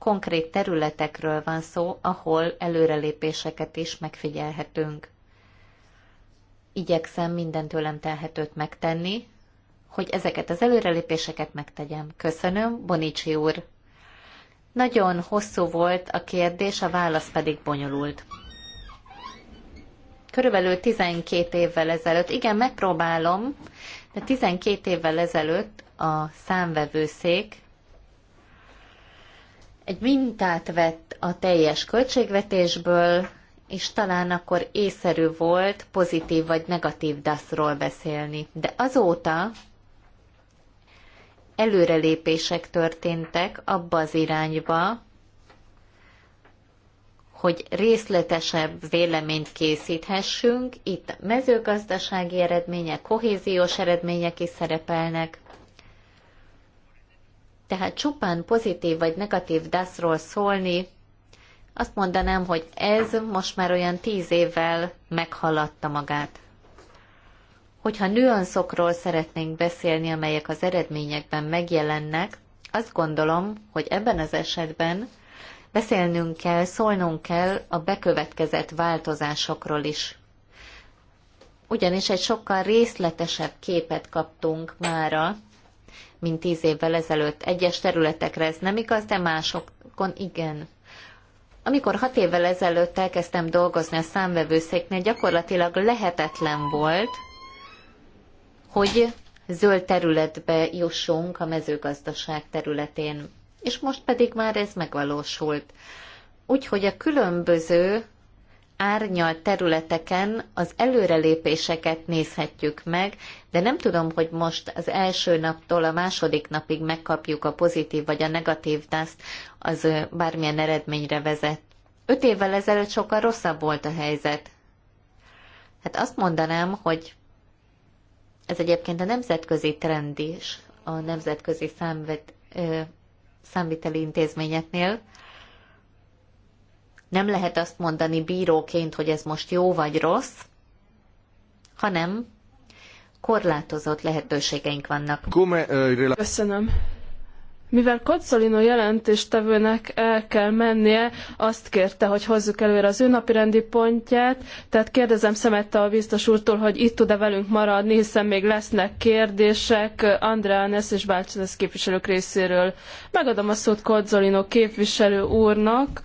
konkrét területekről van szó, ahol előrelépéseket is megfigyelhetünk. Igyekszem minden tőlem telhetőt megtenni, hogy ezeket az előrelépéseket megtegyem. Köszönöm, Bonicsi úr! Nagyon hosszú volt a kérdés, a válasz pedig bonyolult. Körülbelül 12 évvel ezelőtt, igen, megpróbálom, de 12 évvel ezelőtt a számvevőszék egy mintát vett a teljes költségvetésből, és talán akkor észszerű volt pozitív vagy negatív DASZ-ról beszélni. De azóta előrelépések történtek abba az irányba, hogy részletesebb véleményt készíthessünk. Itt mezőgazdasági eredmények, kohéziós eredmények is szerepelnek. Tehát csupán pozitív vagy negatív DAS-ról szólni, azt mondanám, hogy ez most már olyan tíz évvel meghaladta magát. Hogyha nüanszokról szeretnénk beszélni, amelyek az eredményekben megjelennek, azt gondolom, hogy ebben az esetben beszélnünk kell, szólnunk kell a bekövetkezett változásokról is. Ugyanis egy sokkal részletesebb képet kaptunk mára mint tíz évvel ezelőtt. Egyes területekre ez nem igaz, de másokon igen. Amikor hat évvel ezelőtt elkezdtem dolgozni a számvevőszéknél, gyakorlatilag lehetetlen volt, hogy zöld területbe jussunk a mezőgazdaság területén. És most pedig már ez megvalósult. Úgyhogy a különböző árnyal területeken az előrelépéseket nézhetjük meg, de nem tudom, hogy most az első naptól a második napig megkapjuk a pozitív vagy a negatív teszt, az bármilyen eredményre vezet. Öt évvel ezelőtt sokkal rosszabb volt a helyzet. Hát azt mondanám, hogy ez egyébként a nemzetközi trend is, a nemzetközi számvet, ö, számviteli intézményeknél. Nem lehet azt mondani bíróként, hogy ez most jó vagy rossz, hanem korlátozott lehetőségeink vannak. Eh, Köszönöm. Mivel Kocolino jelentéstevőnek el kell mennie, azt kérte, hogy hozzuk előre az ő napirendi pontját, tehát kérdezem Szemette a biztos úrtól, hogy itt tud-e velünk maradni, hiszen még lesznek kérdések Andreanes és Bácsinesz képviselők részéről. Megadom a szót Kocolino képviselő úrnak,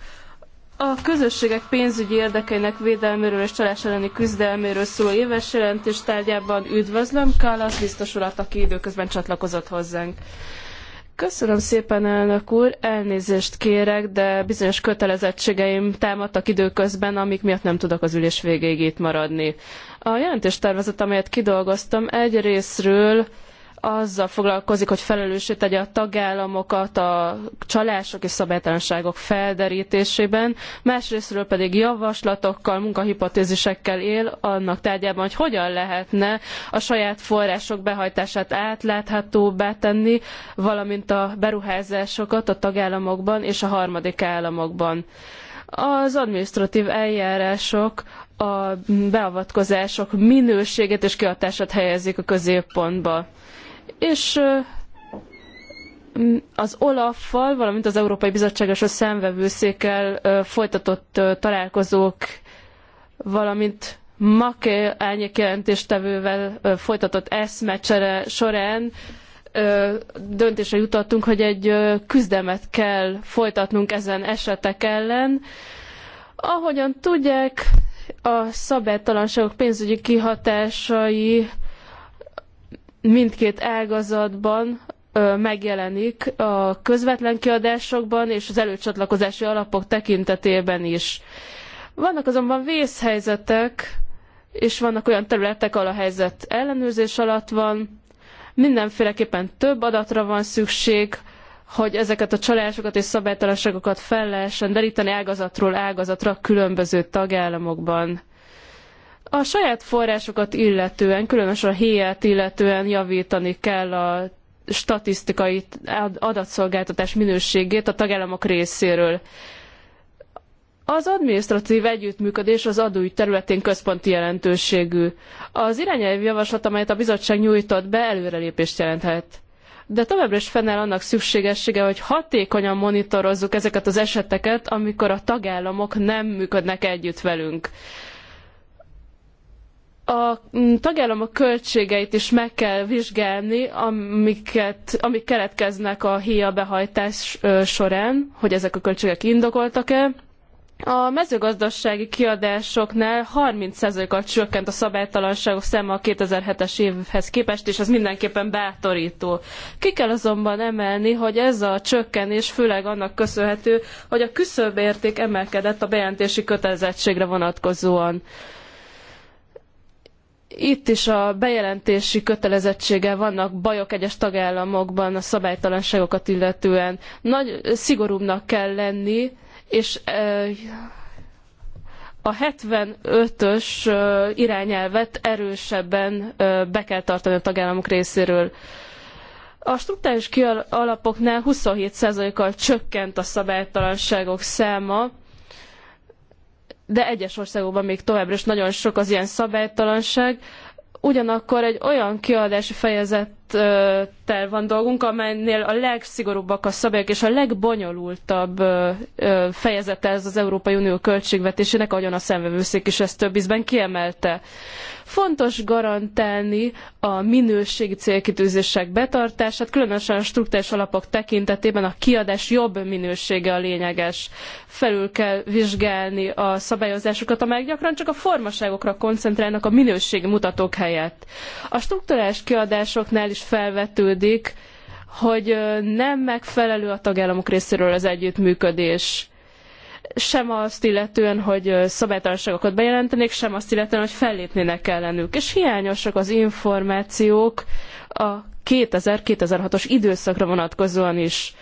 a közösségek pénzügyi érdekeinek védelméről és csalás elleni küzdelméről szóló éves jelentés tárgyában üdvözlöm Kálasz biztos urat, aki időközben csatlakozott hozzánk. Köszönöm szépen, elnök úr, elnézést kérek, de bizonyos kötelezettségeim támadtak időközben, amik miatt nem tudok az ülés végéig itt maradni. A jelentéstervezet, amelyet kidolgoztam, egy részről azzal foglalkozik, hogy felelőssé tegye a tagállamokat a csalások és szabálytalanságok felderítésében, másrésztről pedig javaslatokkal, munkahipotézisekkel él annak tárgyában, hogy hogyan lehetne a saját források behajtását átláthatóbbá tenni, valamint a beruházásokat a tagállamokban és a harmadik államokban. Az administratív eljárások a beavatkozások minőségét és kihatását helyezik a középpontba és az Olaf-fal, valamint az Európai Bizottság és a szemvevőszékkel folytatott találkozók, valamint Make jelentéstevővel folytatott eszmecsere során döntésre jutottunk, hogy egy küzdelmet kell folytatnunk ezen esetek ellen. Ahogyan tudják, a szabálytalanságok pénzügyi kihatásai mindkét ágazatban megjelenik a közvetlen kiadásokban és az előcsatlakozási alapok tekintetében is. Vannak azonban vészhelyzetek, és vannak olyan területek, ahol a helyzet ellenőrzés alatt van, mindenféleképpen több adatra van szükség, hogy ezeket a csalásokat és szabálytalanságokat fel lehessen deríteni ágazatról ágazatra különböző tagállamokban. A saját forrásokat illetően, különösen a héját illetően javítani kell a statisztikai adatszolgáltatás minőségét a tagállamok részéről. Az adminisztratív együttműködés az adóügy területén központi jelentőségű. Az irányelv javaslat, amelyet a bizottság nyújtott be, előrelépést jelenthet. De továbbra is fennáll annak szükségessége, hogy hatékonyan monitorozzuk ezeket az eseteket, amikor a tagállamok nem működnek együtt velünk a mm, tagállamok költségeit is meg kell vizsgálni, amiket, amik keletkeznek a héja behajtás során, hogy ezek a költségek indokoltak-e. A mezőgazdasági kiadásoknál 30%-kal csökkent a szabálytalanságok száma a 2007-es évhez képest, és ez mindenképpen bátorító. Ki kell azonban emelni, hogy ez a csökkenés főleg annak köszönhető, hogy a küszöbérték emelkedett a bejelentési kötelezettségre vonatkozóan itt is a bejelentési kötelezettséggel vannak bajok egyes tagállamokban a szabálytalanságokat illetően. Nagy, szigorúbbnak kell lenni, és a 75-ös irányelvet erősebben be kell tartani a tagállamok részéről. A struktúrális alapoknál 27%-kal csökkent a szabálytalanságok száma, de egyes országokban még továbbra is nagyon sok az ilyen szabálytalanság. Ugyanakkor egy olyan kiadási fejezet rendelettel van dolgunk, amelynél a legszigorúbbak a szabályok, és a legbonyolultabb fejezete ez az Európai Unió költségvetésének, ahogyan a szemvevőszék is ezt több ízben kiemelte. Fontos garantálni a minőségi célkitűzések betartását, különösen a struktúrás alapok tekintetében a kiadás jobb minősége a lényeges. Felül kell vizsgálni a szabályozásokat, amelyek gyakran csak a formaságokra koncentrálnak a minőségi mutatók helyett. A struktúrás kiadásoknál is is felvetődik, hogy nem megfelelő a tagállamok részéről az együttműködés sem azt illetően, hogy szabálytalanságokat bejelentenék, sem azt illetően, hogy fellépnének ellenük. És hiányosak az információk a 2000-2006-os időszakra vonatkozóan is.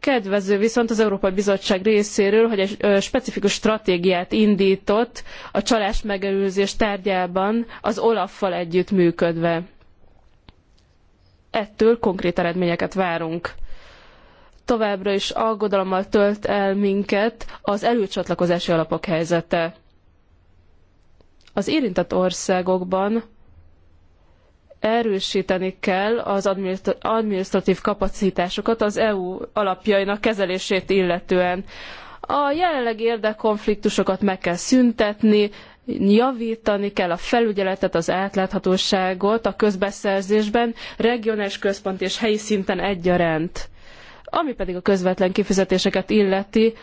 Kedvező viszont az Európai Bizottság részéről, hogy egy specifikus stratégiát indított a csalás megelőzés tárgyában az Olaffal együttműködve ettől konkrét eredményeket várunk. Továbbra is aggodalommal tölt el minket az előcsatlakozási alapok helyzete. Az érintett országokban erősíteni kell az administratív kapacitásokat az EU alapjainak kezelését illetően. A jelenlegi érdekkonfliktusokat meg kell szüntetni, javítani kell a felügyeletet, az átláthatóságot a közbeszerzésben, regionális központ és helyi szinten egyaránt. Ami pedig a közvetlen kifizetéseket illeti,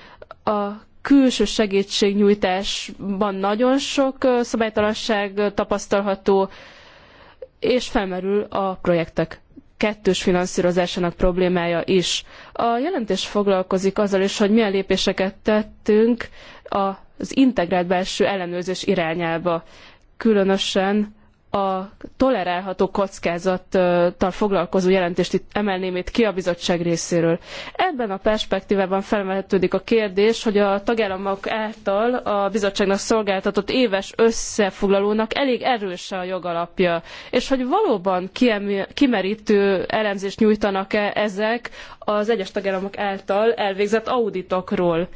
a külső segítségnyújtásban nagyon sok szabálytalanság tapasztalható, és felmerül a projektek kettős finanszírozásának problémája is. A jelentés foglalkozik azzal is, hogy milyen lépéseket tettünk a az integrált belső ellenőrzés irányába. Különösen a tolerálható kockázattal foglalkozó jelentést itt emelném itt ki a bizottság részéről. Ebben a perspektívában felvetődik a kérdés, hogy a tagállamok által a bizottságnak szolgáltatott éves összefoglalónak elég erős a jogalapja, és hogy valóban kimerítő elemzést nyújtanak-e ezek az egyes tagállamok által elvégzett auditokról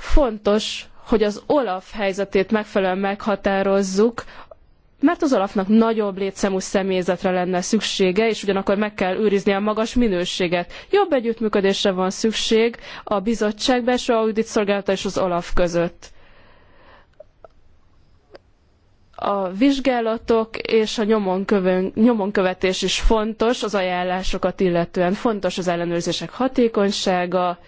Fontos, hogy az Olaf helyzetét megfelelően meghatározzuk, mert az Olafnak nagyobb létszámú személyzetre lenne szüksége, és ugyanakkor meg kell őrizni a magas minőséget. Jobb együttműködésre van szükség a bizottság belső audit szolgálata és az Olaf között a vizsgálatok és a nyomonkövetés is fontos, az ajánlásokat illetően fontos az ellenőrzések hatékonysága,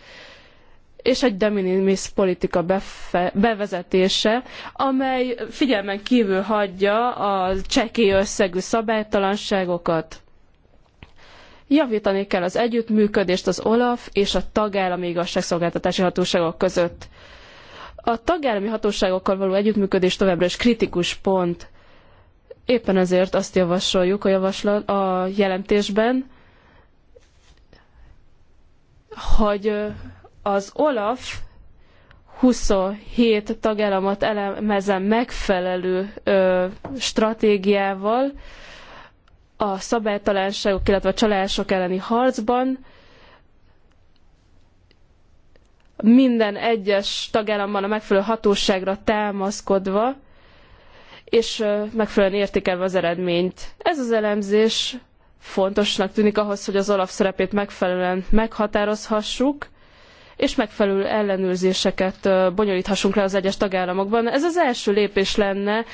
és egy de minimis politika befe, bevezetése, amely figyelmen kívül hagyja a csekély összegű szabálytalanságokat. Javítani kell az együttműködést az OLAF és a tagállami igazságszolgáltatási hatóságok között. A tagállami hatóságokkal való együttműködés továbbra is kritikus pont. Éppen ezért azt javasoljuk a, javaslat, a jelentésben, hogy az OLAF 27 tagállamot elemezem megfelelő ö, stratégiával a szabálytalanságok, illetve a csalások elleni harcban, minden egyes tagállamban a megfelelő hatóságra támaszkodva, és megfelelően értékelve az eredményt. Ez az elemzés fontosnak tűnik ahhoz, hogy az szerepét megfelelően meghatározhassuk, és megfelelő ellenőrzéseket bonyolíthassunk le az egyes tagállamokban. Ez az első lépés lenne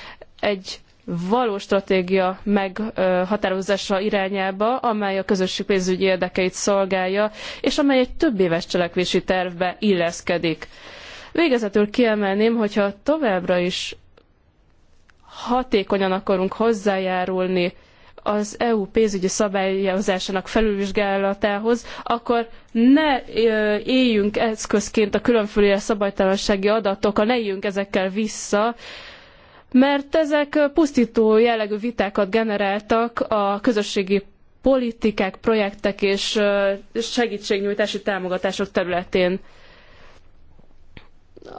egy valós stratégia meghatározása irányába, amely a közösség pénzügyi érdekeit szolgálja, és amely egy több éves cselekvési tervbe illeszkedik. Végezetül kiemelném, hogyha továbbra is hatékonyan akarunk hozzájárulni az EU pénzügyi szabályozásának felülvizsgálatához, akkor ne éljünk eszközként a különféle szabálytalansági adatokkal, ne éljünk ezekkel vissza, mert ezek pusztító jellegű vitákat generáltak a közösségi politikák, projektek és segítségnyújtási támogatások területén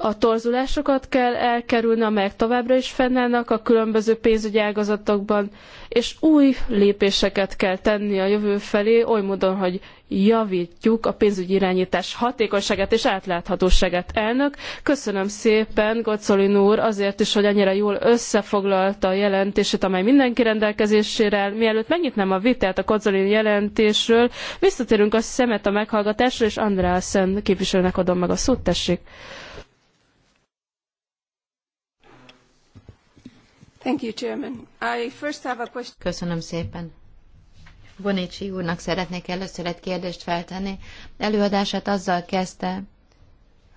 a torzulásokat kell elkerülni, amelyek továbbra is fennállnak a különböző pénzügyi ágazatokban, és új lépéseket kell tenni a jövő felé, oly módon, hogy javítjuk a pénzügyi irányítás hatékonyságát és átláthatóságát. Elnök, köszönöm szépen Gocolin úr azért is, hogy annyira jól összefoglalta a jelentését, amely mindenki rendelkezésére áll. Mielőtt megnyitnám a vitát a Gocolin jelentésről, visszatérünk a szemet a meghallgatásra, és Andrásen képviselőnek adom meg a szót, tessék. Thank you, Chairman. I first have a question. Köszönöm szépen. Bonicsi úrnak szeretnék először egy kérdést feltenni. Előadását azzal kezdte,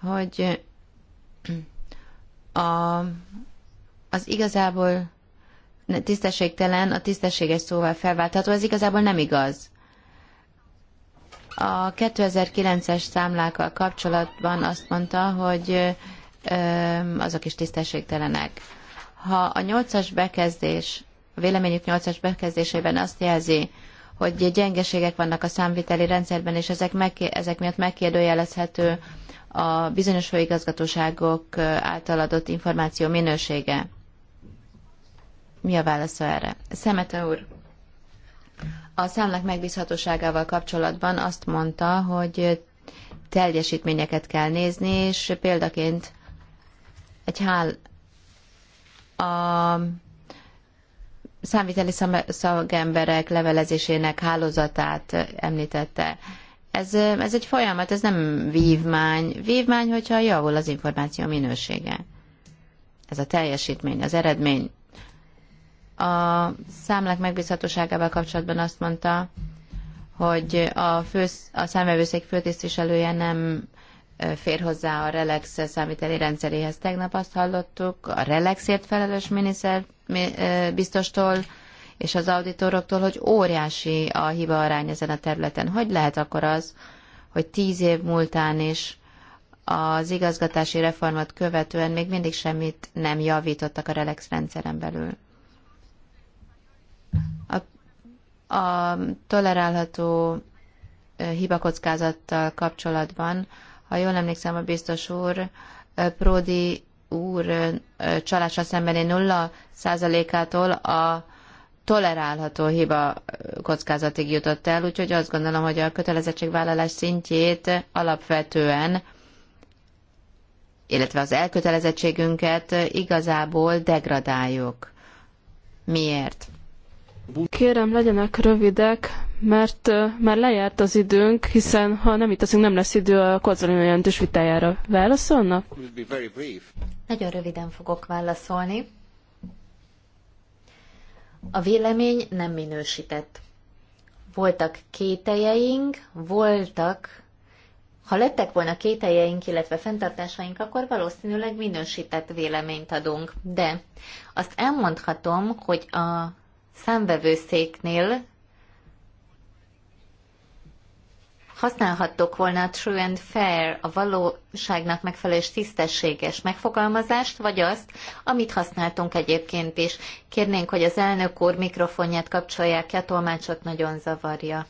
hogy a, az igazából tisztességtelen, a tisztességes szóval felváltható, az, igazából nem igaz. A 2009-es számlákkal kapcsolatban azt mondta, hogy ö, azok is tisztességtelenek ha a nyolcas bekezdés, a véleményük nyolcas bekezdésében azt jelzi, hogy gyengeségek vannak a számviteli rendszerben, és ezek, megké- ezek miatt megkérdőjelezhető a bizonyos főigazgatóságok által adott információ minősége. Mi a válasz erre? Szemete úr, a számlák megbízhatóságával kapcsolatban azt mondta, hogy teljesítményeket kell nézni, és példaként egy hál, a számviteli szagemberek levelezésének hálózatát említette. Ez, ez egy folyamat, ez nem vívmány. Vívmány, hogyha javul az információ minősége. Ez a teljesítmény, az eredmény. A számlák megbízhatóságával kapcsolatban azt mondta, hogy a, fősz, a számvevőszék főtisztviselője nem fér hozzá a Relax számíteli rendszeréhez. Tegnap azt hallottuk a Relaxért felelős miniszter biztostól, és az auditoroktól, hogy óriási a hiba arány ezen a területen. Hogy lehet akkor az, hogy tíz év múltán is az igazgatási reformat követően még mindig semmit nem javítottak a Relax rendszeren belül? A, a tolerálható hibakockázattal kapcsolatban ha jól emlékszem, a biztos úr, Prodi úr csalása szembeni nulla százalékától a tolerálható hiba kockázatig jutott el, úgyhogy azt gondolom, hogy a kötelezettségvállalás szintjét alapvetően, illetve az elkötelezettségünket igazából degradáljuk. Miért? Kérem, legyenek rövidek, mert már lejárt az időnk, hiszen ha nem itt leszünk, nem lesz idő a kozolina jelentős vitájára. Válaszolna. Nagyon röviden fogok válaszolni. A vélemény nem minősített. Voltak kételjeink, voltak ha lettek volna kételjeink, illetve fenntartásaink, akkor valószínűleg minősített véleményt adunk. De azt elmondhatom, hogy a számvevőszéknél használhattok volna a true and fair, a valóságnak megfelelő és tisztességes megfogalmazást, vagy azt, amit használtunk egyébként is. Kérnénk, hogy az elnök úr mikrofonját kapcsolják ki, a tolmácsot nagyon zavarja.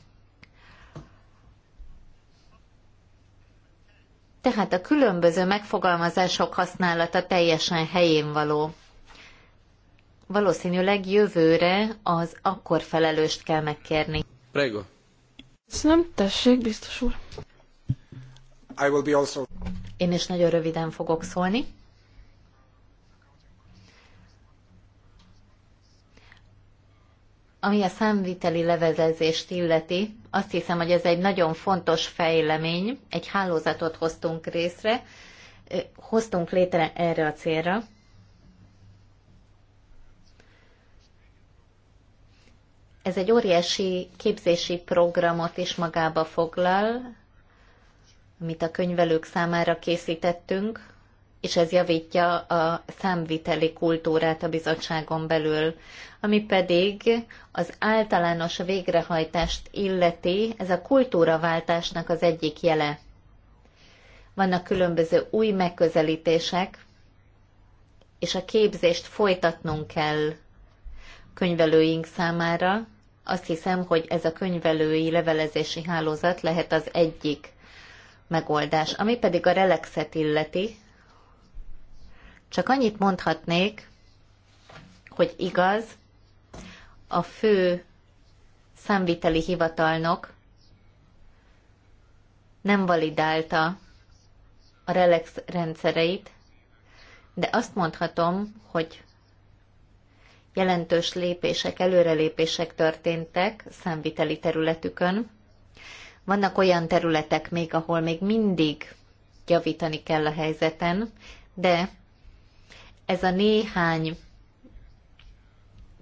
Tehát a különböző megfogalmazások használata teljesen helyén való. Valószínűleg jövőre az akkor felelőst kell megkérni. Prego. Köszönöm, tessék, biztos úr. I will be also. Én is nagyon röviden fogok szólni. Ami a számviteli levezezést illeti, azt hiszem, hogy ez egy nagyon fontos fejlemény. Egy hálózatot hoztunk részre, hoztunk létre erre a célra. Ez egy óriási képzési programot is magába foglal, amit a könyvelők számára készítettünk, és ez javítja a számviteli kultúrát a bizottságon belül, ami pedig az általános végrehajtást illeti, ez a kultúraváltásnak az egyik jele. Vannak különböző új megközelítések, és a képzést folytatnunk kell könyvelőink számára, azt hiszem, hogy ez a könyvelői levelezési hálózat lehet az egyik megoldás. Ami pedig a relexet illeti, csak annyit mondhatnék, hogy igaz, a fő számviteli hivatalnok nem validálta a relax rendszereit, de azt mondhatom, hogy jelentős lépések, előrelépések történtek számviteli területükön. Vannak olyan területek még, ahol még mindig javítani kell a helyzeten, de ez a néhány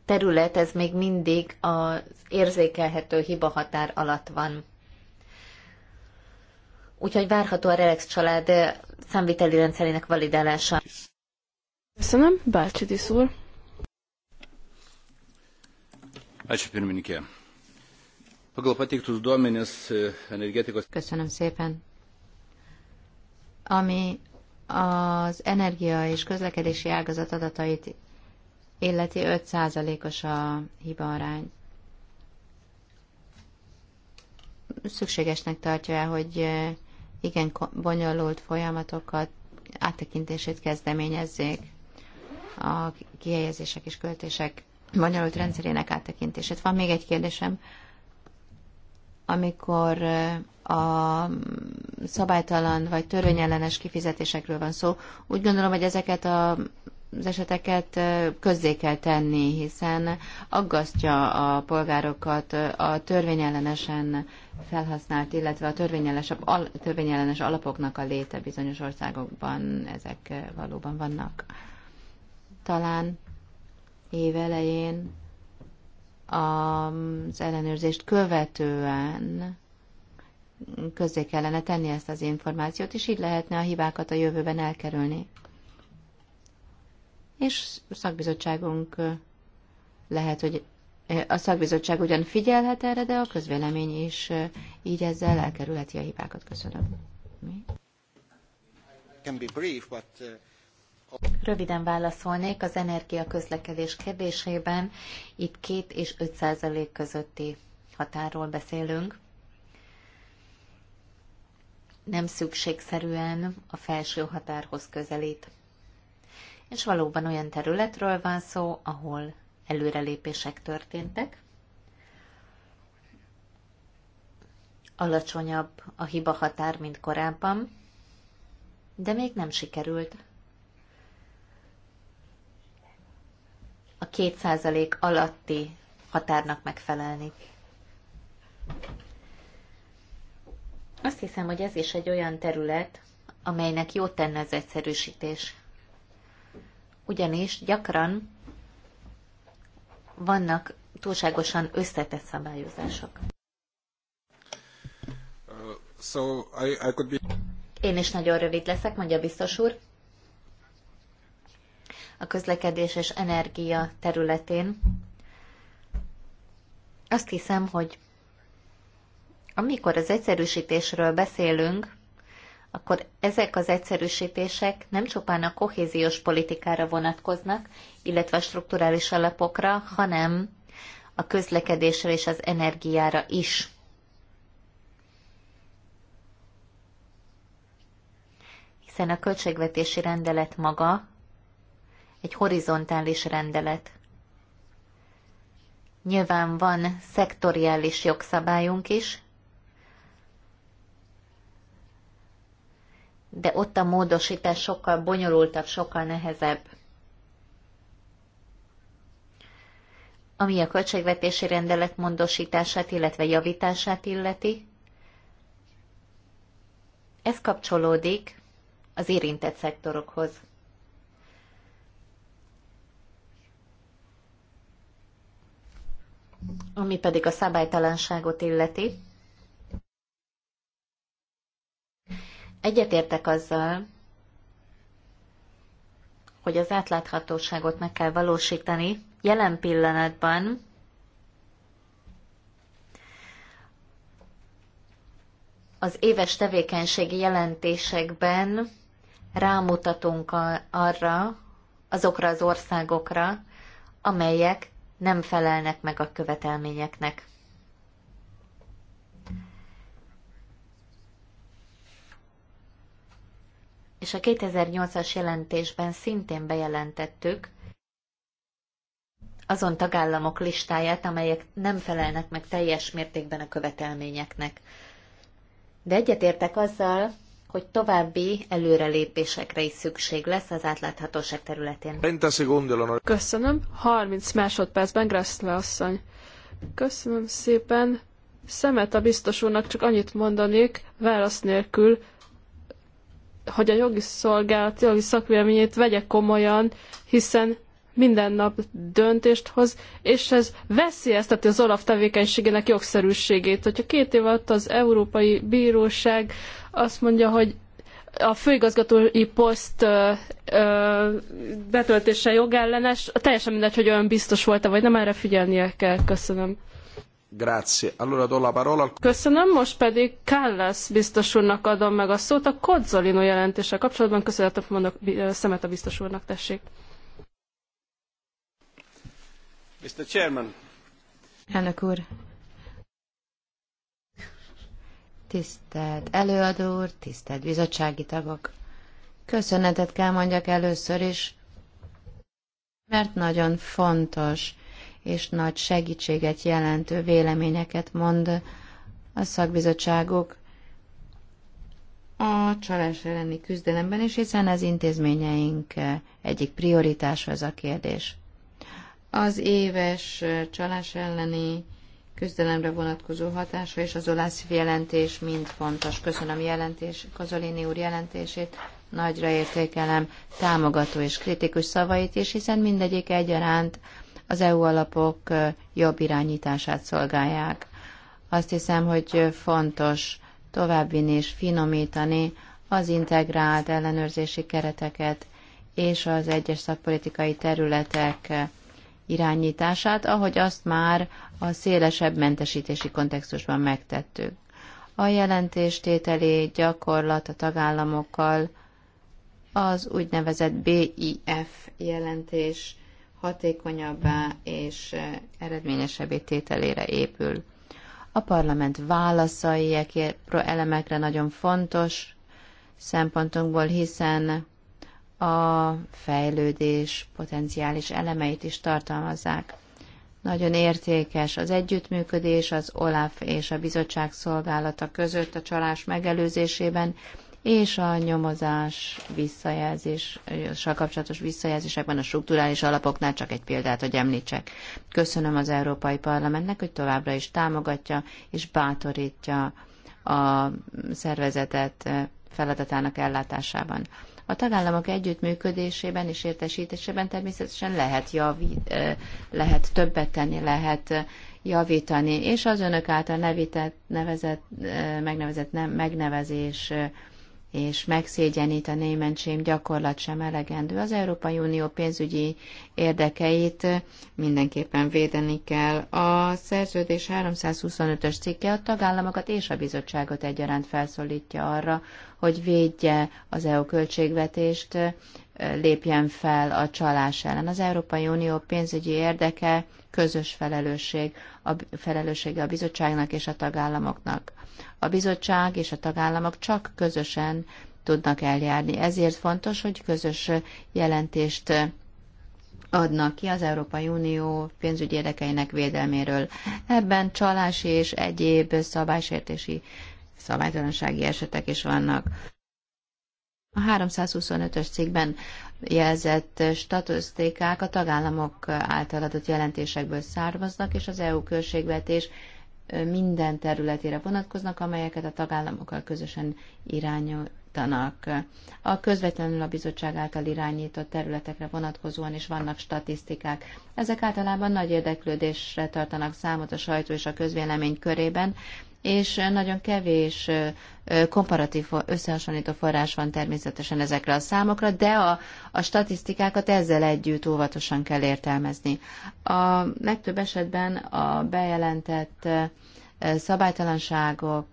terület, ez még mindig az érzékelhető hiba határ alatt van. Úgyhogy várható a Relex család számviteli rendszerének validálása. Köszönöm, Bácsi úr. Ačiū pirmininkė. Pagal pateiktus duomenis e, energetikos... Köszönöm szépen. Ami az energia és közlekedési ágazat adatait illeti 5%-os a arány. Szükségesnek tartja el, hogy e, igen bonyolult folyamatokat áttekintését kezdeményezzék a kihelyezések és költések bonyolult rendszerének áttekintését. Van még egy kérdésem. Amikor a szabálytalan vagy törvényellenes kifizetésekről van szó, úgy gondolom, hogy ezeket a az eseteket közzé kell tenni, hiszen aggasztja a polgárokat a törvényellenesen felhasznált, illetve a törvényellenes, törvényellenes alapoknak a léte bizonyos országokban ezek valóban vannak. Talán év elején az ellenőrzést követően közzé kellene tenni ezt az információt, és így lehetne a hibákat a jövőben elkerülni. És a szakbizottságunk lehet, hogy a szakbizottság ugyan figyelhet erre, de a közvélemény is így ezzel elkerülheti a hibákat. Köszönöm. Mi? Uh, Röviden válaszolnék az energiaközlekedés kérdésében. Itt 2 és 5 százalék közötti határról beszélünk. Nem szükségszerűen a felső határhoz közelít. És valóban olyan területről van szó, ahol előrelépések történtek. Alacsonyabb a hiba határ, mint korábban, de még nem sikerült a 2% alatti határnak megfelelni. Azt hiszem, hogy ez is egy olyan terület, amelynek jó tenne az egyszerűsítés. Ugyanis gyakran vannak túlságosan összetett szabályozások. Uh, so I, I could be... Én is nagyon rövid leszek, mondja biztos úr a közlekedés és energia területén. Azt hiszem, hogy amikor az egyszerűsítésről beszélünk, akkor ezek az egyszerűsítések nem csupán a kohéziós politikára vonatkoznak, illetve a strukturális alapokra, hanem a közlekedésre és az energiára is. Hiszen a költségvetési rendelet maga egy horizontális rendelet. Nyilván van szektoriális jogszabályunk is, de ott a módosítás sokkal bonyolultabb, sokkal nehezebb. Ami a költségvetési rendelet módosítását, illetve javítását illeti, ez kapcsolódik az érintett szektorokhoz. Ami pedig a szabálytalanságot illeti, egyetértek azzal, hogy az átláthatóságot meg kell valósítani. Jelen pillanatban az éves tevékenységi jelentésekben rámutatunk arra, azokra az országokra, amelyek nem felelnek meg a követelményeknek. És a 2008-as jelentésben szintén bejelentettük azon tagállamok listáját, amelyek nem felelnek meg teljes mértékben a követelményeknek. De egyetértek azzal, hogy további előrelépésekre is szükség lesz az átláthatóság területén. Köszönöm. 30 másodpercben Gressle asszony. Köszönöm szépen. Szemet a biztos úrnak csak annyit mondanék, válasz nélkül, hogy a jogi szolgálat jogi szakvéleményét vegye komolyan, hiszen minden nap döntést hoz, és ez veszélyezteti az Olaf tevékenységének jogszerűségét. Hogyha két év alatt az Európai Bíróság azt mondja, hogy a főigazgatói poszt ö, ö, betöltése jogellenes, teljesen mindegy, hogy olyan biztos volt-e, vagy nem erre figyelnie kell. Köszönöm. Grazie. Allora do la parola. Köszönöm, most pedig Kállász biztos úrnak adom meg a szót. A Kodzolino jelentése kapcsolatban köszönetet mondok Szemet a biztos úrnak, tessék. Mr. Chairman. Elnök úr. Tisztelt előadó úr, tisztelt bizottsági tagok. Köszönetet kell mondjak először is, mert nagyon fontos és nagy segítséget jelentő véleményeket mond a szakbizottságok a csalás elleni küzdelemben, is hiszen az intézményeink egyik prioritása ez a kérdés az éves csalás elleni küzdelemre vonatkozó hatása és az olasz jelentés mind fontos. Köszönöm jelentés, Kozolini úr jelentését, nagyra értékelem támogató és kritikus szavait is, hiszen mindegyik egyaránt az EU alapok jobb irányítását szolgálják. Azt hiszem, hogy fontos továbbvinni és finomítani az integrált ellenőrzési kereteket és az egyes szakpolitikai területek irányítását, ahogy azt már a szélesebb mentesítési kontextusban megtettük. A jelentéstételi gyakorlat a tagállamokkal az úgynevezett BIF jelentés hatékonyabbá és eredményesebbé tételére épül. A parlament válaszai elemekre nagyon fontos szempontunkból, hiszen a fejlődés potenciális elemeit is tartalmazzák. Nagyon értékes az együttműködés az OLAF és a bizottság szolgálata között a csalás megelőzésében, és a nyomozás a kapcsolatos visszajelzésekben a strukturális alapoknál csak egy példát, hogy említsek. Köszönöm az Európai Parlamentnek, hogy továbbra is támogatja és bátorítja a szervezetet feladatának ellátásában. A tagállamok együttműködésében és értesítésében természetesen lehet, javi, lehet többet tenni, lehet javítani, és az önök által nevített, nevezett, megnevezett nem, megnevezés és megszégyenít a németség gyakorlat sem elegendő. Az Európai Unió pénzügyi érdekeit mindenképpen védeni kell. A szerződés 325-ös cikke a tagállamokat és a bizottságot egyaránt felszólítja arra, hogy védje az EU költségvetést, lépjen fel a csalás ellen. Az Európai Unió pénzügyi érdeke közös felelősség, a felelőssége a bizottságnak és a tagállamoknak a bizottság és a tagállamok csak közösen tudnak eljárni. Ezért fontos, hogy közös jelentést adnak ki az Európai Unió pénzügyi érdekeinek védelméről. Ebben csalási és egyéb szabálysértési szabálytalansági esetek is vannak. A 325-ös cikkben jelzett statisztikák a tagállamok által adott jelentésekből származnak, és az EU költségvetés minden területére vonatkoznak, amelyeket a tagállamokkal közösen irányítanak. A közvetlenül a bizottság által irányított területekre vonatkozóan is vannak statisztikák. Ezek általában nagy érdeklődésre tartanak számot a sajtó és a közvélemény körében, és nagyon kevés komparatív összehasonlító forrás van természetesen ezekre a számokra, de a, a statisztikákat ezzel együtt óvatosan kell értelmezni. A legtöbb esetben a bejelentett szabálytalanságok,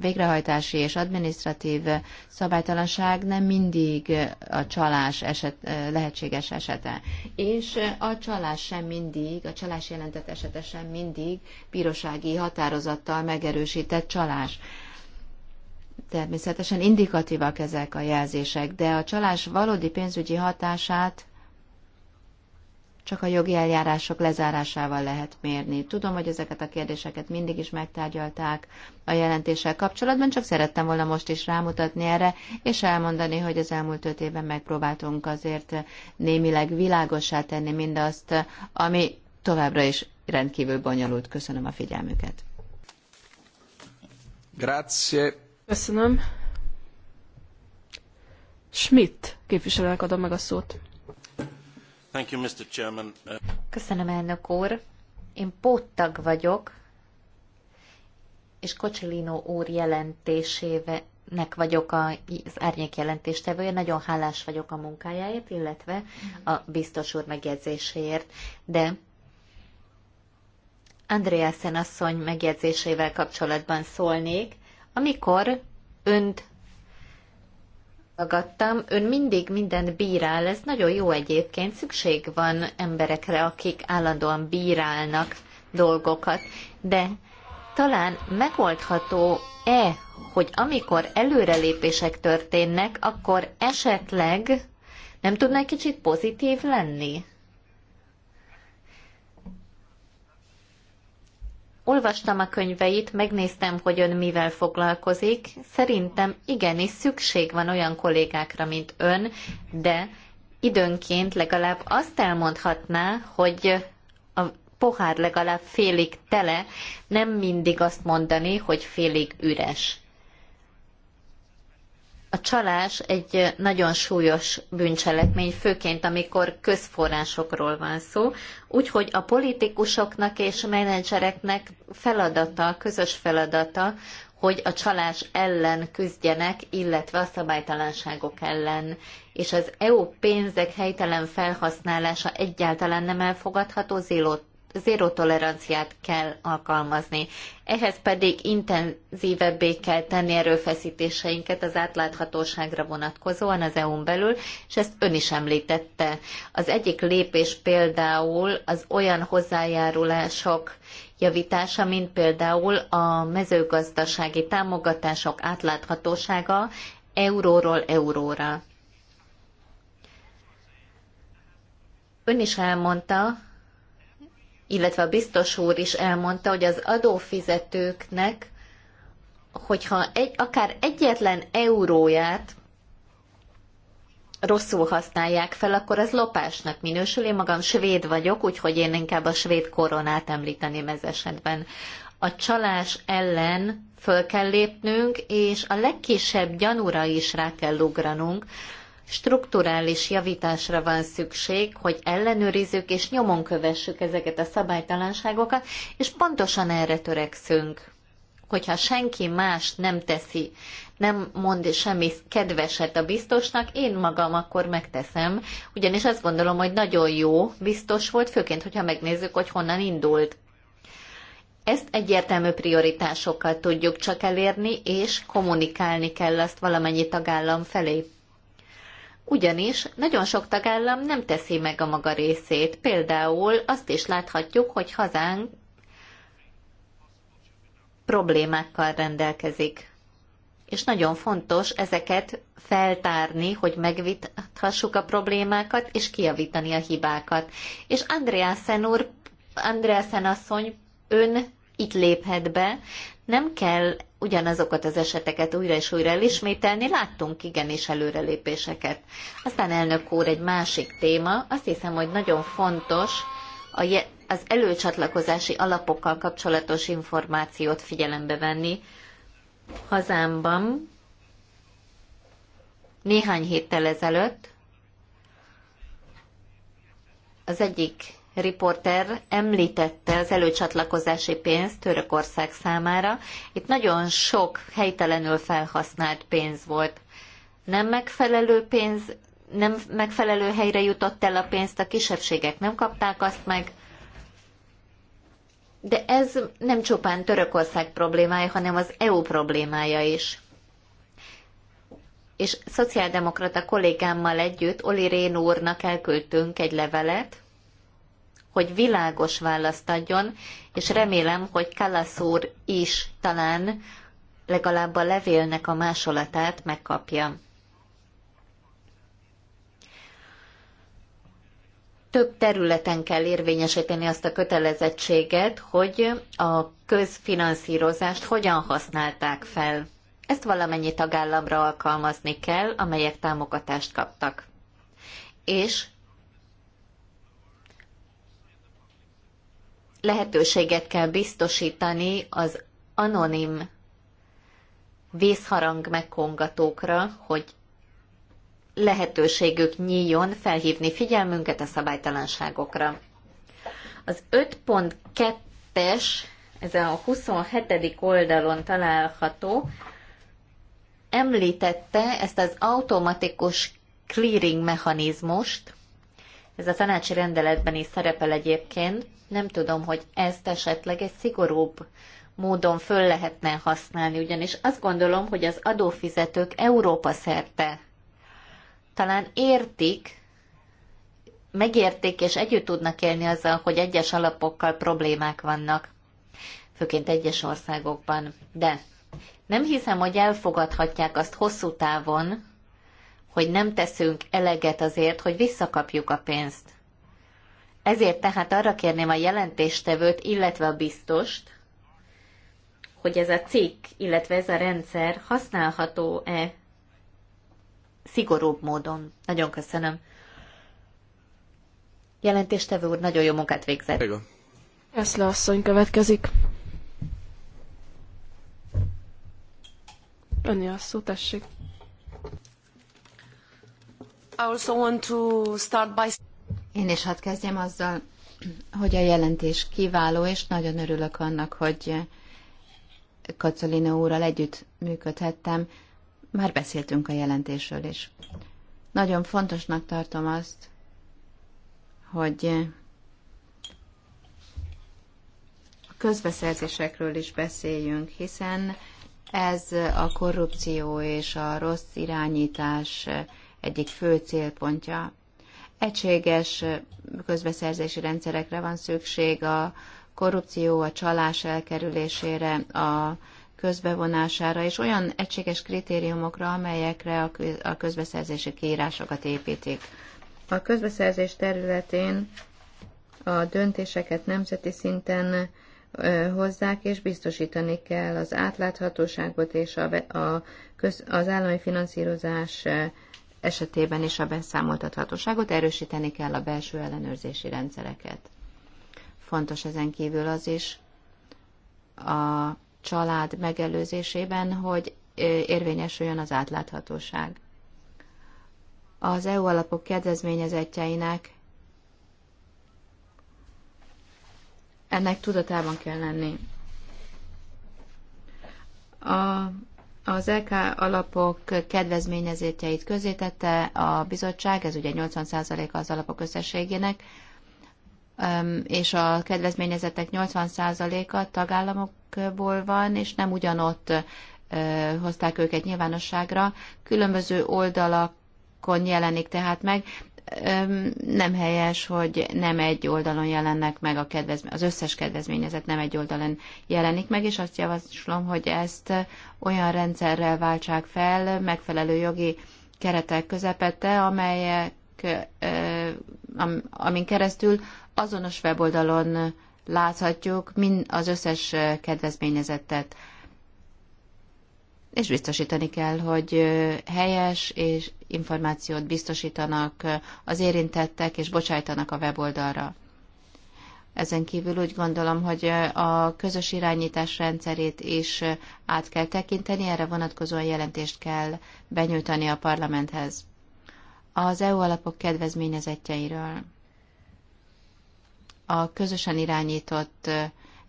végrehajtási és adminisztratív szabálytalanság nem mindig a csalás eset, lehetséges esete. És a csalás sem mindig, a csalás jelentett esete sem mindig bírósági határozattal megerősített csalás. Természetesen indikatívak ezek a jelzések, de a csalás valódi pénzügyi hatását csak a jogi eljárások lezárásával lehet mérni. Tudom, hogy ezeket a kérdéseket mindig is megtárgyalták a jelentéssel kapcsolatban, csak szerettem volna most is rámutatni erre, és elmondani, hogy az elmúlt öt évben megpróbáltunk azért némileg világossá tenni mindazt, ami továbbra is rendkívül bonyolult. Köszönöm a figyelmüket. Grazie. Köszönöm. Schmidt képviselőnek adom meg a szót. Köszönöm, elnök úr. Én póttag vagyok, és Kocsilino úr jelentésének vagyok az árnyék jelentéstevője. Nagyon hálás vagyok a munkájáért, illetve a biztos úr megjegyzéséért. De Andreasen asszony megjegyzésével kapcsolatban szólnék, amikor önt hallgattam, ön mindig minden bírál, ez nagyon jó egyébként, szükség van emberekre, akik állandóan bírálnak dolgokat, de talán megoldható-e, hogy amikor előrelépések történnek, akkor esetleg nem tudna egy kicsit pozitív lenni? Olvastam a könyveit, megnéztem, hogy ön mivel foglalkozik. Szerintem igenis szükség van olyan kollégákra, mint ön, de időnként legalább azt elmondhatná, hogy a pohár legalább félig tele, nem mindig azt mondani, hogy félig üres a csalás egy nagyon súlyos bűncselekmény, főként amikor közforrásokról van szó, úgyhogy a politikusoknak és menedzsereknek feladata, közös feladata, hogy a csalás ellen küzdjenek, illetve a szabálytalanságok ellen. És az EU pénzek helytelen felhasználása egyáltalán nem elfogadható, zéló zéró toleranciát kell alkalmazni. Ehhez pedig intenzívebbé kell tenni erőfeszítéseinket az átláthatóságra vonatkozóan az EU-n belül, és ezt ön is említette. Az egyik lépés például az olyan hozzájárulások javítása, mint például a mezőgazdasági támogatások átláthatósága euróról euróra. Ön is elmondta, illetve a biztos úr is elmondta, hogy az adófizetőknek, hogyha egy, akár egyetlen euróját rosszul használják fel, akkor ez lopásnak minősül. Én magam svéd vagyok, úgyhogy én inkább a svéd koronát említeném ez esetben. A csalás ellen föl kell lépnünk, és a legkisebb gyanúra is rá kell ugranunk, strukturális javításra van szükség, hogy ellenőrizzük és nyomon kövessük ezeket a szabálytalanságokat, és pontosan erre törekszünk. Hogyha senki más nem teszi, nem mond semmi kedveset a biztosnak, én magam akkor megteszem, ugyanis azt gondolom, hogy nagyon jó biztos volt, főként, hogyha megnézzük, hogy honnan indult. Ezt egyértelmű prioritásokkal tudjuk csak elérni, és kommunikálni kell azt valamennyi tagállam felé ugyanis nagyon sok tagállam nem teszi meg a maga részét. Például azt is láthatjuk, hogy hazánk problémákkal rendelkezik. És nagyon fontos ezeket feltárni, hogy megvithassuk a problémákat, és kiavítani a hibákat. És Andreasen úr, Andreasen asszony, ön itt léphet be, nem kell ugyanazokat az eseteket újra és újra elismételni, láttunk igenis előrelépéseket. Aztán elnök úr, egy másik téma, azt hiszem, hogy nagyon fontos a az előcsatlakozási alapokkal kapcsolatos információt figyelembe venni. Hazámban néhány héttel ezelőtt az egyik riporter említette az előcsatlakozási pénzt Törökország számára. Itt nagyon sok helytelenül felhasznált pénz volt. Nem megfelelő pénz, nem megfelelő helyre jutott el a pénzt, a kisebbségek nem kapták azt meg. De ez nem csupán Törökország problémája, hanem az EU problémája is és szociáldemokrata kollégámmal együtt Oli Rén úrnak elküldtünk egy levelet, hogy világos választ adjon, és remélem, hogy Kalasz úr is talán legalább a levélnek a másolatát megkapja. több területen kell érvényesíteni azt a kötelezettséget, hogy a közfinanszírozást hogyan használták fel. Ezt valamennyi tagállamra alkalmazni kell, amelyek támogatást kaptak. És lehetőséget kell biztosítani az anonim vészharang megkongatókra, hogy lehetőségük nyíljon felhívni figyelmünket a szabálytalanságokra. Az 5.2-es, ez a 27. oldalon található, említette ezt az automatikus clearing mechanizmust, ez a tanácsi rendeletben is szerepel egyébként. Nem tudom, hogy ezt esetleg egy szigorúbb módon föl lehetne használni, ugyanis azt gondolom, hogy az adófizetők Európa szerte talán értik, megértik és együtt tudnak élni azzal, hogy egyes alapokkal problémák vannak, főként egyes országokban. De nem hiszem, hogy elfogadhatják azt hosszú távon, hogy nem teszünk eleget azért, hogy visszakapjuk a pénzt. Ezért tehát arra kérném a jelentéstevőt, illetve a biztost, hogy ez a cikk, illetve ez a rendszer használható-e szigorúbb módon. Nagyon köszönöm. Jelentéstevő úr, nagyon jó munkát végzett. Eszle asszony következik. Önni a szó, tessék. Én is hadd kezdjem azzal, hogy a jelentés kiváló, és nagyon örülök annak, hogy Kacolina úrral együtt működhettem. Már beszéltünk a jelentésről is. Nagyon fontosnak tartom azt, hogy a közbeszerzésekről is beszéljünk, hiszen ez a korrupció és a rossz irányítás egyik fő célpontja. Egységes közbeszerzési rendszerekre van szükség a korrupció, a csalás elkerülésére, a közbevonására, és olyan egységes kritériumokra, amelyekre a közbeszerzési kiírásokat építik. A közbeszerzés területén a döntéseket nemzeti szinten hozzák, és biztosítani kell az átláthatóságot és a, a köz, az állami finanszírozás esetében is a beszámoltathatóságot, erősíteni kell a belső ellenőrzési rendszereket. Fontos ezen kívül az is a család megelőzésében, hogy érvényesüljön az átláthatóság. Az EU alapok kedvezményezetjeinek ennek tudatában kell lenni. A az EK alapok közé tette a bizottság, ez ugye 80% az alapok összességének, és a kedvezményezettek 80%-a tagállamokból van, és nem ugyanott hozták őket nyilvánosságra. Különböző oldalakon jelenik tehát meg, nem helyes, hogy nem egy oldalon jelennek meg a kedvezmény, az összes kedvezményezet nem egy oldalon jelenik meg, és azt javaslom, hogy ezt olyan rendszerrel váltsák fel, megfelelő jogi keretek közepette, amelyek, amin keresztül azonos weboldalon láthatjuk mind az összes kedvezményezettet és biztosítani kell, hogy helyes és információt biztosítanak az érintettek, és bocsájtanak a weboldalra. Ezen kívül úgy gondolom, hogy a közös irányítás rendszerét is át kell tekinteni, erre vonatkozóan jelentést kell benyújtani a parlamenthez. Az EU alapok kedvezményezetjeiről. A közösen irányított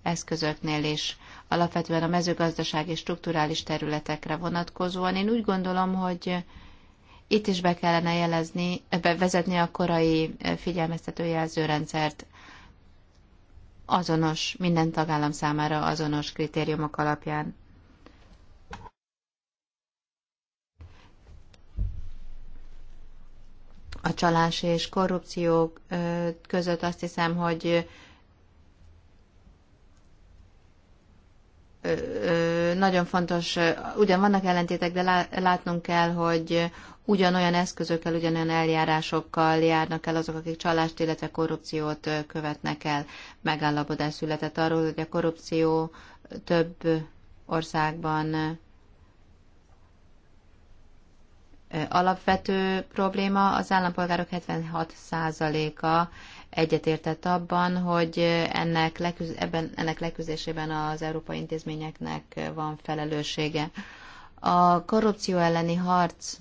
eszközöknél is alapvetően a mezőgazdasági strukturális területekre vonatkozóan. Én úgy gondolom, hogy itt is be kellene jelezni, bevezetni a korai figyelmeztető jelzőrendszert azonos, minden tagállam számára azonos kritériumok alapján. A csalás és korrupció között azt hiszem, hogy nagyon fontos, ugyan vannak ellentétek, de látnunk kell, hogy ugyanolyan eszközökkel, ugyanolyan eljárásokkal járnak el azok, akik csalást, illetve korrupciót követnek el. Megállapodás született arról, hogy a korrupció több országban alapvető probléma. Az állampolgárok 76%-a egyetértett abban, hogy ennek, leküz, ebben, ennek leküzésében az európai intézményeknek van felelőssége. A korrupció elleni harc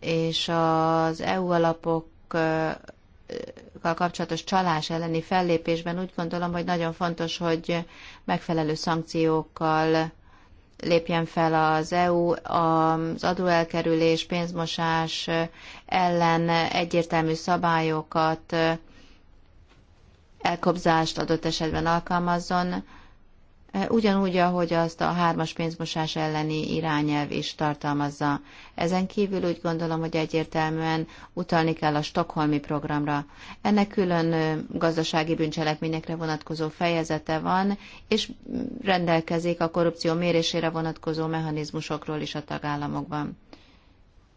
és az EU alapokkal kapcsolatos csalás elleni fellépésben úgy gondolom, hogy nagyon fontos, hogy megfelelő szankciókkal lépjen fel az EU az adóelkerülés, pénzmosás ellen egyértelmű szabályokat, elkobzást adott esetben alkalmazzon, E, ugyanúgy, ahogy azt a hármas pénzmosás elleni irányelv is tartalmazza. Ezen kívül úgy gondolom, hogy egyértelműen utalni kell a Stockholmi programra. Ennek külön gazdasági bűncselekményekre vonatkozó fejezete van, és rendelkezik a korrupció mérésére vonatkozó mechanizmusokról is a tagállamokban.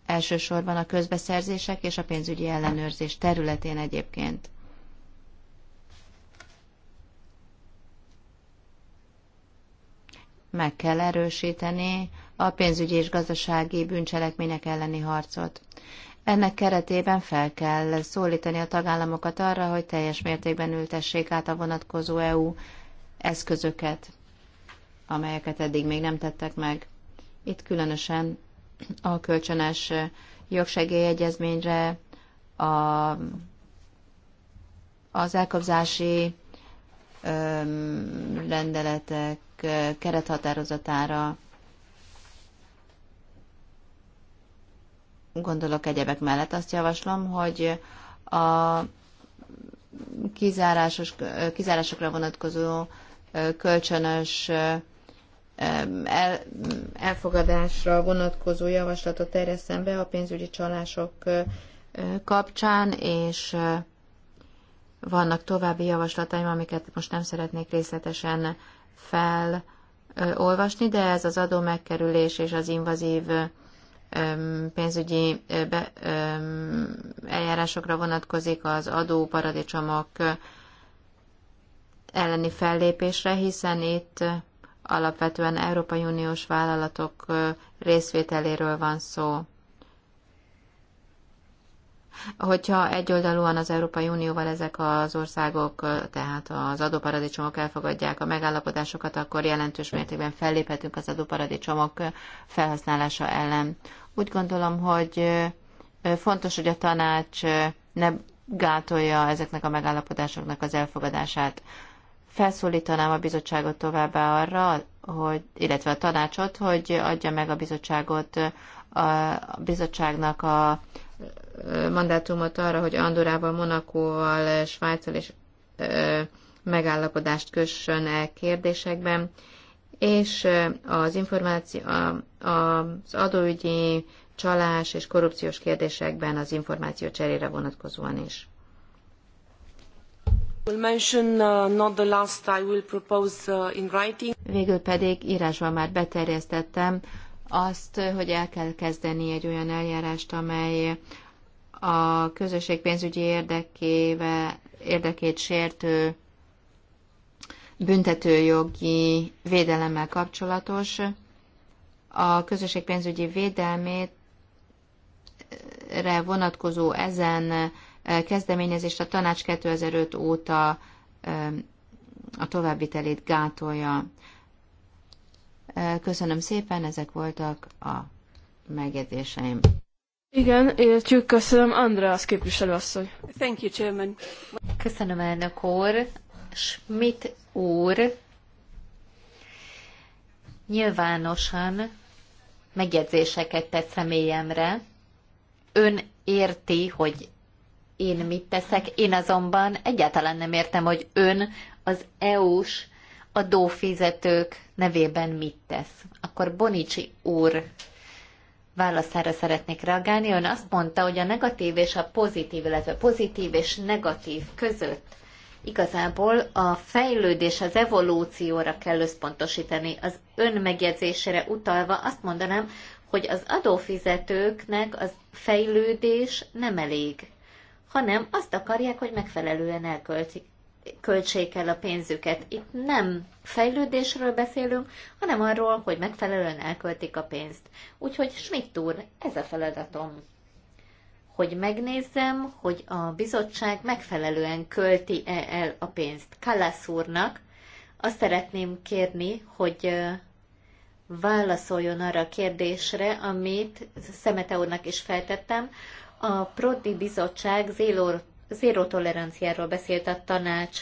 Elsősorban a közbeszerzések és a pénzügyi ellenőrzés területén egyébként. meg kell erősíteni a pénzügyi és gazdasági bűncselekmények elleni harcot. Ennek keretében fel kell szólítani a tagállamokat arra, hogy teljes mértékben ültessék át a vonatkozó EU eszközöket, amelyeket eddig még nem tettek meg. Itt különösen a kölcsönös jogsegélyegyezményre, a, az elkobzási rendeletek kerethatározatára, gondolok egyebek mellett. Azt javaslom, hogy a kizárásos, kizárásokra vonatkozó kölcsönös el, elfogadásra vonatkozó javaslatot terjesztem be a pénzügyi csalások kapcsán, és vannak további javaslataim, amiket most nem szeretnék részletesen felolvasni, de ez az adó megkerülés és az invazív pénzügyi be, eljárásokra vonatkozik az adó paradicsomok elleni fellépésre, hiszen itt alapvetően Európai Uniós vállalatok részvételéről van szó hogyha egyoldalúan az Európai Unióval ezek az országok, tehát az adóparadicsomok elfogadják a megállapodásokat, akkor jelentős mértékben felléphetünk az adóparadicsomok felhasználása ellen. Úgy gondolom, hogy fontos, hogy a tanács ne gátolja ezeknek a megállapodásoknak az elfogadását. Felszólítanám a bizottságot továbbá arra, hogy, illetve a tanácsot, hogy adja meg a bizottságot a bizottságnak a mandátumot arra, hogy Andorával, Monakóval, Svájccal és megállapodást kössön el kérdésekben, és az információ, az adóügyi csalás és korrupciós kérdésekben az információ cserére vonatkozóan is. Uh, uh, Végül pedig írásban már beterjesztettem azt, hogy el kell kezdeni egy olyan eljárást, amely a közösség pénzügyi érdekéve, érdekét sértő büntetőjogi védelemmel kapcsolatos. A közösség pénzügyi védelmére vonatkozó ezen eh, kezdeményezést a tanács 2005 óta eh, a továbbvitelét gátolja. Köszönöm szépen, ezek voltak a megjegyzéseim. Igen, értjük, köszönöm. Andreas képviselőasszony. Thank you, Chairman. Köszönöm, elnök úr. Schmidt úr nyilvánosan megjegyzéseket tett személyemre. Ön érti, hogy én mit teszek, én azonban egyáltalán nem értem, hogy ön az EU-s adófizetők nevében mit tesz. Akkor Bonicsi úr válaszára szeretnék reagálni. Ön azt mondta, hogy a negatív és a pozitív, illetve pozitív és negatív között igazából a fejlődés, az evolúcióra kell összpontosítani. Az ön megjegyzésére utalva azt mondanám, hogy az adófizetőknek az fejlődés nem elég, hanem azt akarják, hogy megfelelően elköltik költsék el a pénzüket. Itt nem fejlődésről beszélünk, hanem arról, hogy megfelelően elköltik a pénzt. Úgyhogy Schmidt úr, ez a feladatom hogy megnézzem, hogy a bizottság megfelelően költi -e el a pénzt. Kalász úrnak azt szeretném kérni, hogy válaszoljon arra a kérdésre, amit Szemete úrnak is feltettem. A Prodi Bizottság Zélor zéró toleranciáról beszélt a tanács,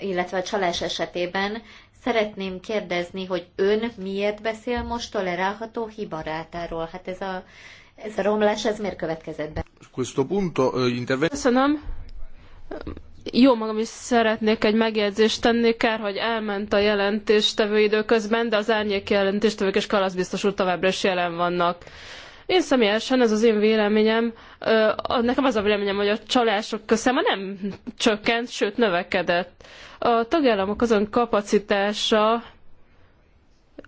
illetve a csalás esetében. Szeretném kérdezni, hogy ön miért beszél most tolerálható hibarátáról? Hát ez a, ez a romlás, ez miért következett be? Eh, Köszönöm. Jó magam is szeretnék egy megjegyzést tenni, kár, hogy elment a jelentéstevő időközben, de az árnyék jelentéstevők és Kalasz biztos úr továbbra is jelen vannak. Én személyesen, ez az én véleményem, nekem az a véleményem, hogy a csalások köszönme nem csökkent, sőt növekedett. A tagállamok azon kapacitása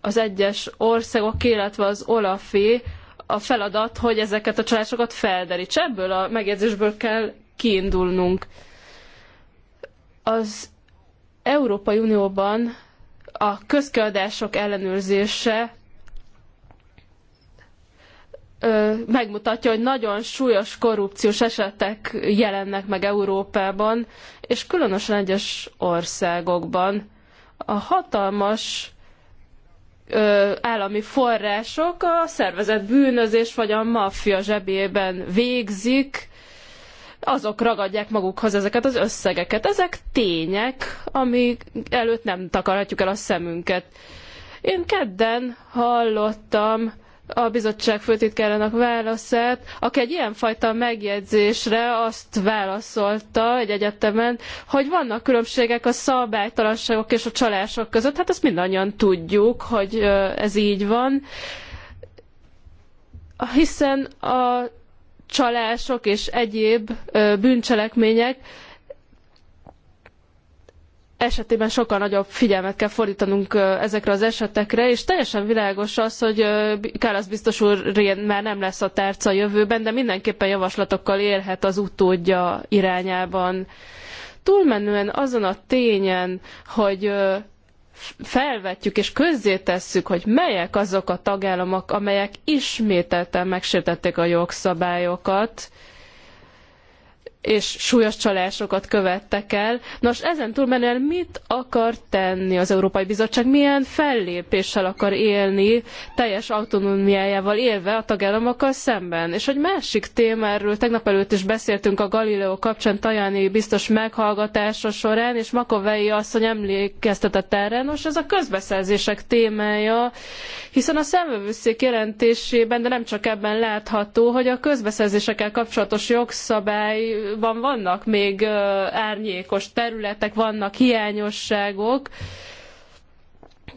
az egyes országok, illetve az Olafi a feladat, hogy ezeket a csalásokat felderíts. Ebből a megjegyzésből kell kiindulnunk. Az Európai Unióban a közkiadások ellenőrzése ö, megmutatja, hogy nagyon súlyos korrupciós esetek jelennek meg Európában, és különösen egyes országokban. A hatalmas ö, állami források a szervezett bűnözés vagy a maffia zsebében végzik, azok ragadják magukhoz ezeket az összegeket. Ezek tények, amik előtt nem takarhatjuk el a szemünket. Én kedden hallottam a bizottság főtitkárának válaszát, aki egy ilyenfajta megjegyzésre azt válaszolta egy egyetemen, hogy vannak különbségek a szabálytalanságok és a csalások között. Hát ezt mindannyian tudjuk, hogy ez így van, hiszen a csalások és egyéb bűncselekmények esetében sokkal nagyobb figyelmet kell fordítanunk ezekre az esetekre, és teljesen világos az, hogy Kálasz biztos úr már nem lesz a tárca a jövőben, de mindenképpen javaslatokkal érhet az utódja irányában. Túlmenően azon a tényen, hogy felvetjük és közzétesszük, hogy melyek azok a tagállamok, amelyek ismételten megsértették a jogszabályokat, és súlyos csalásokat követtek el. Nos, ezen túlmenően mit akar tenni az Európai Bizottság? Milyen fellépéssel akar élni, teljes autonómiájával élve a tagállamokkal szemben? És egy másik témáról tegnap előtt is beszéltünk a Galileo kapcsán Tajani biztos meghallgatása során, és Makovei asszony emlékeztetett erre. Nos, ez a közbeszerzések témája, hiszen a szemvevőszék jelentésében, de nem csak ebben látható, hogy a közbeszerzésekkel kapcsolatos jogszabály van, vannak még árnyékos területek, vannak hiányosságok,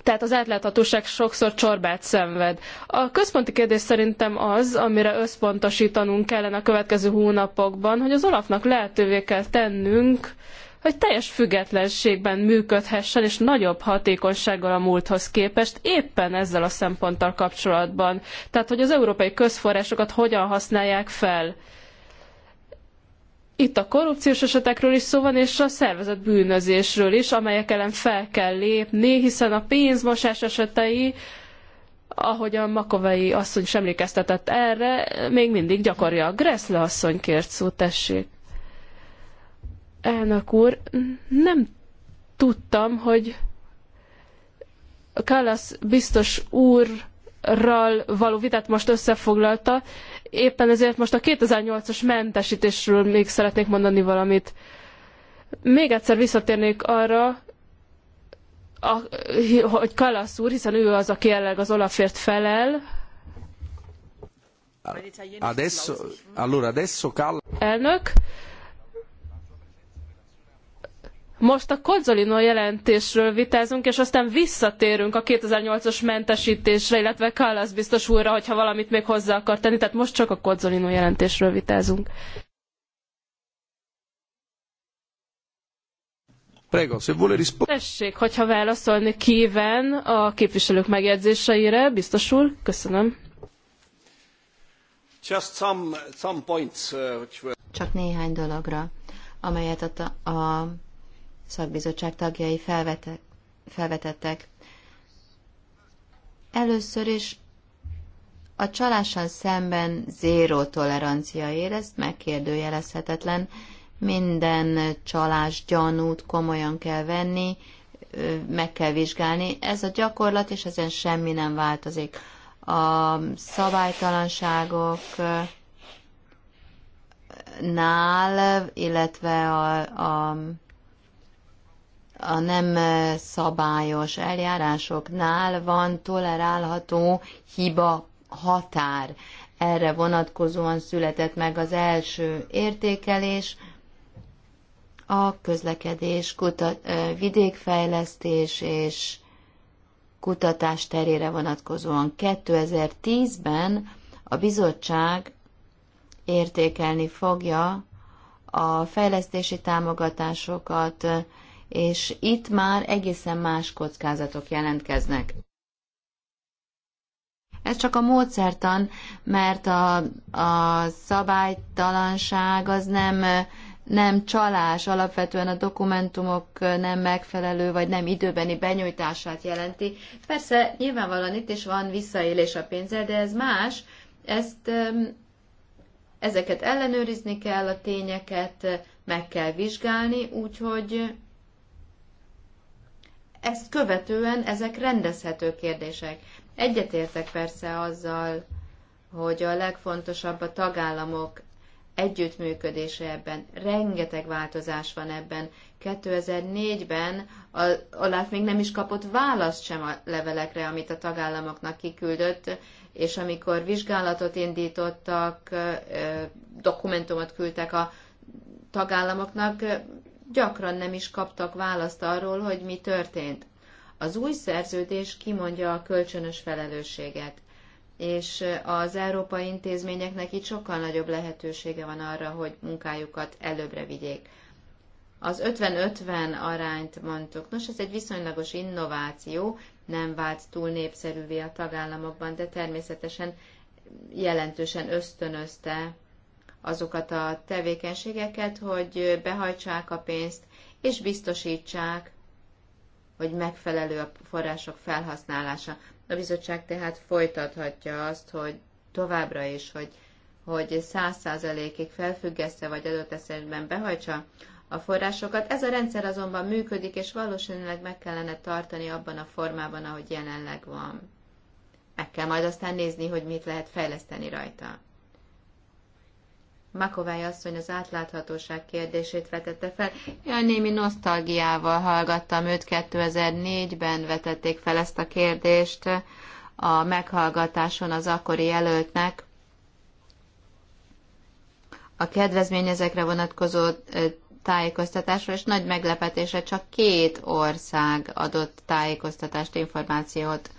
tehát az átláthatóság sokszor csorbát szenved. A központi kérdés szerintem az, amire összpontosítanunk kellene a következő hónapokban, hogy az Olafnak lehetővé kell tennünk, hogy teljes függetlenségben működhessen, és nagyobb hatékonysággal a múlthoz képest, éppen ezzel a szemponttal kapcsolatban. Tehát, hogy az európai közforrásokat hogyan használják fel itt a korrupciós esetekről is szó van, és a szervezett bűnözésről is, amelyek ellen fel kell lépni, hiszen a pénzmosás esetei, ahogy a Makovei asszony is emlékeztetett erre, még mindig gyakori a Gressle asszony kért szót, tessék. Elnök úr, nem tudtam, hogy Kallas biztos úrral való vitát most összefoglalta, Éppen ezért most a 2008-as mentesítésről még szeretnék mondani valamit. Még egyszer visszatérnék arra, a, hogy Kalasz úr, hiszen ő az, aki jelenleg az Olafért felel. Adesso, allora adesso Elnök, most a Kozzolino jelentésről vitázunk, és aztán visszatérünk a 2008 os mentesítésre, illetve Kallas biztos úrra, hogyha valamit még hozzá akar tenni, tehát most csak a Kozzolino jelentésről vitázunk. Prego, se vuole rispondere. Tessék, hogyha válaszolni kíván a képviselők megjegyzéseire, biztos úr, köszönöm. Some, some points, uh, were... Csak néhány dologra, amelyet a, a szakbizottság tagjai felvete, felvetettek. Először is a csalással szemben zéró tolerancia ér, ez megkérdőjelezhetetlen. Minden csalás gyanút komolyan kell venni, meg kell vizsgálni. Ez a gyakorlat, és ezen semmi nem változik. A szabálytalanságok nál, illetve a, a a nem eh, szabályos eljárásoknál van tolerálható hiba határ. Erre vonatkozóan született meg az első értékelés, a közlekedés, kutat, eh, vidékfejlesztés és kutatás terére vonatkozóan. 2010-ben a bizottság értékelni fogja a fejlesztési támogatásokat, és itt már egészen más kockázatok jelentkeznek. Ez csak a módszertan, mert a, a szabálytalanság az nem, nem csalás, alapvetően a dokumentumok nem megfelelő vagy nem időbeni benyújtását jelenti. Persze nyilvánvalóan itt is van visszaélés a pénzzel, de ez más. Ezt, ezeket ellenőrizni kell, a tényeket meg kell vizsgálni, úgyhogy ezt követően ezek rendezhető kérdések. Egyetértek persze azzal, hogy a legfontosabb a tagállamok együttműködése ebben. Rengeteg változás van ebben. 2004-ben Olaf még nem is kapott választ sem a levelekre, amit a tagállamoknak kiküldött, és amikor vizsgálatot indítottak, dokumentumot küldtek a tagállamoknak, gyakran nem is kaptak választ arról, hogy mi történt. Az új szerződés kimondja a kölcsönös felelősséget, és az európai intézményeknek itt sokkal nagyobb lehetősége van arra, hogy munkájukat előbbre vigyék. Az 50-50 arányt mondtuk. Nos, ez egy viszonylagos innováció, nem vált túl népszerűvé a tagállamokban, de természetesen jelentősen ösztönözte azokat a tevékenységeket, hogy behajtsák a pénzt, és biztosítsák, hogy megfelelő a források felhasználása. A bizottság tehát folytathatja azt, hogy továbbra is, hogy hogy száz százalékig felfüggesztve vagy adott esetben behajtsa a forrásokat. Ez a rendszer azonban működik, és valószínűleg meg kellene tartani abban a formában, ahogy jelenleg van. Meg kell majd aztán nézni, hogy mit lehet fejleszteni rajta. Makovály asszony az átláthatóság kérdését vetette fel. Ja, némi nosztalgiával hallgattam őt, 2004-ben vetették fel ezt a kérdést a meghallgatáson az akkori jelöltnek. A ezekre vonatkozó tájékoztatásról, és nagy meglepetése csak két ország adott tájékoztatást, információt.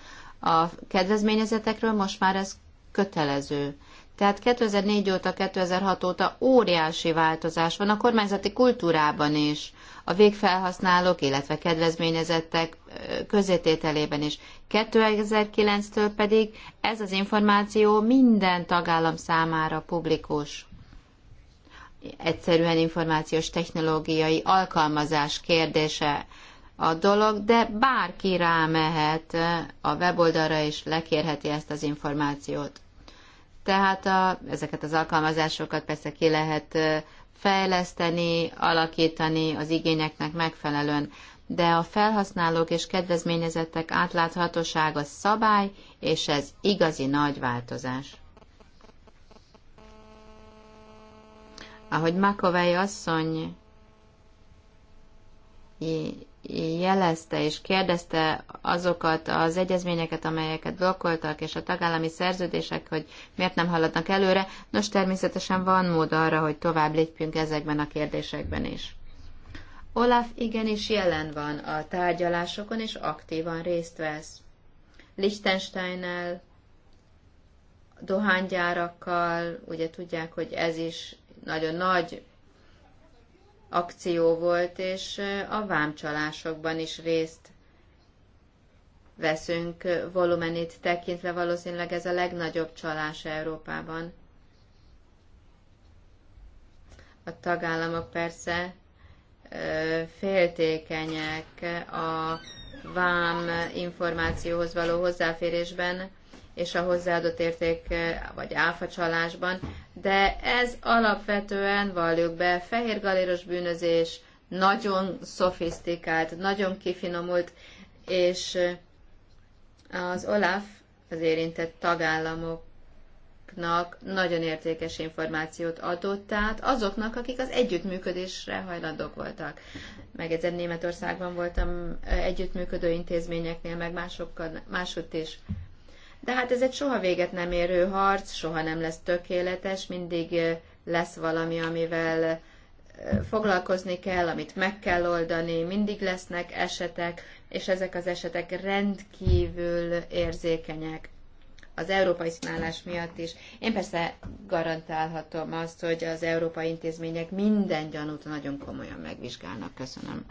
A kedvezményezetekről most már ez kötelező. Tehát 2004 óta, 2006 óta óriási változás van a kormányzati kultúrában is, a végfelhasználók, illetve kedvezményezettek közétételében is. 2009-től pedig ez az információ minden tagállam számára publikus. Egyszerűen információs technológiai alkalmazás kérdése a dolog, de bárki rámehet a weboldalra és lekérheti ezt az információt. Tehát a, ezeket az alkalmazásokat persze ki lehet fejleszteni, alakítani az igényeknek megfelelően, de a felhasználók és kedvezményezettek átláthatósága szabály, és ez igazi nagy változás. Ahogy Makovei asszony jelezte és kérdezte azokat az egyezményeket, amelyeket blokkoltak, és a tagállami szerződések, hogy miért nem haladnak előre. Nos, természetesen van mód arra, hogy tovább lépjünk ezekben a kérdésekben is. Olaf igenis jelen van a tárgyalásokon, és aktívan részt vesz. Liechtensteinnel, dohánygyárakkal, ugye tudják, hogy ez is nagyon nagy akció volt, és a vámcsalásokban is részt veszünk volumenit tekintve, valószínűleg ez a legnagyobb csalás Európában. A tagállamok persze féltékenyek a vám információhoz való hozzáférésben, és a hozzáadott érték eh, vagy csalásban, de ez alapvetően, valljuk be, fehérgaléros bűnözés, nagyon szofisztikált, nagyon kifinomult, és eh, az OLAF az érintett tagállamoknak nagyon értékes információt adott át azoknak, akik az együttműködésre hajlandók voltak. Megjegyzem, Németországban voltam eh, együttműködő intézményeknél, meg másokkal, másutt is. De hát ez egy soha véget nem érő harc, soha nem lesz tökéletes, mindig lesz valami, amivel foglalkozni kell, amit meg kell oldani, mindig lesznek esetek, és ezek az esetek rendkívül érzékenyek az európai színálás miatt is. Én persze garantálhatom azt, hogy az európai intézmények minden gyanút nagyon komolyan megvizsgálnak. Köszönöm.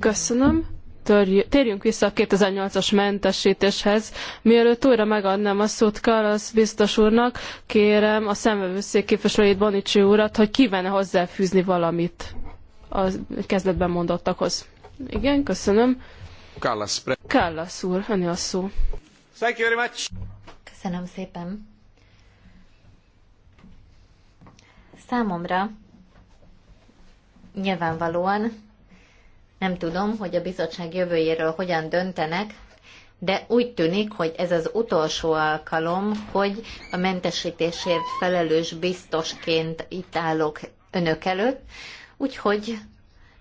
Köszönöm törj, térjünk vissza a 2008-as mentesítéshez. Mielőtt újra megadnám a szót Karasz biztos úrnak, kérem a szemvevőszék képviselőjét Bonicsi úrat, hogy kívánne hozzáfűzni valamit a kezdetben mondottakhoz. Igen, köszönöm. Kallas, Kallas úr, öni a szó. Thank you very much. Köszönöm szépen. Számomra nyilvánvalóan nem tudom, hogy a bizottság jövőjéről hogyan döntenek, de úgy tűnik, hogy ez az utolsó alkalom, hogy a mentesítésért felelős biztosként itt állok önök előtt, úgyhogy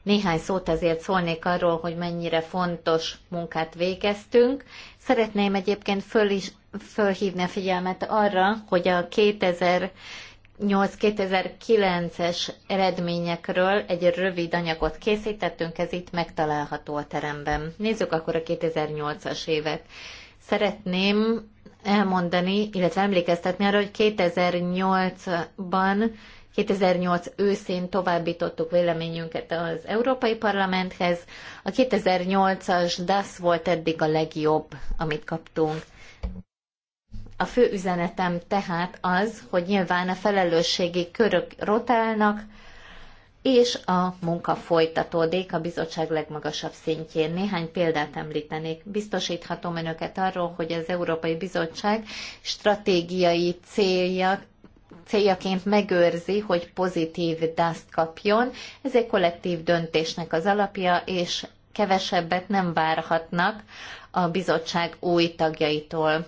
néhány szót azért szólnék arról, hogy mennyire fontos munkát végeztünk. Szeretném egyébként föl is, fölhívni a figyelmet arra, hogy a 2000 2008-2009-es eredményekről egy rövid anyagot készítettünk, ez itt megtalálható a teremben. Nézzük akkor a 2008-as évet. Szeretném elmondani, illetve emlékeztetni arra, hogy 2008-ban 2008 őszén továbbítottuk véleményünket az Európai Parlamenthez. A 2008-as DASZ volt eddig a legjobb, amit kaptunk. A fő üzenetem tehát az, hogy nyilván a felelősségi körök rotálnak, és a munka folytatódik a bizottság legmagasabb szintjén. Néhány példát említenék. Biztosíthatom önöket arról, hogy az Európai Bizottság stratégiai célja céljaként megőrzi, hogy pozitív DAST kapjon. Ez egy kollektív döntésnek az alapja, és kevesebbet nem várhatnak a bizottság új tagjaitól.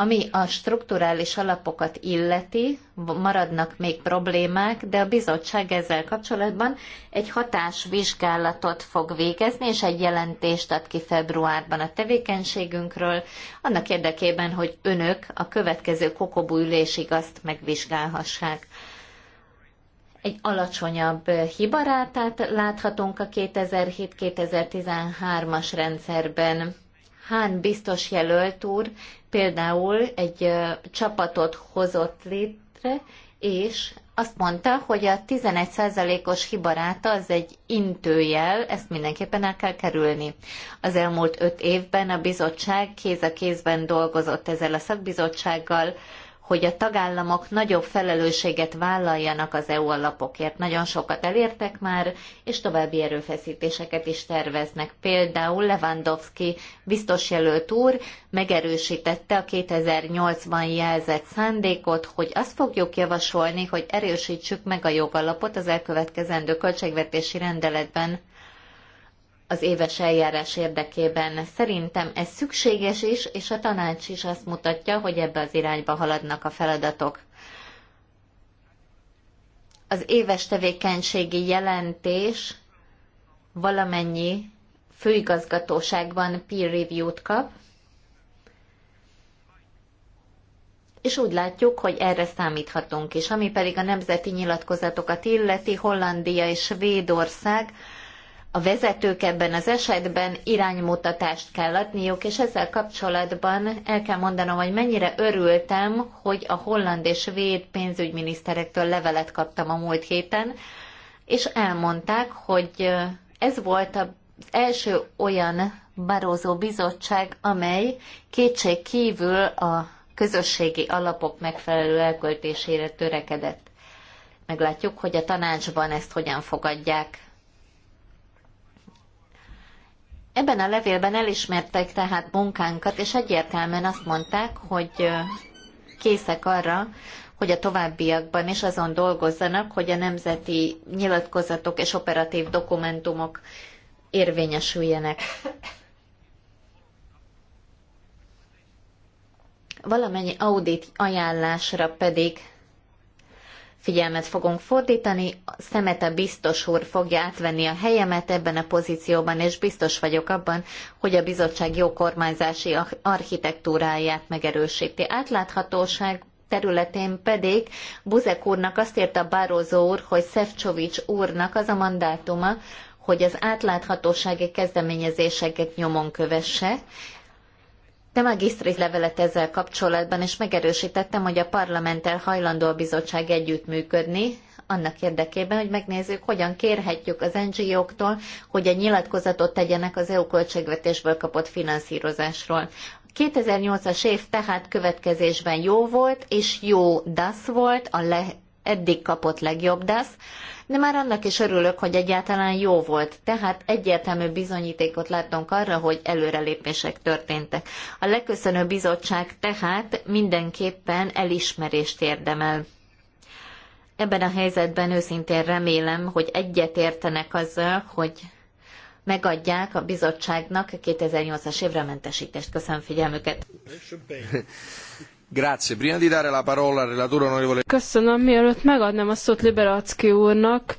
Ami a strukturális alapokat illeti, maradnak még problémák, de a bizottság ezzel kapcsolatban egy hatásvizsgálatot fog végezni, és egy jelentést ad ki februárban a tevékenységünkről, annak érdekében, hogy önök a következő kokobú ülésig azt megvizsgálhassák egy alacsonyabb hibarátát láthatunk a 2007-2013-as rendszerben. Hán biztos jelölt úr például egy csapatot hozott létre, és azt mondta, hogy a 11%-os hibaráta az egy intőjel, ezt mindenképpen el kell kerülni. Az elmúlt öt évben a bizottság kéz a kézben dolgozott ezzel a szakbizottsággal, hogy a tagállamok nagyobb felelősséget vállaljanak az EU alapokért. Nagyon sokat elértek már, és további erőfeszítéseket is terveznek. Például Lewandowski biztos jelölt úr megerősítette a 2008-ban jelzett szándékot, hogy azt fogjuk javasolni, hogy erősítsük meg a jogalapot az elkövetkezendő költségvetési rendeletben az éves eljárás érdekében. Szerintem ez szükséges is, és a tanács is azt mutatja, hogy ebbe az irányba haladnak a feladatok. Az éves tevékenységi jelentés valamennyi főigazgatóságban peer review-t kap, és úgy látjuk, hogy erre számíthatunk is. Ami pedig a nemzeti nyilatkozatokat illeti, Hollandia és Svédország a vezetők ebben az esetben iránymutatást kell adniuk, és ezzel kapcsolatban el kell mondanom, hogy mennyire örültem, hogy a holland és svéd pénzügyminiszterektől levelet kaptam a múlt héten, és elmondták, hogy ez volt az első olyan Barózó bizottság, amely kétség kívül a közösségi alapok megfelelő elköltésére törekedett. Meglátjuk, hogy a tanácsban ezt hogyan fogadják. Ebben a levélben elismertek tehát munkánkat, és egyértelműen azt mondták, hogy készek arra, hogy a továbbiakban is azon dolgozzanak, hogy a nemzeti nyilatkozatok és operatív dokumentumok érvényesüljenek. Valamennyi audit ajánlásra pedig figyelmet fogunk fordítani. a biztos úr fogja átvenni a helyemet ebben a pozícióban, és biztos vagyok abban, hogy a bizottság jó kormányzási architektúráját megerősíti. Átláthatóság területén pedig Buzek úrnak azt írta Bározó úr, hogy Szefcsovics úrnak az a mandátuma, hogy az átláthatósági kezdeményezéseket nyomon kövesse de magisztri levelet ezzel kapcsolatban, és megerősítettem, hogy a parlamenttel hajlandó a bizottság együttműködni, annak érdekében, hogy megnézzük, hogyan kérhetjük az NGO-któl, hogy egy nyilatkozatot tegyenek az EU költségvetésből kapott finanszírozásról. 2008-as év tehát következésben jó volt, és jó DASZ volt, a le, eddig kapott legjobb DASZ, de már annak is örülök, hogy egyáltalán jó volt. Tehát egyértelmű bizonyítékot láttunk arra, hogy előrelépések történtek. A leköszönő bizottság tehát mindenképpen elismerést érdemel. Ebben a helyzetben őszintén remélem, hogy egyetértenek azzal, hogy megadják a bizottságnak a 2008-as évre mentesítést. Köszönöm figyelmüket. Köszönöm, mielőtt megadnám a szót Liberacki úrnak,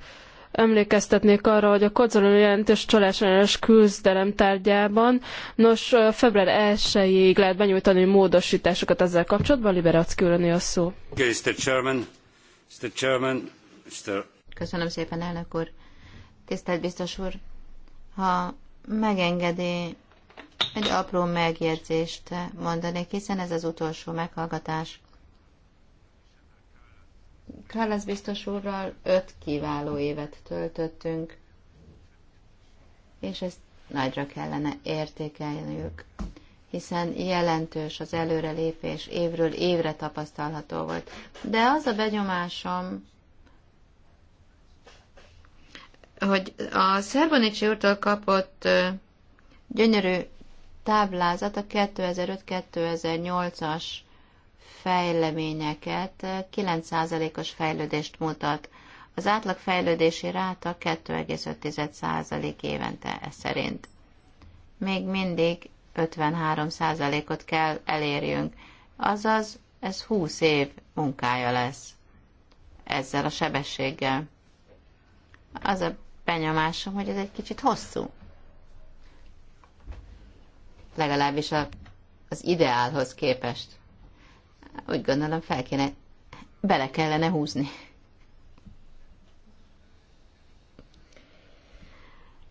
emlékeztetnék arra, hogy a kodzolon jelentés csalásellenes küzdelem tárgyában, nos, február 1-ig lehet benyújtani módosításokat ezzel kapcsolatban, Liberacki úrani a szó. Köszönöm szépen, elnök úr. Tisztelt biztos úr, ha megengedi, egy apró megjegyzést mondanék, hiszen ez az utolsó meghallgatás. Kállász biztos úrral öt kiváló évet töltöttünk, és ezt nagyra kellene értékeljük, hiszen jelentős az előrelépés, évről évre tapasztalható volt. De az a benyomásom, hogy a Szerbonicsi úrtól kapott gyönyörű táblázat a 2005-2008-as fejleményeket 9%-os eh, fejlődést mutat. Az átlag fejlődési ráta 2,5% évente ez szerint. Még mindig 53%-ot kell elérjünk, azaz ez 20 év munkája lesz ezzel a sebességgel. Az a benyomásom, hogy ez egy kicsit hosszú legalábbis a, az ideálhoz képest. Úgy gondolom, fel kéne, bele kellene húzni.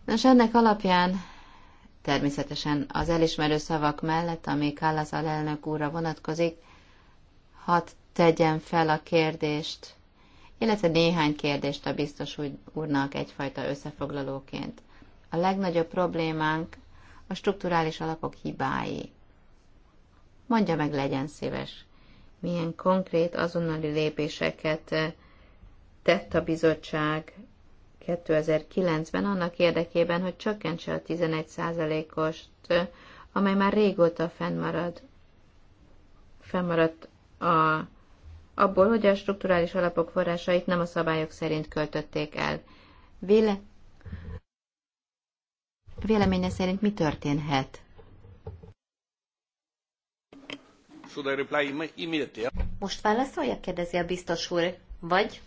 Nos, ennek alapján természetesen az elismerő szavak mellett, ami Kállasz alelnök úrra vonatkozik, hat tegyen fel a kérdést, illetve néhány kérdést a biztos úrnak egyfajta összefoglalóként. A legnagyobb problémánk a strukturális alapok hibái. Mondja meg, legyen szíves, milyen konkrét azonnali lépéseket eh, tett a bizottság 2009-ben annak érdekében, hogy csökkentse a 11%-ost, eh, amely már régóta fennmarad. Fennmaradt a, abból, hogy a strukturális alapok forrásait nem a szabályok szerint költötték el. Véle, Véleménye szerint mi történhet? Most válaszolja, kérdezi a biztos úr. Vagy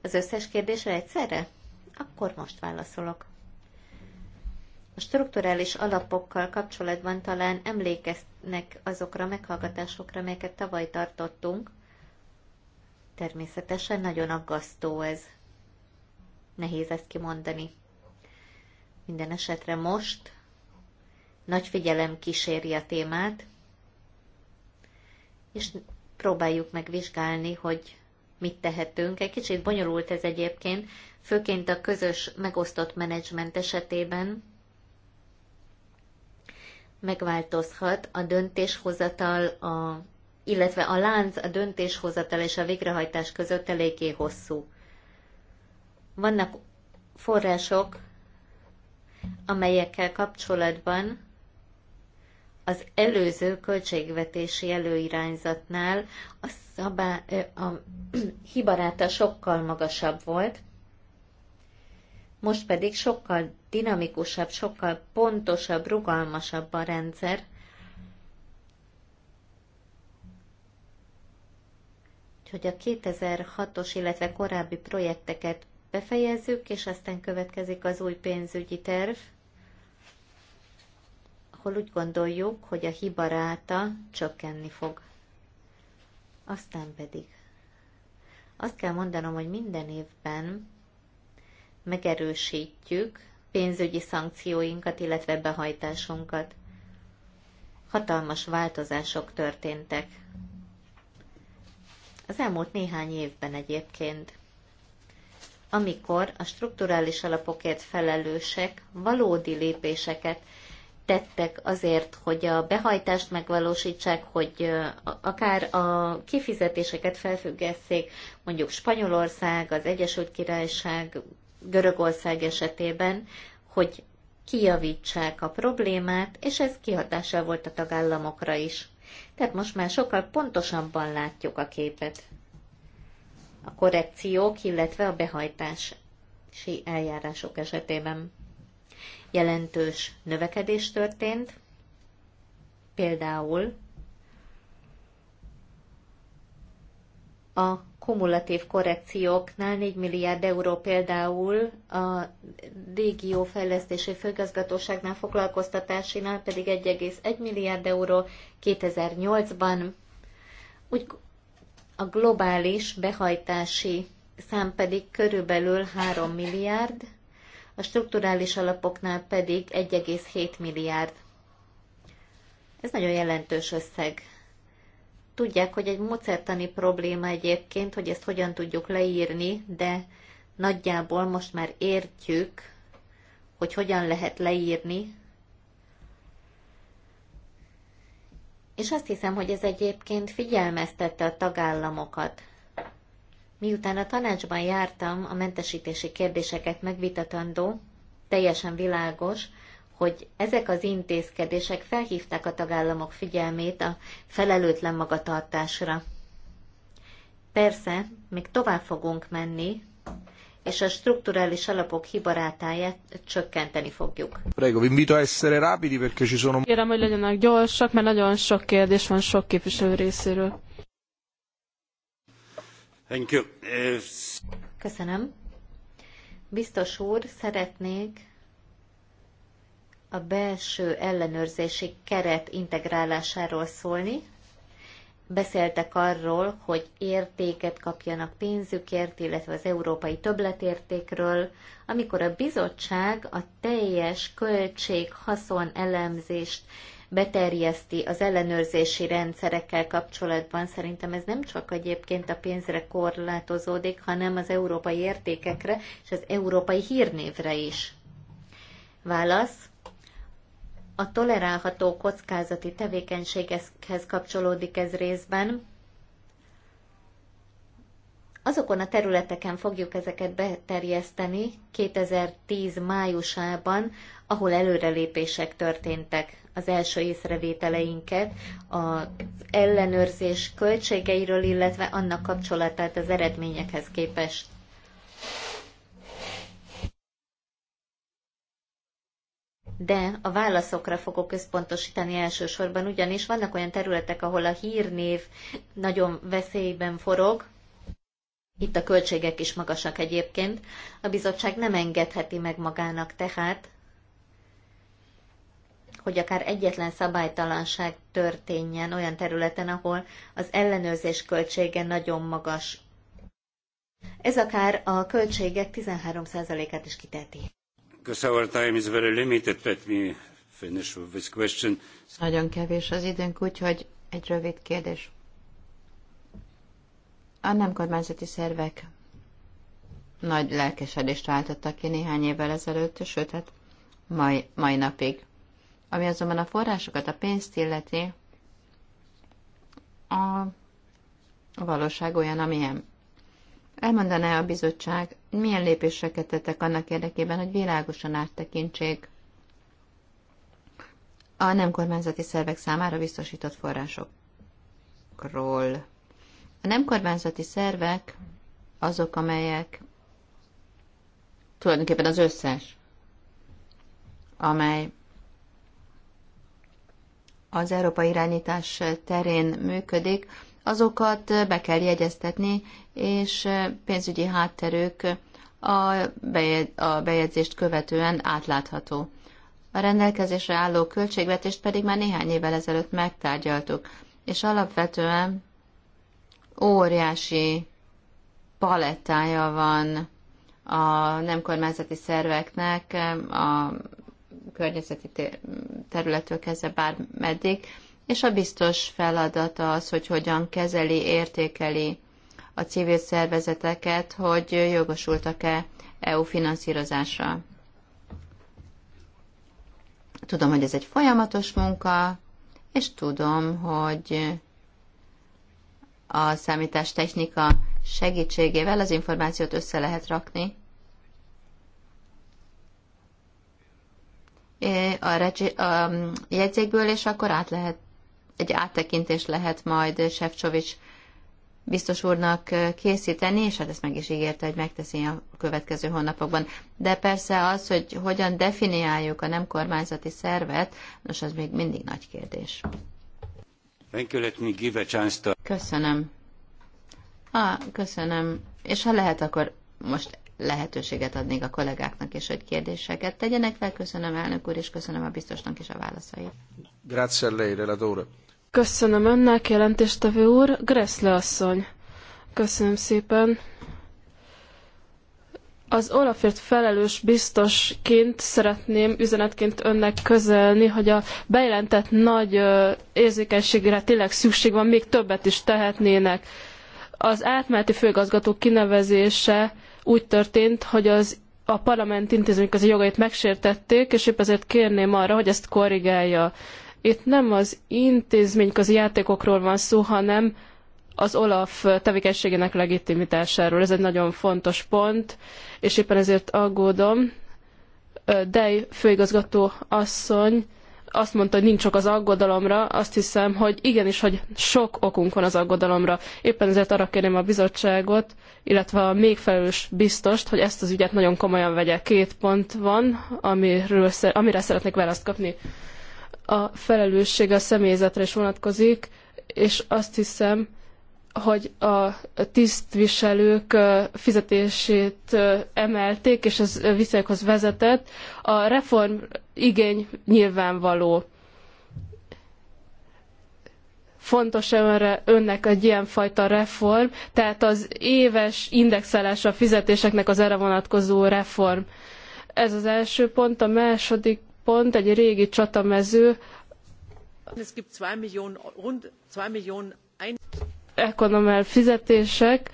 az összes kérdésre egyszerre? Akkor most válaszolok. A strukturális alapokkal kapcsolatban talán emlékeznek azokra a meghallgatásokra, melyeket tavaly tartottunk. Természetesen nagyon aggasztó ez. Nehéz ezt kimondani. Minden esetre most nagy figyelem kíséri a témát, és próbáljuk megvizsgálni, hogy mit tehetünk. Egy kicsit bonyolult ez egyébként, főként a közös megosztott menedzsment esetében megváltozhat a döntéshozatal, a, illetve a lánc a döntéshozatal és a végrehajtás között eléggé hosszú. Vannak források, amelyekkel kapcsolatban az előző költségvetési előirányzatnál a, szabá, a hibaráta sokkal magasabb volt, most pedig sokkal dinamikusabb, sokkal pontosabb, rugalmasabb a rendszer. Úgyhogy a 2006-os, illetve korábbi projekteket befejezzük, és aztán következik az új pénzügyi terv, ahol úgy gondoljuk, hogy a hibaráta csökkenni fog. Aztán pedig azt kell mondanom, hogy minden évben megerősítjük pénzügyi szankcióinkat, illetve behajtásunkat. Hatalmas változások történtek. Az elmúlt néhány évben egyébként amikor a strukturális alapokért felelősek valódi lépéseket tettek azért, hogy a behajtást megvalósítsák, hogy akár a kifizetéseket felfüggesszék, mondjuk Spanyolország, az Egyesült Királyság, Görögország esetében, hogy kijavítsák a problémát, és ez kihatással volt a tagállamokra is. Tehát most már sokkal pontosabban látjuk a képet a korrekciók, illetve a behajtási eljárások esetében. Jelentős növekedés történt, például a kumulatív korrekcióknál 4 milliárd euró például a régió fejlesztési főgazgatóságnál foglalkoztatásinál pedig 1,1 milliárd euró 2008-ban. Úgy a globális behajtási szám pedig körülbelül 3 milliárd, a strukturális alapoknál pedig 1,7 milliárd. Ez nagyon jelentős összeg. Tudják, hogy egy mozertani probléma egyébként, hogy ezt hogyan tudjuk leírni, de nagyjából most már értjük, hogy hogyan lehet leírni És azt hiszem, hogy ez egyébként figyelmeztette a tagállamokat. Miután a tanácsban jártam, a mentesítési kérdéseket megvitatandó, teljesen világos, hogy ezek az intézkedések felhívták a tagállamok figyelmét a felelőtlen magatartásra. Persze, még tovább fogunk menni, és a strukturális alapok hibarátáját csökkenteni fogjuk. Prego, vi invito a essere rapidi perché ci sono... Kérem, hogy legyenek gyorsak, mert nagyon sok kérdés van sok képviselő részéről. Thank you. Köszönöm. Biztos úr, szeretnék a belső ellenőrzési keret integrálásáról szólni, beszéltek arról, hogy értéket kapjanak pénzükért, illetve az európai többletértékről, amikor a bizottság a teljes költség-haszon elemzést beterjeszti az ellenőrzési rendszerekkel kapcsolatban. Szerintem ez nem csak egyébként a pénzre korlátozódik, hanem az európai értékekre és az európai hírnévre is. Válasz. A tolerálható kockázati tevékenységhez kapcsolódik ez részben. Azokon a területeken fogjuk ezeket beterjeszteni 2010 májusában, ahol előrelépések történtek. Az első észrevételeinket az ellenőrzés költségeiről, illetve annak kapcsolatát az eredményekhez képest. de a válaszokra fogok központosítani elsősorban, ugyanis vannak olyan területek, ahol a hírnév nagyon veszélyben forog, itt a költségek is magasak egyébként, a bizottság nem engedheti meg magának tehát, hogy akár egyetlen szabálytalanság történjen olyan területen, ahol az ellenőrzés költsége nagyon magas. Ez akár a költségek 13%-át is kiteti because our time is very limited, let me finish with this question. Nagyon kevés az időnk, úgyhogy egy rövid kérdés. A nem kormányzati szervek nagy lelkesedést váltottak ki néhány évvel ezelőtt, sőt, hát mai, mai napig. Ami azonban a forrásokat, a pénzt illeti, a valóság olyan, amilyen. Elmondaná a bizottság, milyen lépéseket tettek annak érdekében, hogy világosan áttekintsék a nem kormányzati szervek számára biztosított forrásokról. A nem kormányzati szervek azok, amelyek tulajdonképpen az összes, amely az Európa irányítás terén működik, azokat eh, be kell jegyeztetni, és eh, pénzügyi hátterük a, bejegyzést követően átlátható. A rendelkezésre álló költségvetést pedig már néhány évvel ezelőtt megtárgyaltuk, és alapvetően óriási palettája van a nem kormányzati szerveknek eh, a környezeti területtől kezdve bármeddig, és a biztos feladata az, hogy hogyan kezeli, értékeli a civil szervezeteket, hogy jogosultak-e EU finanszírozásra. Tudom, hogy ez egy folyamatos munka, és tudom, hogy a számítástechnika segítségével az információt össze lehet rakni. A, a um, jegyzékből, és akkor át lehet egy áttekintés lehet majd Sefcsovics biztos úrnak készíteni, és hát ezt meg is ígérte, hogy megteszi a következő hónapokban. De persze az, hogy hogyan definiáljuk a nem kormányzati szervet, nos, az még mindig nagy kérdés. Köszönöm. Ah, köszönöm. És ha lehet, akkor most lehetőséget adnék a kollégáknak is, hogy kérdéseket tegyenek fel. Köszönöm elnök úr, és köszönöm a biztosnak is a válaszait. Grazie a lei, relatore. Köszönöm önnek, jelentéstevő úr. Greszle asszony. Köszönöm szépen. Az Olafért felelős biztosként szeretném üzenetként önnek közelni, hogy a bejelentett nagy érzékenységre tényleg szükség van, még többet is tehetnének. Az átmeneti főgazgató kinevezése úgy történt, hogy az a parlament intézményközi jogait megsértették, és épp ezért kérném arra, hogy ezt korrigálja. Itt nem az intézményközi játékokról van szó, hanem az Olaf tevékenységének legitimitásáról. Ez egy nagyon fontos pont, és éppen ezért aggódom. Dej főigazgató asszony azt mondta, hogy nincs ok az aggodalomra, azt hiszem, hogy igenis, hogy sok okunk van az aggodalomra. Éppen ezért arra kérném a bizottságot, illetve a még felelős biztost, hogy ezt az ügyet nagyon komolyan vegye. Két pont van, amiről, amire szeretnék választ kapni a felelősség a személyzetre is vonatkozik, és azt hiszem, hogy a tisztviselők fizetését emelték, és ez viszonyokhoz vezetett. A reform igény nyilvánvaló. Fontos önre, önnek egy ilyen fajta reform, tehát az éves indexálása a fizetéseknek az erre vonatkozó reform. Ez az első pont. A második pont, egy régi csatamező. Ekonomel fizetések,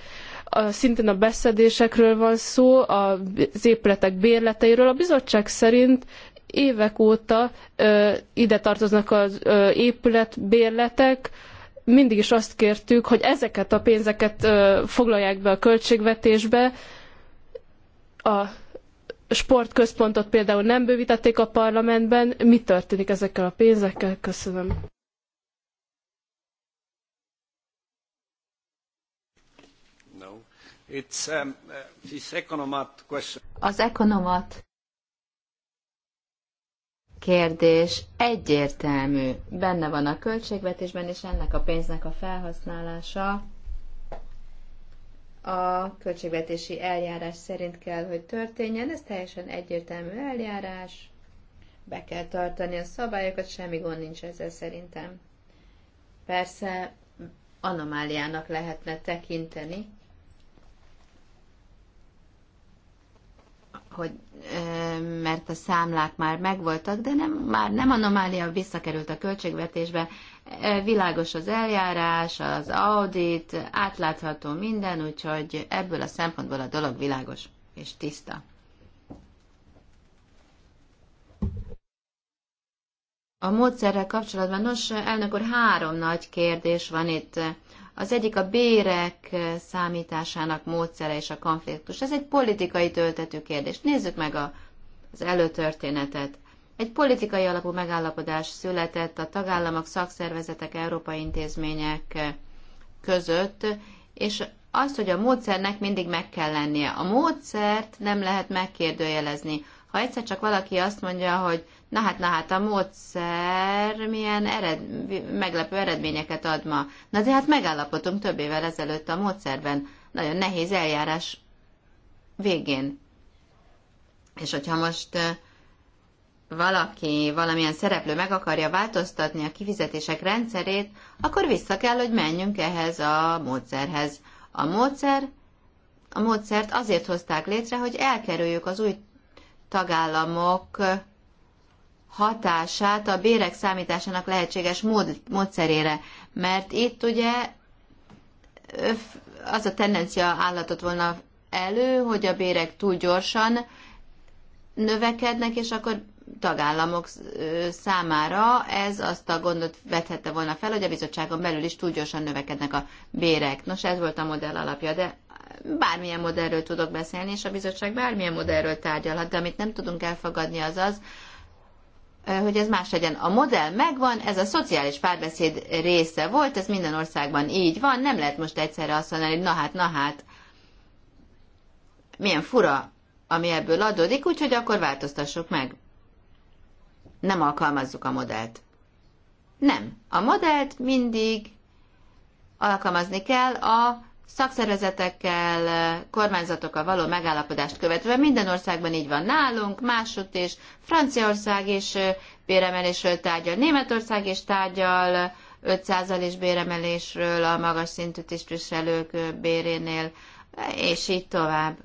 szintén a beszedésekről van szó, az épületek bérleteiről. A bizottság szerint évek óta ö, ide tartoznak az ö, épületbérletek, mindig is azt kértük, hogy ezeket a pénzeket ö, foglalják be a költségvetésbe, a sportközpontot például nem bővítették a parlamentben. Mi történik ezekkel a pénzekkel? Köszönöm. No. It's, um, uh, economat question. Az ekonomat kérdés egyértelmű. Benne van a költségvetésben, és ennek a pénznek a felhasználása a költségvetési eljárás szerint kell, hogy történjen. Ez teljesen egyértelmű eljárás, be kell tartani a szabályokat, semmi gond nincs ezzel szerintem. Persze anomáliának lehetne tekinteni, hogy mert a számlák már megvoltak, de nem, már nem anomália, visszakerült a költségvetésbe. Világos az eljárás, az audit, átlátható minden, úgyhogy ebből a szempontból a dolog világos és tiszta. A módszerrel kapcsolatban, nos, elnök úr, három nagy kérdés van itt. Az egyik a bérek eh, számításának módszere és a konfliktus. Ez egy politikai töltetű kérdés. Nézzük meg a, az előtörténetet. Egy politikai alapú megállapodás született a tagállamok, szakszervezetek, európai intézmények eh, között, és az, hogy a módszernek mindig meg kell lennie. A módszert nem lehet megkérdőjelezni. Ha egyszer csak valaki azt mondja, hogy na hát, na hát, a módszer milyen ered, meglepő eredményeket ad ma. Na de hát megállapodtunk több évvel ezelőtt a módszerben, nagyon nehéz eljárás végén. És hogyha most valaki, valamilyen szereplő meg akarja változtatni a kifizetések rendszerét, akkor vissza kell, hogy menjünk ehhez a módszerhez. A módszer a módszert azért hozták létre, hogy elkerüljük az új tagállamok hatását a bérek számításának lehetséges mód, módszerére. Mert itt ugye az a tendencia állatott volna elő, hogy a bérek túl gyorsan növekednek, és akkor tagállamok számára ez azt a gondot vethette volna fel, hogy a bizottságon belül is túl gyorsan növekednek a bérek. Nos, ez volt a modell alapja, de bármilyen modellről tudok beszélni, és a bizottság bármilyen modellről tárgyalhat, de amit nem tudunk elfogadni az az, hogy ez más legyen. A modell megvan, ez a szociális párbeszéd része volt, ez minden országban így van, nem lehet most egyszerre azt mondani, hogy na hát, na hát, milyen fura, ami ebből adódik, úgyhogy akkor változtassuk meg. Nem alkalmazzuk a modellt. Nem. A modellt mindig alkalmazni kell a szakszervezetekkel, eh, kormányzatokkal való megállapodást követve. Minden országban így van nálunk, másutt is. Franciaország is eh, béremelésről tárgyal, Németország is tárgyal 5%-es béremelésről a magas szintű tisztviselők eh, bérénél, és így tovább.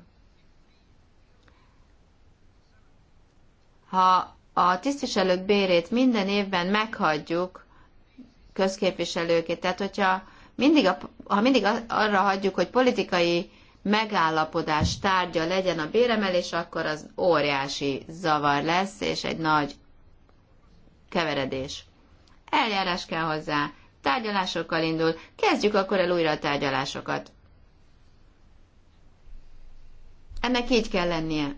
Ha a tisztviselők bérét minden évben meghagyjuk közképviselőkét, tehát hogyha mindig a, ha mindig arra hagyjuk, hogy politikai megállapodás tárgya legyen a béremelés, akkor az óriási zavar lesz, és egy nagy keveredés. Eljárás kell hozzá, tárgyalásokkal indul, kezdjük akkor el újra a tárgyalásokat. Ennek így kell lennie.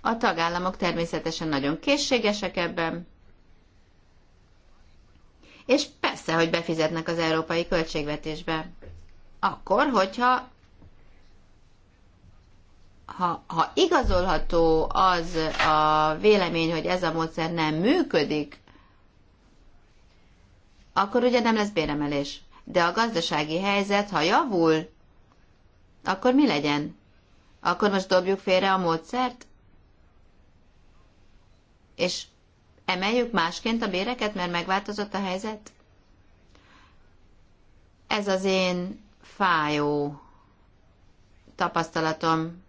A tagállamok természetesen nagyon készségesek ebben, és persze, hogy befizetnek az európai költségvetésbe. Akkor, hogyha ha, ha igazolható az a vélemény, hogy ez a módszer nem működik, akkor ugye nem lesz béremelés. De a gazdasági helyzet, ha javul, akkor mi legyen? Akkor most dobjuk félre a módszert? És Emeljük másként a béreket, mert megváltozott a helyzet? Ez az én fájó tapasztalatom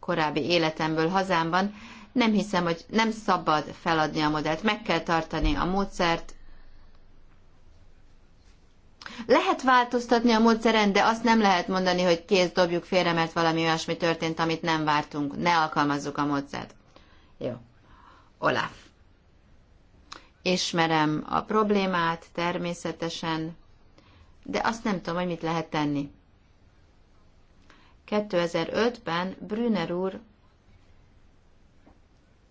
korábbi életemből hazámban. Nem hiszem, hogy nem szabad feladni a modellt, meg kell tartani a módszert. Lehet változtatni a módszeren, de azt nem lehet mondani, hogy kész dobjuk félre, mert valami olyasmi történt, amit nem vártunk. Ne alkalmazzuk a módszert. Jó. Olaf. Ismerem a problémát természetesen, de azt nem tudom, hogy mit lehet tenni. 2005-ben Brüner úr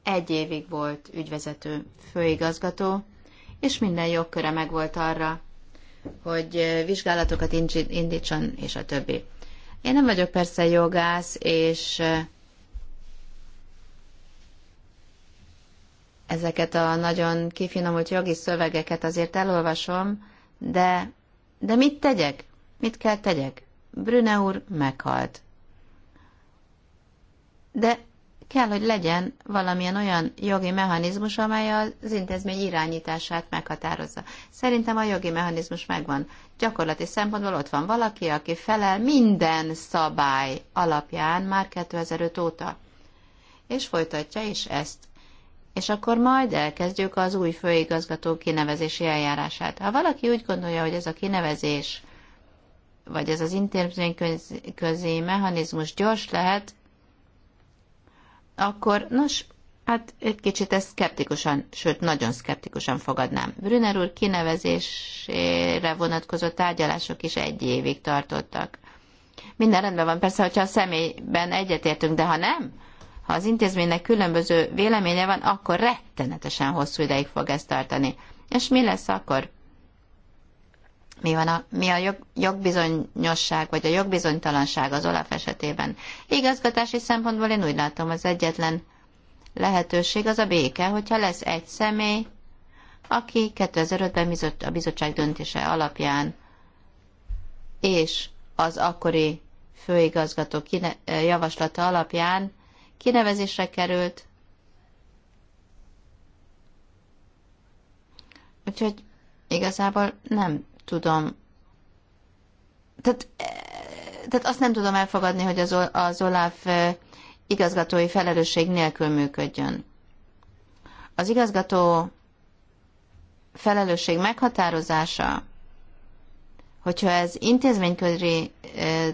egy évig volt ügyvezető főigazgató, és minden jogköre megvolt arra, hogy vizsgálatokat indítson, és a többi. Én nem vagyok persze jogász, és ezeket a nagyon kifinomult jogi szövegeket azért elolvasom, de, de mit tegyek? Mit kell tegyek? Brüne úr meghalt. De kell, hogy legyen valamilyen olyan jogi mechanizmus, amely az intézmény irányítását meghatározza. Szerintem a jogi mechanizmus megvan. Gyakorlati szempontból ott van valaki, aki felel minden szabály alapján már 2005 óta. És folytatja is ezt és akkor majd elkezdjük az új főigazgató kinevezési eljárását. Ha valaki úgy gondolja, hogy ez a kinevezés, vagy ez az intézményközi mechanizmus gyors lehet, akkor nos, hát egy kicsit ezt szkeptikusan, sőt nagyon szkeptikusan fogadnám. Brüner úr kinevezésére vonatkozó tárgyalások is egy évig tartottak. Minden rendben van, persze, hogyha a személyben egyetértünk, de ha nem, ha az intézménynek különböző véleménye van, akkor rettenetesen hosszú ideig fog ezt tartani. És mi lesz akkor? Mi, van a, mi a jog, jogbizonyosság, vagy a jogbizonytalanság az Olaf esetében? Igazgatási szempontból én úgy látom, az egyetlen lehetőség az a béke, hogyha lesz egy személy, aki 2005-ben a bizottság döntése alapján és az akkori főigazgató eh, javaslata alapján kinevezésre került. Úgyhogy igazából nem tudom. Tehát, e, tehát azt nem tudom elfogadni, hogy az, az Olaf e, igazgatói felelősség nélkül működjön. Az igazgató felelősség meghatározása, hogyha ez intézményközi e,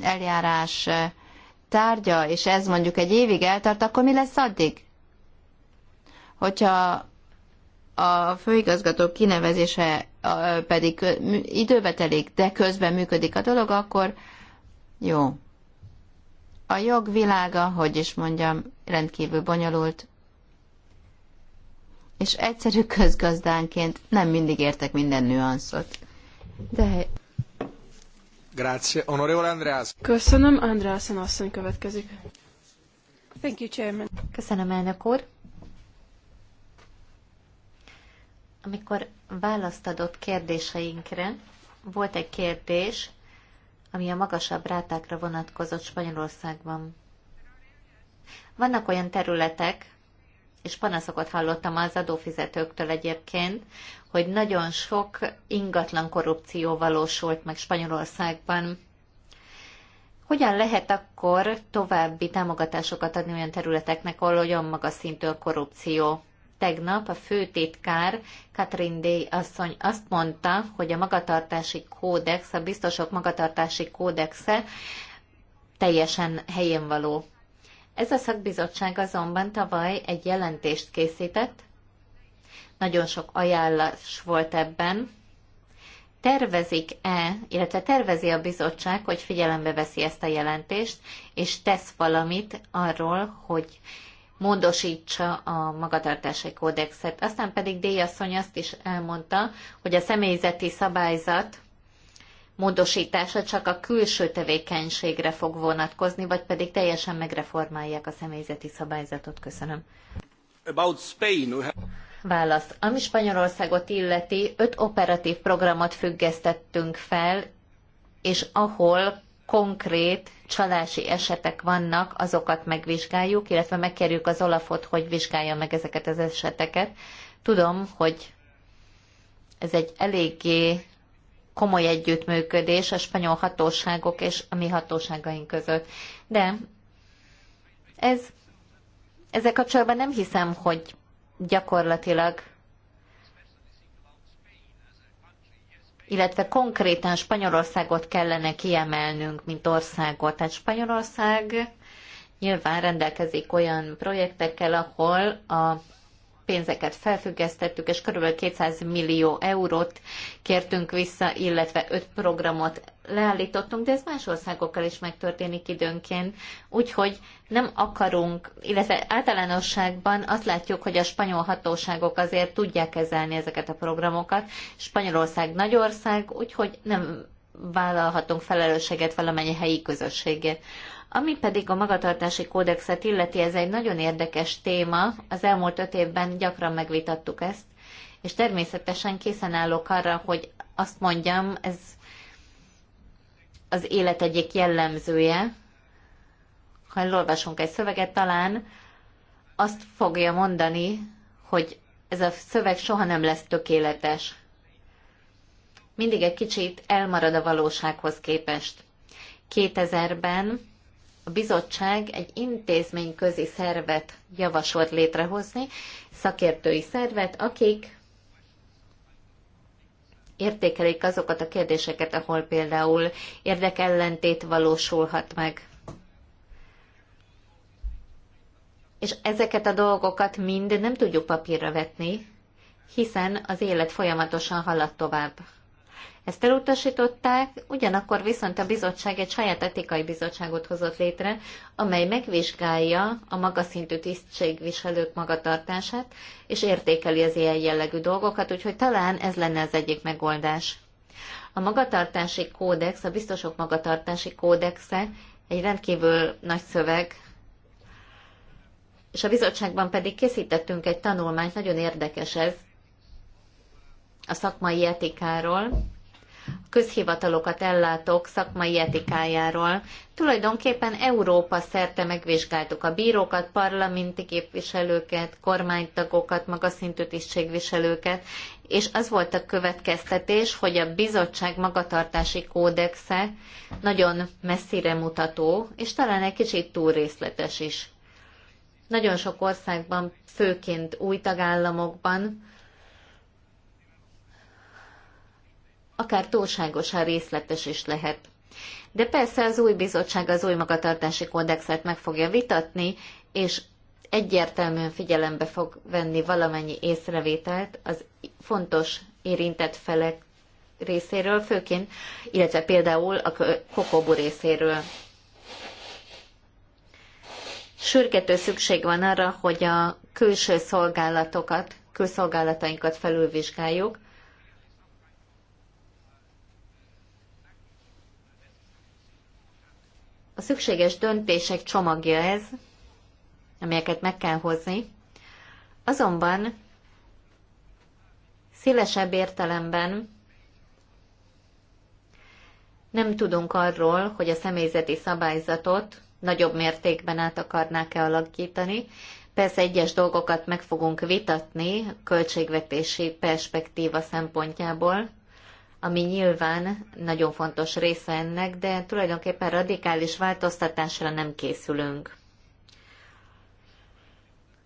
eljárás tárgya, és ez mondjuk egy évig eltart, akkor mi lesz addig? Hogyha a főigazgató kinevezése pedig időbe telik, de közben működik a dolog, akkor jó. A jog világa, hogy is mondjam, rendkívül bonyolult, és egyszerű közgazdánként nem mindig értek minden nüanszot. De Grazie. Honorevole Andreas. Köszönöm, Andreasen asszony következik. Thank you, Chairman. Köszönöm, elnök úr. Amikor választ adott kérdéseinkre, volt egy kérdés, ami a magasabb rátákra vonatkozott Spanyolországban. Vannak olyan területek, és panaszokat hallottam az adófizetőktől egyébként, hogy nagyon sok ingatlan korrupció valósult meg Spanyolországban. Hogyan lehet akkor további támogatásokat adni olyan területeknek, ahol olyan magas szintű a korrupció? Tegnap a főtitkár Katrin D. asszony azt mondta, hogy a magatartási kódex, a biztosok magatartási kódexe teljesen helyén való. Ez a szakbizottság azonban tavaly egy jelentést készített, nagyon sok ajánlás volt ebben. Tervezik-e, illetve tervezi a bizottság, hogy figyelembe veszi ezt a jelentést, és tesz valamit arról, hogy módosítsa a magatartási kódexet. Aztán pedig Déjasszony azt is elmondta, hogy a személyzeti szabályzat módosítása csak a külső tevékenységre fog vonatkozni, vagy pedig teljesen megreformálják a személyzeti szabályzatot. Köszönöm. About Spain, Válasz. Ami Spanyolországot illeti, öt operatív programot függesztettünk fel, és ahol konkrét csalási esetek vannak, azokat megvizsgáljuk, illetve megkerjük az Olafot, hogy vizsgálja meg ezeket az eseteket. Tudom, hogy ez egy eléggé komoly együttműködés a spanyol hatóságok és a mi hatóságaink között. De ez ezzel kapcsolatban nem hiszem, hogy gyakorlatilag illetve konkrétan Spanyolországot kellene kiemelnünk, mint országot. Tehát Spanyolország nyilván rendelkezik olyan projektekkel, ahol a pénzeket felfüggesztettük, és körülbelül 200 millió eurót kértünk vissza, illetve öt programot leállítottunk, de ez más országokkal is megtörténik időnként. Úgyhogy nem akarunk, illetve általánosságban azt látjuk, hogy a spanyol hatóságok azért tudják kezelni ezeket a programokat. Spanyolország nagy ország, úgyhogy nem vállalhatunk felelősséget valamennyi helyi közösségét. Ami pedig a magatartási kódexet illeti, ez egy nagyon érdekes téma. Az elmúlt öt évben gyakran megvitattuk ezt, és természetesen készen állok arra, hogy azt mondjam, ez az élet egyik jellemzője, ha elolvasunk egy szöveget, talán azt fogja mondani, hogy ez a szöveg soha nem lesz tökéletes. Mindig egy kicsit elmarad a valósághoz képest. 2000-ben a bizottság egy intézményközi szervet javasolt létrehozni, szakértői szervet, akik értékelik azokat a kérdéseket, ahol például érdekellentét valósulhat meg. És ezeket a dolgokat mind nem tudjuk papírra vetni, hiszen az élet folyamatosan halad tovább. Ezt elutasították, ugyanakkor viszont a bizottság egy saját etikai bizottságot hozott létre, amely megvizsgálja a magaszintű tisztségviselők magatartását, és értékeli az ilyen jellegű dolgokat, úgyhogy talán ez lenne az egyik megoldás. A magatartási kódex, a biztosok magatartási kódexe egy rendkívül nagy szöveg, és a bizottságban pedig készítettünk egy tanulmányt, nagyon érdekes ez, a szakmai etikáról, közhivatalokat ellátók szakmai etikájáról. Tulajdonképpen Európa szerte megvizsgáltuk a bírókat, parlamenti képviselőket, kormánytagokat, magaszintű tisztségviselőket, és az volt a következtetés, hogy a bizottság magatartási kódexe nagyon messzire mutató, és talán egy kicsit túl részletes is. Nagyon sok országban, főként új tagállamokban akár túlságosan részletes is lehet. De persze az új bizottság az új magatartási kódexet meg fogja vitatni, és egyértelműen figyelembe fog venni valamennyi észrevételt az fontos érintett felek részéről, főként, illetve például a kokobu részéről. Sürgető szükség van arra, hogy a külső szolgálatokat, külszolgálatainkat felülvizsgáljuk, a szükséges döntések csomagja ez, amelyeket meg kell hozni. Azonban szélesebb értelemben nem tudunk arról, hogy a személyzeti szabályzatot nagyobb mértékben át akarnák-e alakítani. Persze egyes dolgokat meg fogunk vitatni költségvetési perspektíva szempontjából, ami nyilván nagyon fontos része ennek, de tulajdonképpen radikális változtatásra nem készülünk.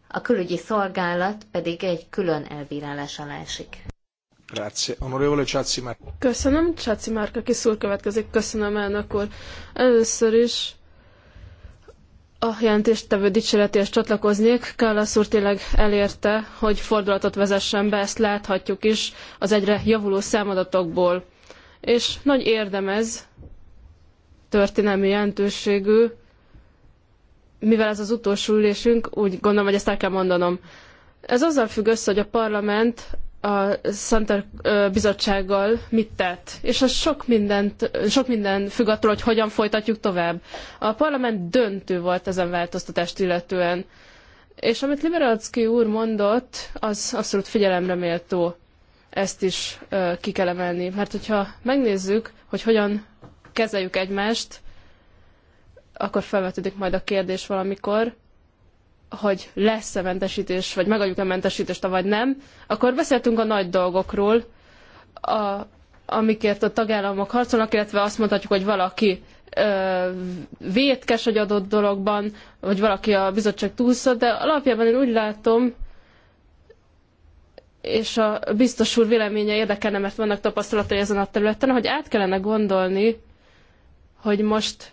A külügyi szolgálat pedig egy külön elbírálás alá esik. Köszönöm, Csáci Márka szól következik. Köszönöm, elnök úr. Először is a jelentéstevő dicséretéhez csatlakoznék. Kálasz úr tényleg elérte, hogy fordulatot vezessen be, ezt láthatjuk is az egyre javuló számadatokból. És nagy érdemez, történelmi jelentőségű, mivel ez az utolsó ülésünk, úgy gondolom, hogy ezt el kell mondanom. Ez azzal függ össze, hogy a parlament a Szenter bizottsággal mit tett. És az sok, mindent, sok minden függ attól, hogy hogyan folytatjuk tovább. A parlament döntő volt ezen változtatást illetően. És amit Liberalski úr mondott, az abszolút figyelemre méltó. Ezt is ki kell emelni. Mert hogyha megnézzük, hogy hogyan kezeljük egymást, akkor felvetődik majd a kérdés valamikor, hogy lesz-e mentesítés, vagy megadjuk-e mentesítést, vagy nem, akkor beszéltünk a nagy dolgokról, a, amikért a tagállamok harcolnak, illetve azt mondhatjuk, hogy valaki ö, vétkes egy adott dologban, vagy valaki a bizottság túlszott, de alapjában én úgy látom, és a biztos úr véleménye érdekelne, mert vannak tapasztalatai ezen a területen, hogy át kellene gondolni, hogy most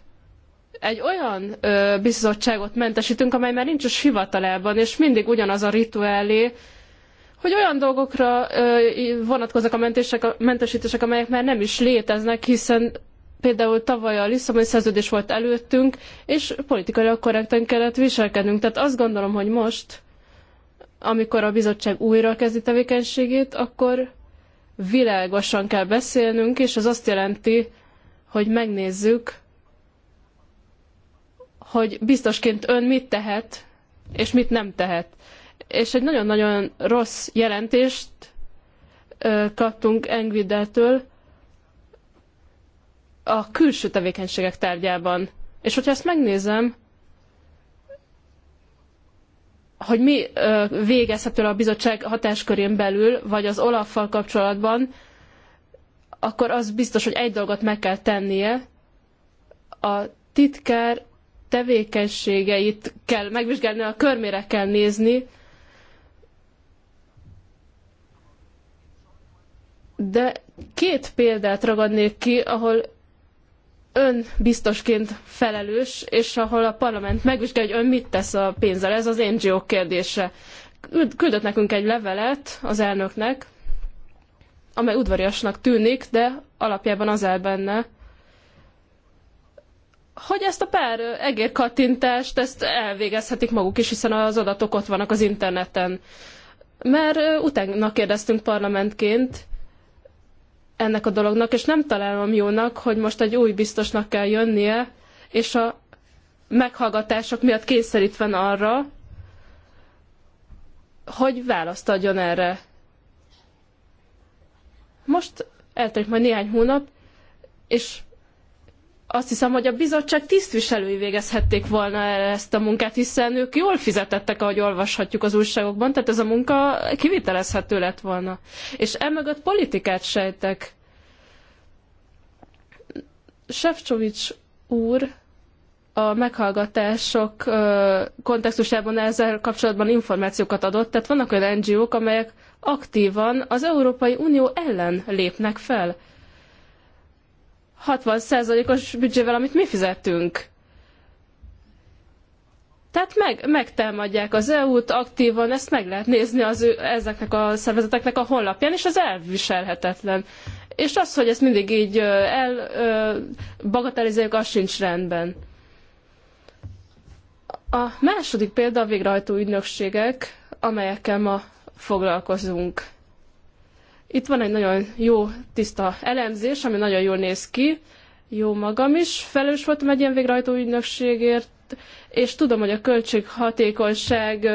egy olyan ö, bizottságot mentesítünk, amely már nincs is hivatalában, és mindig ugyanaz a rituálé, hogy olyan dolgokra ö, vonatkoznak a, mentések, a mentesítések, amelyek már nem is léteznek, hiszen például tavaly a Lisszaboni szerződés volt előttünk, és politikailag korrekten kellett viselkednünk. Tehát azt gondolom, hogy most, amikor a bizottság újra kezdi tevékenységét, akkor világosan kell beszélnünk, és ez azt jelenti, hogy megnézzük, hogy biztosként ön mit tehet, és mit nem tehet. És egy nagyon-nagyon rossz jelentést kaptunk Engvideltől a külső tevékenységek tárgyában. És hogyha ezt megnézem, hogy mi végezhető a bizottság hatáskörén belül, vagy az Olaffal kapcsolatban, akkor az biztos, hogy egy dolgot meg kell tennie. A titkár tevékenységeit kell megvizsgálni, a körmére kell nézni, de két példát ragadnék ki, ahol ön biztosként felelős, és ahol a parlament megvizsgálja, hogy ön mit tesz a pénzzel. Ez az NGO kérdése. Küldött nekünk egy levelet az elnöknek, amely udvariasnak tűnik, de alapjában az áll benne, hogy ezt a pár egérkattintást, ezt elvégezhetik maguk is, hiszen az adatok ott vannak az interneten. Mert utána kérdeztünk parlamentként ennek a dolognak, és nem találom jónak, hogy most egy új biztosnak kell jönnie, és a meghallgatások miatt kényszerítve arra, hogy választ adjon erre. Most eltelik majd néhány hónap, és azt hiszem, hogy a bizottság tisztviselői végezhették volna ezt a munkát, hiszen ők jól fizetettek, ahogy olvashatjuk az újságokban, tehát ez a munka kivitelezhető lett volna. És emögött politikát sejtek. Sefcsovics úr a meghallgatások kontextusában ezzel kapcsolatban információkat adott, tehát vannak olyan NGO-k, amelyek aktívan az Európai Unió ellen lépnek fel. 60%-os büdzsével, amit mi fizettünk? Tehát meg, megtámadják az EU-t aktívan, ezt meg lehet nézni az ő, ezeknek a szervezeteknek a honlapján, és az elviselhetetlen. És az, hogy ezt mindig így elbagatelizáljuk, az sincs rendben. A második példa a végrehajtó ügynökségek, amelyekkel ma foglalkozunk. Itt van egy nagyon jó, tiszta elemzés, ami nagyon jól néz ki. Jó magam is, felelős voltam egy ilyen végrehajtó ügynökségért, és tudom, hogy a költséghatékonyság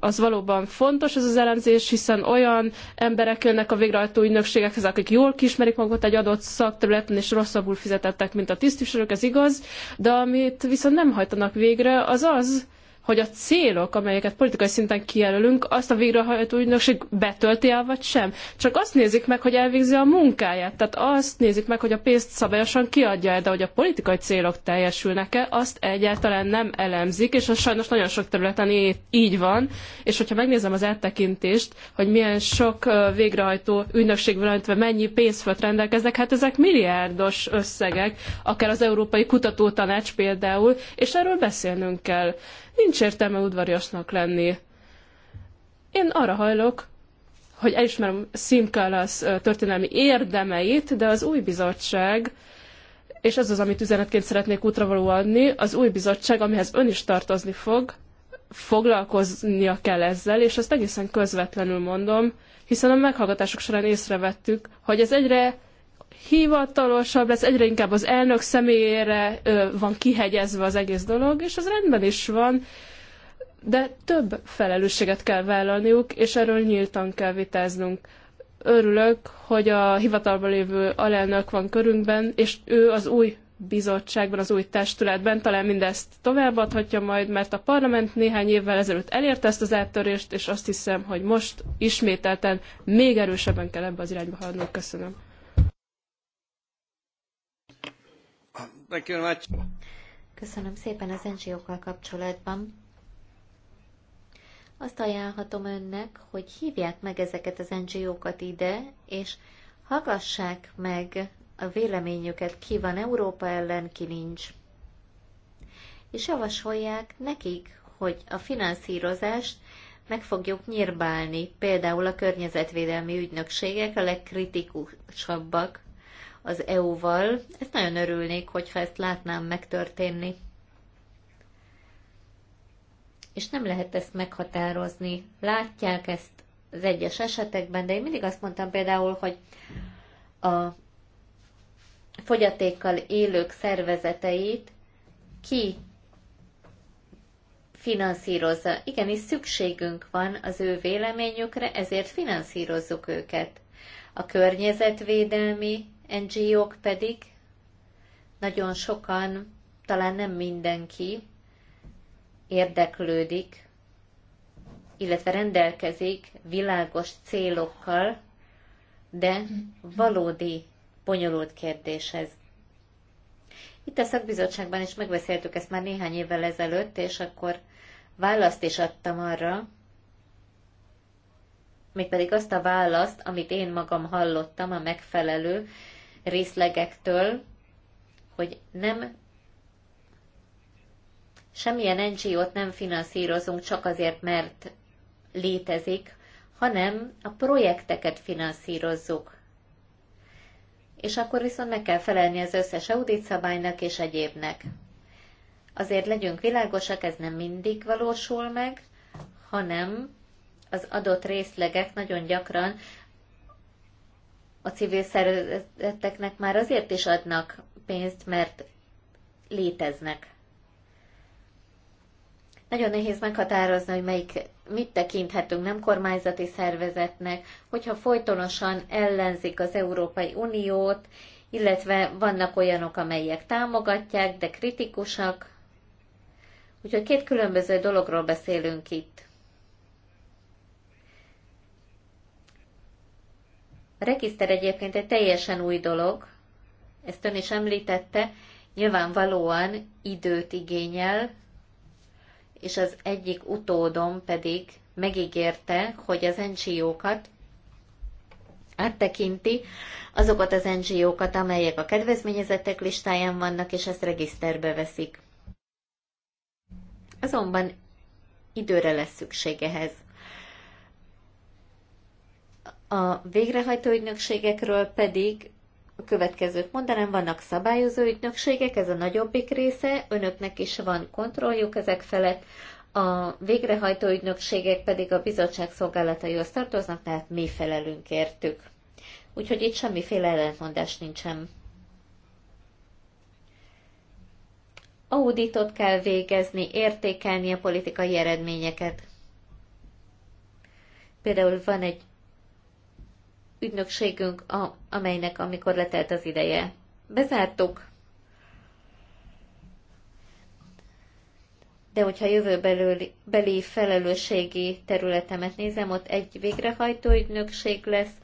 az valóban fontos ez az elemzés, hiszen olyan emberek jönnek a végrehajtó ügynökségekhez, akik jól kismerik magukat egy adott szakterületen, és rosszabbul fizetettek, mint a tisztviselők, ez igaz, de amit viszont nem hajtanak végre, az az, hogy a célok, amelyeket politikai szinten kijelölünk, azt a végrehajtó ügynökség betölti el, vagy sem. Csak azt nézik meg, hogy elvégzi a munkáját. Tehát azt nézik meg, hogy a pénzt szabályosan kiadja el, de hogy a politikai célok teljesülnek-e, azt egyáltalán nem elemzik, és az sajnos nagyon sok területen így van. És hogyha megnézem az eltekintést, hogy milyen sok végrehajtó ügynökség van, mennyi pénzfölt rendelkeznek, hát ezek milliárdos összegek, akár az Európai Kutatótanács például, és erről beszélnünk kell. Nincs nincs értelme udvariasnak lenni. Én arra hajlok, hogy elismerem Simkalasz történelmi érdemeit, de az új bizottság, és ez az, amit üzenetként szeretnék útravaló adni, az új bizottság, amihez ön is tartozni fog, foglalkoznia kell ezzel, és ezt egészen közvetlenül mondom, hiszen a meghallgatások során észrevettük, hogy ez egyre hivatalosabb lesz, egyre inkább az elnök személyére van kihegyezve az egész dolog, és az rendben is van, de több felelősséget kell vállalniuk, és erről nyíltan kell vitáznunk. Örülök, hogy a hivatalban lévő alelnök van körünkben, és ő az új bizottságban, az új testületben talán mindezt továbbadhatja majd, mert a parlament néhány évvel ezelőtt elérte ezt az áttörést, és azt hiszem, hogy most ismételten még erősebben kell ebbe az irányba haladnunk. Köszönöm. Thank you much. Köszönöm szépen az NGO-kkal kapcsolatban. Azt ajánlhatom önnek, hogy hívják meg ezeket az NGO-kat ide, és hallgassák meg a véleményüket, ki van Európa ellen, ki nincs. És javasolják nekik, hogy a finanszírozást meg fogjuk nyírbálni, például a környezetvédelmi ügynökségek a legkritikusabbak az EU-val. Ezt nagyon örülnék, hogyha ezt látnám megtörténni. És nem lehet ezt meghatározni. Látják ezt az egyes esetekben, de én mindig azt mondtam például, hogy a fogyatékkal élők szervezeteit ki finanszírozza. Igenis szükségünk van az ő véleményükre, ezért finanszírozzuk őket. A környezetvédelmi NGO-k pedig nagyon sokan, talán nem mindenki érdeklődik, illetve rendelkezik világos célokkal, de valódi, bonyolult kérdés ez. Itt a szakbizottságban is megbeszéltük ezt már néhány évvel ezelőtt, és akkor választ is adtam arra, mégpedig azt a választ, amit én magam hallottam, a megfelelő, részlegektől, hogy nem semmilyen NGO-t nem finanszírozunk csak azért, mert létezik, hanem a projekteket finanszírozzuk. És akkor viszont meg kell felelni az összes audit szabálynak és egyébnek. Azért legyünk világosak, ez nem mindig valósul meg, hanem az adott részlegek nagyon gyakran a civil szervezeteknek már azért is adnak pénzt, mert léteznek. Nagyon nehéz meghatározni, hogy melyik, mit tekinthetünk nem kormányzati szervezetnek, hogyha folytonosan ellenzik az Európai Uniót, illetve vannak olyanok, amelyek támogatják, de kritikusak. Úgyhogy két különböző dologról beszélünk itt. A regiszter egyébként egy teljesen új dolog, ezt ön is említette, nyilvánvalóan időt igényel, és az egyik utódom pedig megígérte, hogy az NGO-kat áttekinti azokat az NGO-kat, amelyek a kedvezményezettek listáján vannak, és ezt regiszterbe veszik. Azonban időre lesz szükség ehhez. A végrehajtó ügynökségekről pedig a következőt mondanám, vannak szabályozó ügynökségek, ez a nagyobbik része, önöknek is van kontrolljuk ezek felett, a végrehajtó ügynökségek pedig a bizottság szolgálataihoz tartoznak, tehát mi felelünk értük. Úgyhogy itt semmiféle ellentmondás nincsen. Auditot kell végezni, értékelni a politikai eredményeket. Például van egy ügynökségünk, a, amelynek amikor letelt az ideje. Bezártuk. De hogyha jövőbeli beli felelősségi területemet nézem, ott egy végrehajtó ügynökség lesz,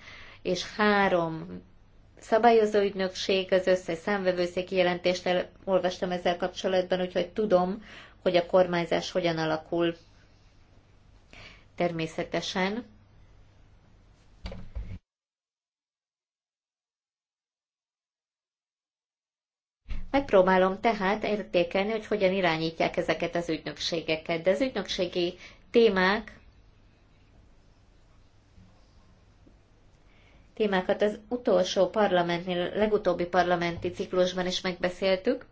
és három szabályozó ügynökség, az összes számvevőszéki jelentést olvastam ezzel kapcsolatban, úgyhogy tudom, hogy a kormányzás hogyan alakul. Természetesen Megpróbálom tehát értékelni, hogy hogyan irányítják ezeket az ügynökségeket, de az ügynökségi témák témákat az utolsó parlamentnél, legutóbbi parlamenti ciklusban is megbeszéltük,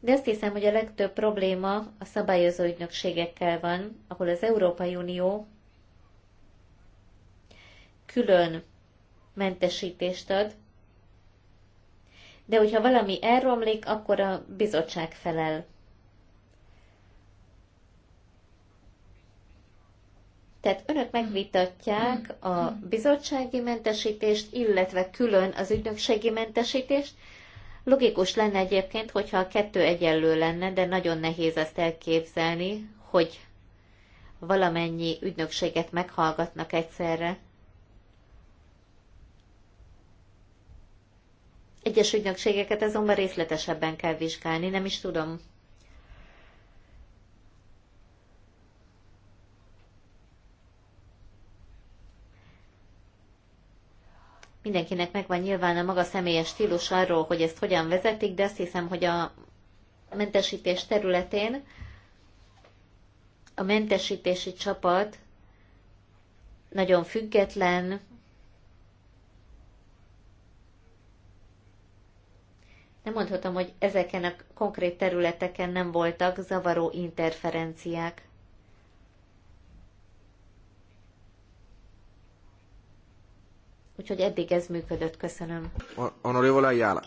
de azt hiszem, hogy a legtöbb probléma a szabályozó ügynökségekkel van, ahol az Európai Unió külön mentesítést ad de hogyha valami elromlik, akkor a bizottság felel. Tehát önök megvitatják a bizottsági mentesítést, illetve külön az ügynökségi mentesítést. Logikus lenne egyébként, hogyha a kettő egyenlő lenne, de nagyon nehéz ezt elképzelni, hogy valamennyi ügynökséget meghallgatnak egyszerre. Egyes ügynökségeket azonban részletesebben kell vizsgálni, nem is tudom. Mindenkinek megvan nyilván a maga személyes stílus arról, hogy ezt hogyan vezetik, de azt hiszem, hogy a mentesítés területén a mentesítési csapat nagyon független, nem mondhatom, hogy ezeken a konkrét területeken nem voltak zavaró interferenciák. Úgyhogy eddig ez működött, köszönöm. Honorable Ayala.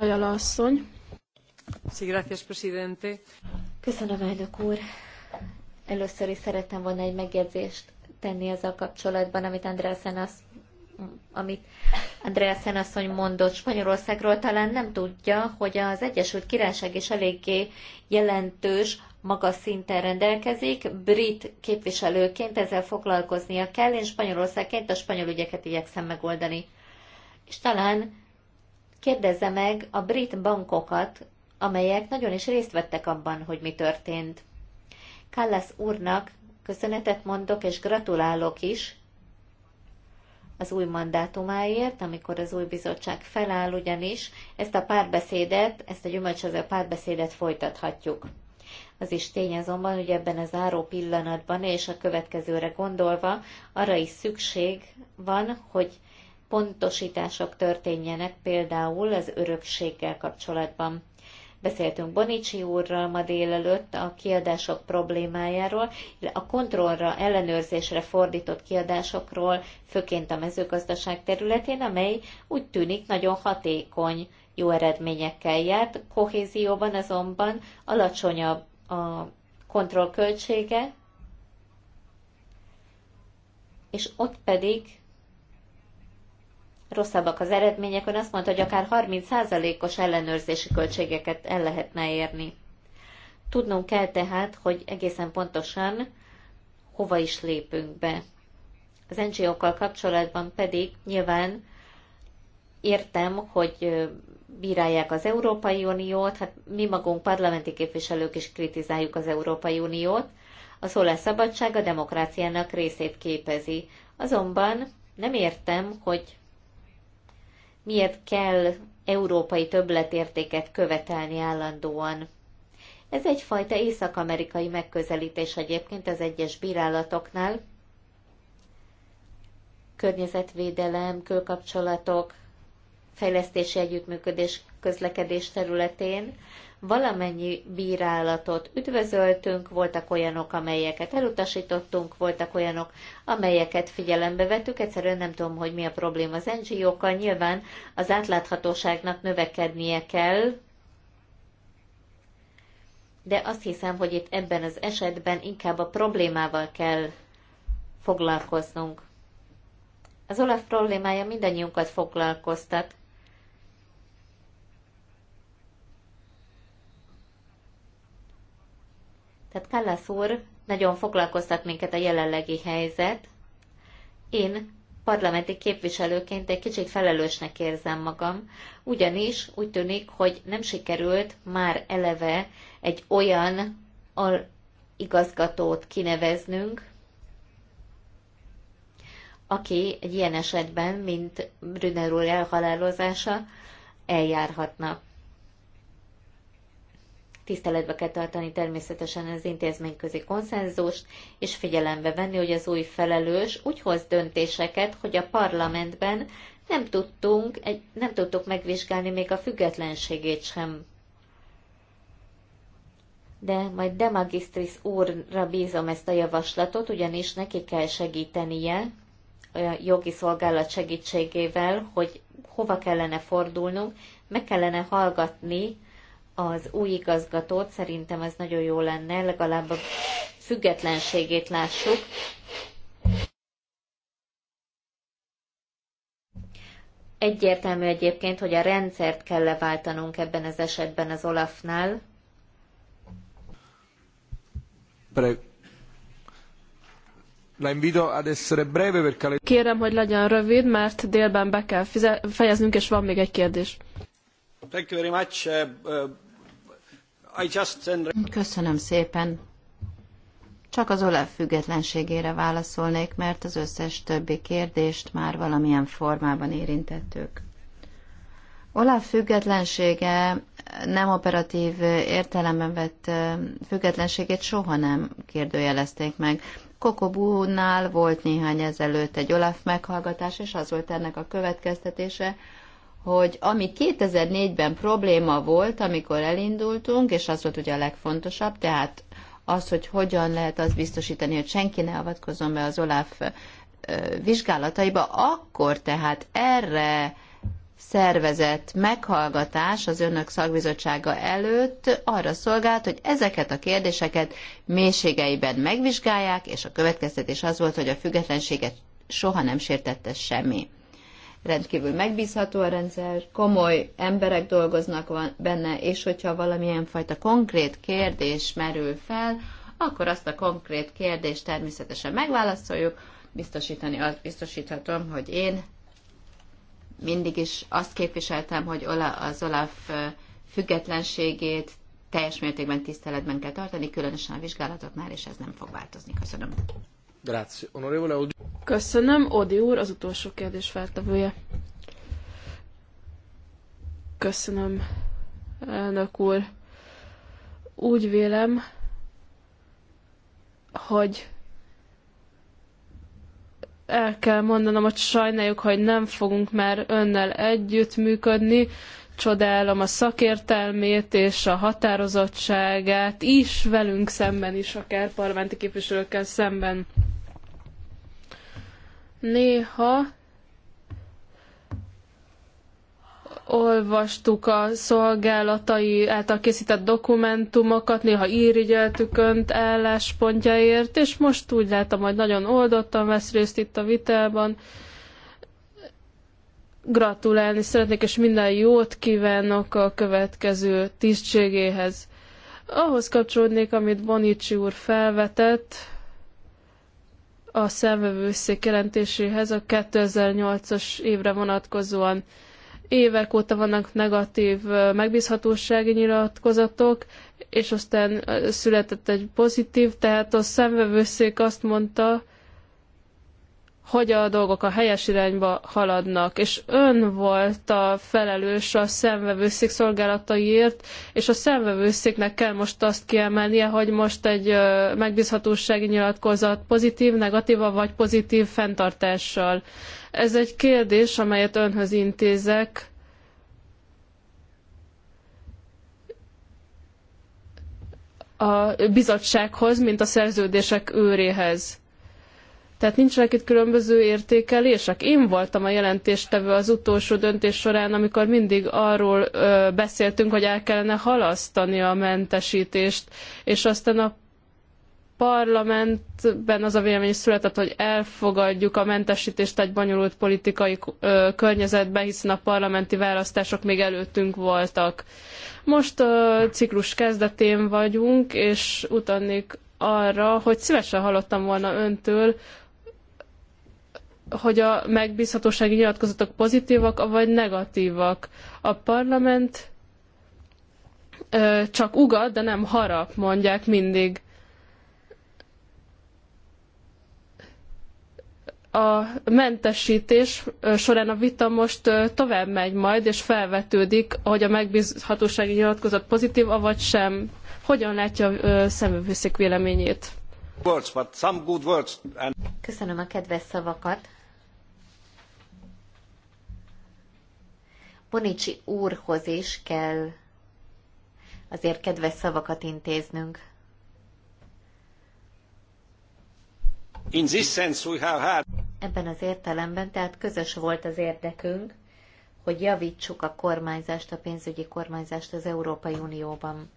Ayala asszony. Sí, gracias, presidente. Köszönöm, elnök úr. Először is szerettem volna egy megjegyzést tenni ezzel kapcsolatban, amit Andrásen azt amit Andrea Szenasszony mondott Spanyolországról, talán nem tudja, hogy az Egyesült Királyság is eléggé jelentős magas szinten rendelkezik, brit képviselőként ezzel foglalkoznia kell, én Spanyolországként a spanyol ügyeket igyekszem megoldani. És talán kérdezze meg a brit bankokat, amelyek nagyon is részt vettek abban, hogy mi történt. Kallas úrnak köszönetet mondok és gratulálok is, az új mandátumáért, amikor az új bizottság feláll, ugyanis ezt a párbeszédet, ezt a gyümölcsöző párbeszédet folytathatjuk. Az is tény azonban, hogy ebben a záró pillanatban és a következőre gondolva arra is szükség van, hogy pontosítások történjenek például az örökséggel kapcsolatban. Beszéltünk Bonicsi úrral ma délelőtt a kiadások problémájáról, a kontrollra, ellenőrzésre fordított kiadásokról, főként a mezőgazdaság területén, amely úgy tűnik nagyon hatékony, jó eredményekkel járt. Kohézióban azonban alacsonyabb a kontrollköltsége, és ott pedig rosszabbak az eredmények, ön azt mondta, hogy akár 30%-os ellenőrzési költségeket el lehetne érni. Tudnunk kell tehát, hogy egészen pontosan hova is lépünk be. Az NGO-kkal kapcsolatban pedig nyilván értem, hogy bírálják az Európai Uniót, hát mi magunk parlamenti képviselők is kritizáljuk az Európai Uniót, a szólásszabadság a demokráciának részét képezi. Azonban nem értem, hogy miért kell európai többletértéket követelni állandóan. Ez egyfajta észak-amerikai megközelítés egyébként az egyes bírálatoknál. Környezetvédelem, külkapcsolatok, fejlesztési együttműködés, közlekedés területén, valamennyi bírálatot üdvözöltünk, voltak olyanok, amelyeket elutasítottunk, voltak olyanok, amelyeket figyelembe vettük. Egyszerűen nem tudom, hogy mi a probléma az NGO-kkal. Nyilván az átláthatóságnak növekednie kell, de azt hiszem, hogy itt ebben az esetben inkább a problémával kell foglalkoznunk. Az Olaf problémája mindannyiunkat foglalkoztat. Tehát Kallász úr, nagyon foglalkoztat minket a jelenlegi helyzet. Én parlamenti képviselőként egy kicsit felelősnek érzem magam, ugyanis úgy tűnik, hogy nem sikerült már eleve egy olyan igazgatót kineveznünk, aki egy ilyen esetben, mint Brünner úr elhalálozása, eljárhatna. Tiszteletbe kell tartani természetesen az intézményközi konszenzust, és figyelembe venni, hogy az új felelős úgy hoz döntéseket, hogy a parlamentben nem tudtunk, nem tudtuk megvizsgálni még a függetlenségét sem. De majd de magisztris úrra bízom ezt a javaslatot, ugyanis neki kell segítenie a jogi szolgálat segítségével, hogy hova kellene fordulnunk, meg kellene hallgatni az új igazgatót, szerintem ez nagyon jó lenne, legalább a függetlenségét lássuk. Egyértelmű egyébként, hogy a rendszert kell leváltanunk ebben az esetben az Olafnál. Kérem, hogy legyen rövid, mert délben be kell fejeznünk, és van még egy kérdés. Thank you very much. Uh, uh, I just... Köszönöm szépen. Csak az OLAF függetlenségére válaszolnék, mert az összes többi kérdést már valamilyen formában érintettük. Olaf függetlensége nem operatív értelemben vett függetlenségét soha nem kérdőjelezték meg. Kokobúnál volt néhány ezelőtt egy Olaf meghallgatás, és az volt ennek a következtetése, hogy ami 2004-ben probléma volt, amikor elindultunk, és az volt ugye a legfontosabb, tehát az, hogy hogyan lehet azt biztosítani, hogy senki ne avatkozzon be az Olaf vizsgálataiba, akkor tehát erre szervezett meghallgatás az önök szakbizottsága előtt arra szolgált, hogy ezeket a kérdéseket mélységeiben megvizsgálják, és a következtetés az volt, hogy a függetlenséget soha nem sértette semmi rendkívül megbízható a rendszer, komoly emberek dolgoznak van benne, és hogyha valamilyen fajta konkrét kérdés merül fel, akkor azt a konkrét kérdést természetesen megválaszoljuk. Biztosítani azt biztosíthatom, hogy én mindig is azt képviseltem, hogy az Olaf függetlenségét teljes mértékben tiszteletben kell tartani, különösen a vizsgálatoknál, és ez nem fog változni. Köszönöm. Köszönöm. Odi úr, az utolsó kérdés feltevője. Köszönöm, elnök úr. Úgy vélem, hogy el kell mondanom, hogy sajnáljuk, hogy nem fogunk már önnel együttműködni. Csodálom a szakértelmét és a határozottságát is velünk szemben is, akár parlamenti képviselőkkel szemben. Néha olvastuk a szolgálatai által készített dokumentumokat, néha írigyeltük önt álláspontjáért, és most úgy látom, hogy nagyon oldottan vesz részt itt a vitában. Gratulálni szeretnék, és minden jót kívánok a következő tisztségéhez. Ahhoz kapcsolódnék, amit Bonicsi úr felvetett, a szemvevőszék jelentéséhez a 2008-as évre vonatkozóan. Évek óta vannak negatív megbízhatósági nyilatkozatok, és aztán született egy pozitív, tehát a szemvevőszék azt mondta, hogy a dolgok a helyes irányba haladnak. És ön volt a felelős a szemvevőszék szolgálataiért, és a szemvevőszéknek kell most azt kiemelnie, hogy most egy megbízhatósági nyilatkozat pozitív, negatíva vagy pozitív fenntartással. Ez egy kérdés, amelyet önhöz intézek. a bizottsághoz, mint a szerződések őréhez tehát nincsenek itt különböző értékelések. Én voltam a jelentéstevő az utolsó döntés során, amikor mindig arról ö, beszéltünk, hogy el kellene halasztani a mentesítést, és aztán a parlamentben az a vélemény született, hogy elfogadjuk a mentesítést egy bonyolult politikai ö, hiszen a parlamenti választások még előttünk voltak. Most a ciklus kezdetén vagyunk, és utalnék arra, hogy szívesen hallottam volna öntől, hogy a megbízhatósági nyilatkozatok pozitívak, vagy negatívak. A parlament csak ugat, de nem harap, mondják mindig. a mentesítés során a vita most tovább megy majd, és felvetődik, hogy a megbízhatósági nyilatkozat pozitív, avagy sem. Hogyan látja szemüvőszék véleményét? Köszönöm a kedves szavakat. Bonicsi úrhoz is kell azért kedves szavakat intéznünk. In this sense we have had... Ebben az értelemben tehát közös volt az érdekünk, hogy javítsuk a kormányzást, a pénzügyi kormányzást az Európai Unióban.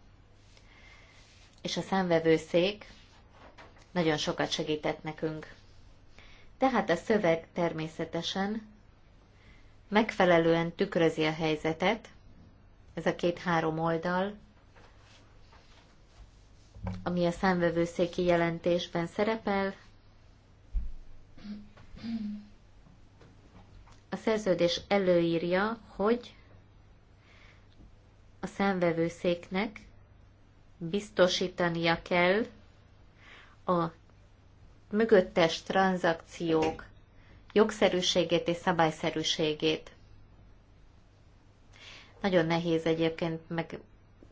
És a számvevőszék nagyon sokat segített nekünk. Tehát a szöveg természetesen megfelelően tükrözi a helyzetet, ez a két-három oldal, ami a számvevőszéki jelentésben szerepel. A szerződés előírja, hogy a számvevőszéknek biztosítania kell a mögöttes tranzakciók jogszerűségét és szabályszerűségét. Nagyon nehéz egyébként meg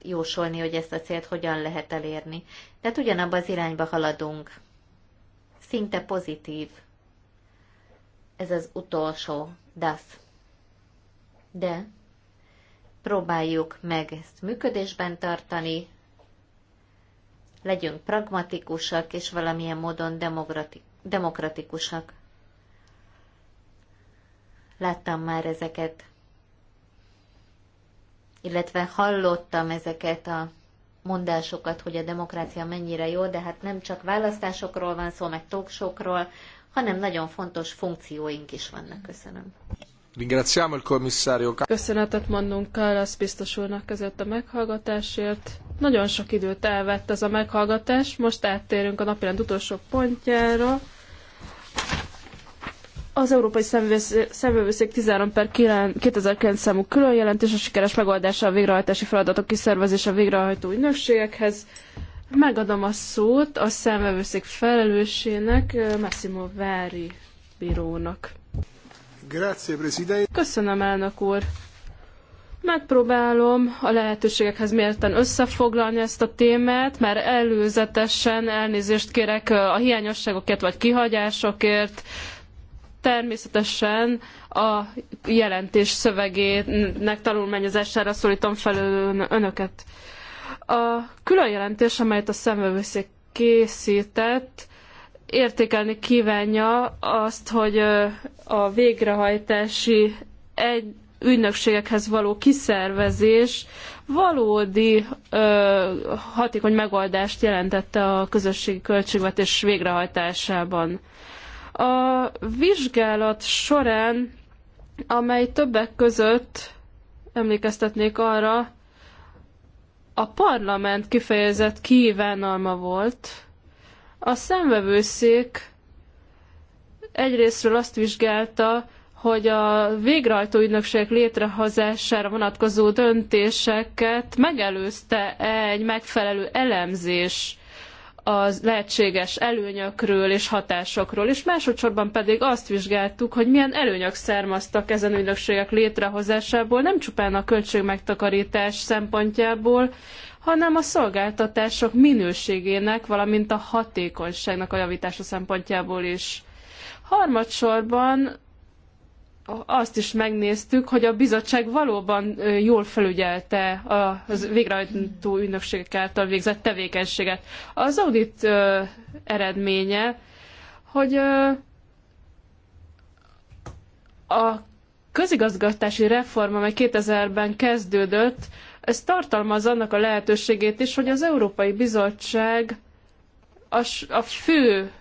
jósolni, hogy ezt a célt hogyan lehet elérni. De ugyanabban az irányba haladunk. Szinte pozitív. Ez az utolsó DAS. De próbáljuk meg ezt működésben tartani, legyünk pragmatikusak és valamilyen módon demokratikusak. Láttam már ezeket, illetve hallottam ezeket a mondásokat, hogy a demokrácia mennyire jó, de hát nem csak választásokról van szó, meg toksokról, hanem nagyon fontos funkcióink is vannak. Köszönöm. Ringraziamo il commissario. Köszönetet mondunk Kálasz biztos úrnak ezért a meghallgatásért. Nagyon sok időt elvett ez a meghallgatás, most áttérünk a napirend utolsó pontjára. Az Európai Szemvevőszék 13 per 2009 számú külön jelentés a sikeres megoldása a végrehajtási feladatok kiszervezése a végrehajtó ügynökségekhez. Megadom a szót a szemvevőszék felelősének, Massimo Vári bírónak. Grazie, Presidente. Köszönöm, elnök úr. Megpróbálom a lehetőségekhez mérten összefoglalni ezt a témát, mert előzetesen elnézést kérek a hiányosságokért vagy kihagyásokért, Természetesen a jelentés szövegének tanulmányozására szólítom fel önöket. A külön jelentés, amelyet a szemvevőszék készített, értékelni kívánja azt, hogy a végrehajtási egy ügynökségekhez való kiszervezés valódi ö, hatékony megoldást jelentette a közösségi költségvetés végrehajtásában. A vizsgálat során, amely többek között emlékeztetnék arra, a parlament kifejezett kívánalma volt. A szemvevőszék egyrésztről azt vizsgálta, hogy a végrehajtó ügynökségek létrehozására vonatkozó döntéseket megelőzte -e egy megfelelő elemzés az lehetséges előnyökről és hatásokról, és másodszorban pedig azt vizsgáltuk, hogy milyen előnyök származtak ezen ügynökségek létrehozásából, nem csupán a költségmegtakarítás szempontjából, hanem a szolgáltatások minőségének, valamint a hatékonyságnak a javítása szempontjából is. Harmadsorban azt is megnéztük, hogy a bizottság valóban jól felügyelte az végrehajtó ügynökségek által végzett tevékenységet. Az audit eredménye, hogy a közigazgatási reform, amely 2000-ben kezdődött, ez tartalmaz annak a lehetőségét is, hogy az Európai Bizottság a, fő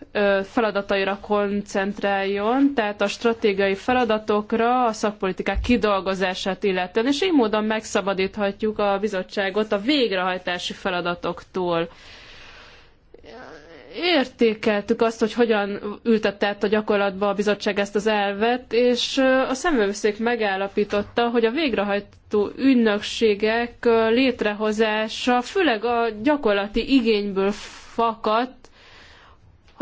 feladataira koncentráljon, tehát a stratégiai feladatokra, a szakpolitikák kidolgozását illetően, és így módon megszabadíthatjuk a bizottságot a végrehajtási feladatoktól. Értékeltük azt, hogy hogyan ültette át a gyakorlatba a bizottság ezt az elvet, és a szemvevőszék megállapította, hogy a végrehajtó ügynökségek létrehozása főleg a gyakorlati igényből fakadt,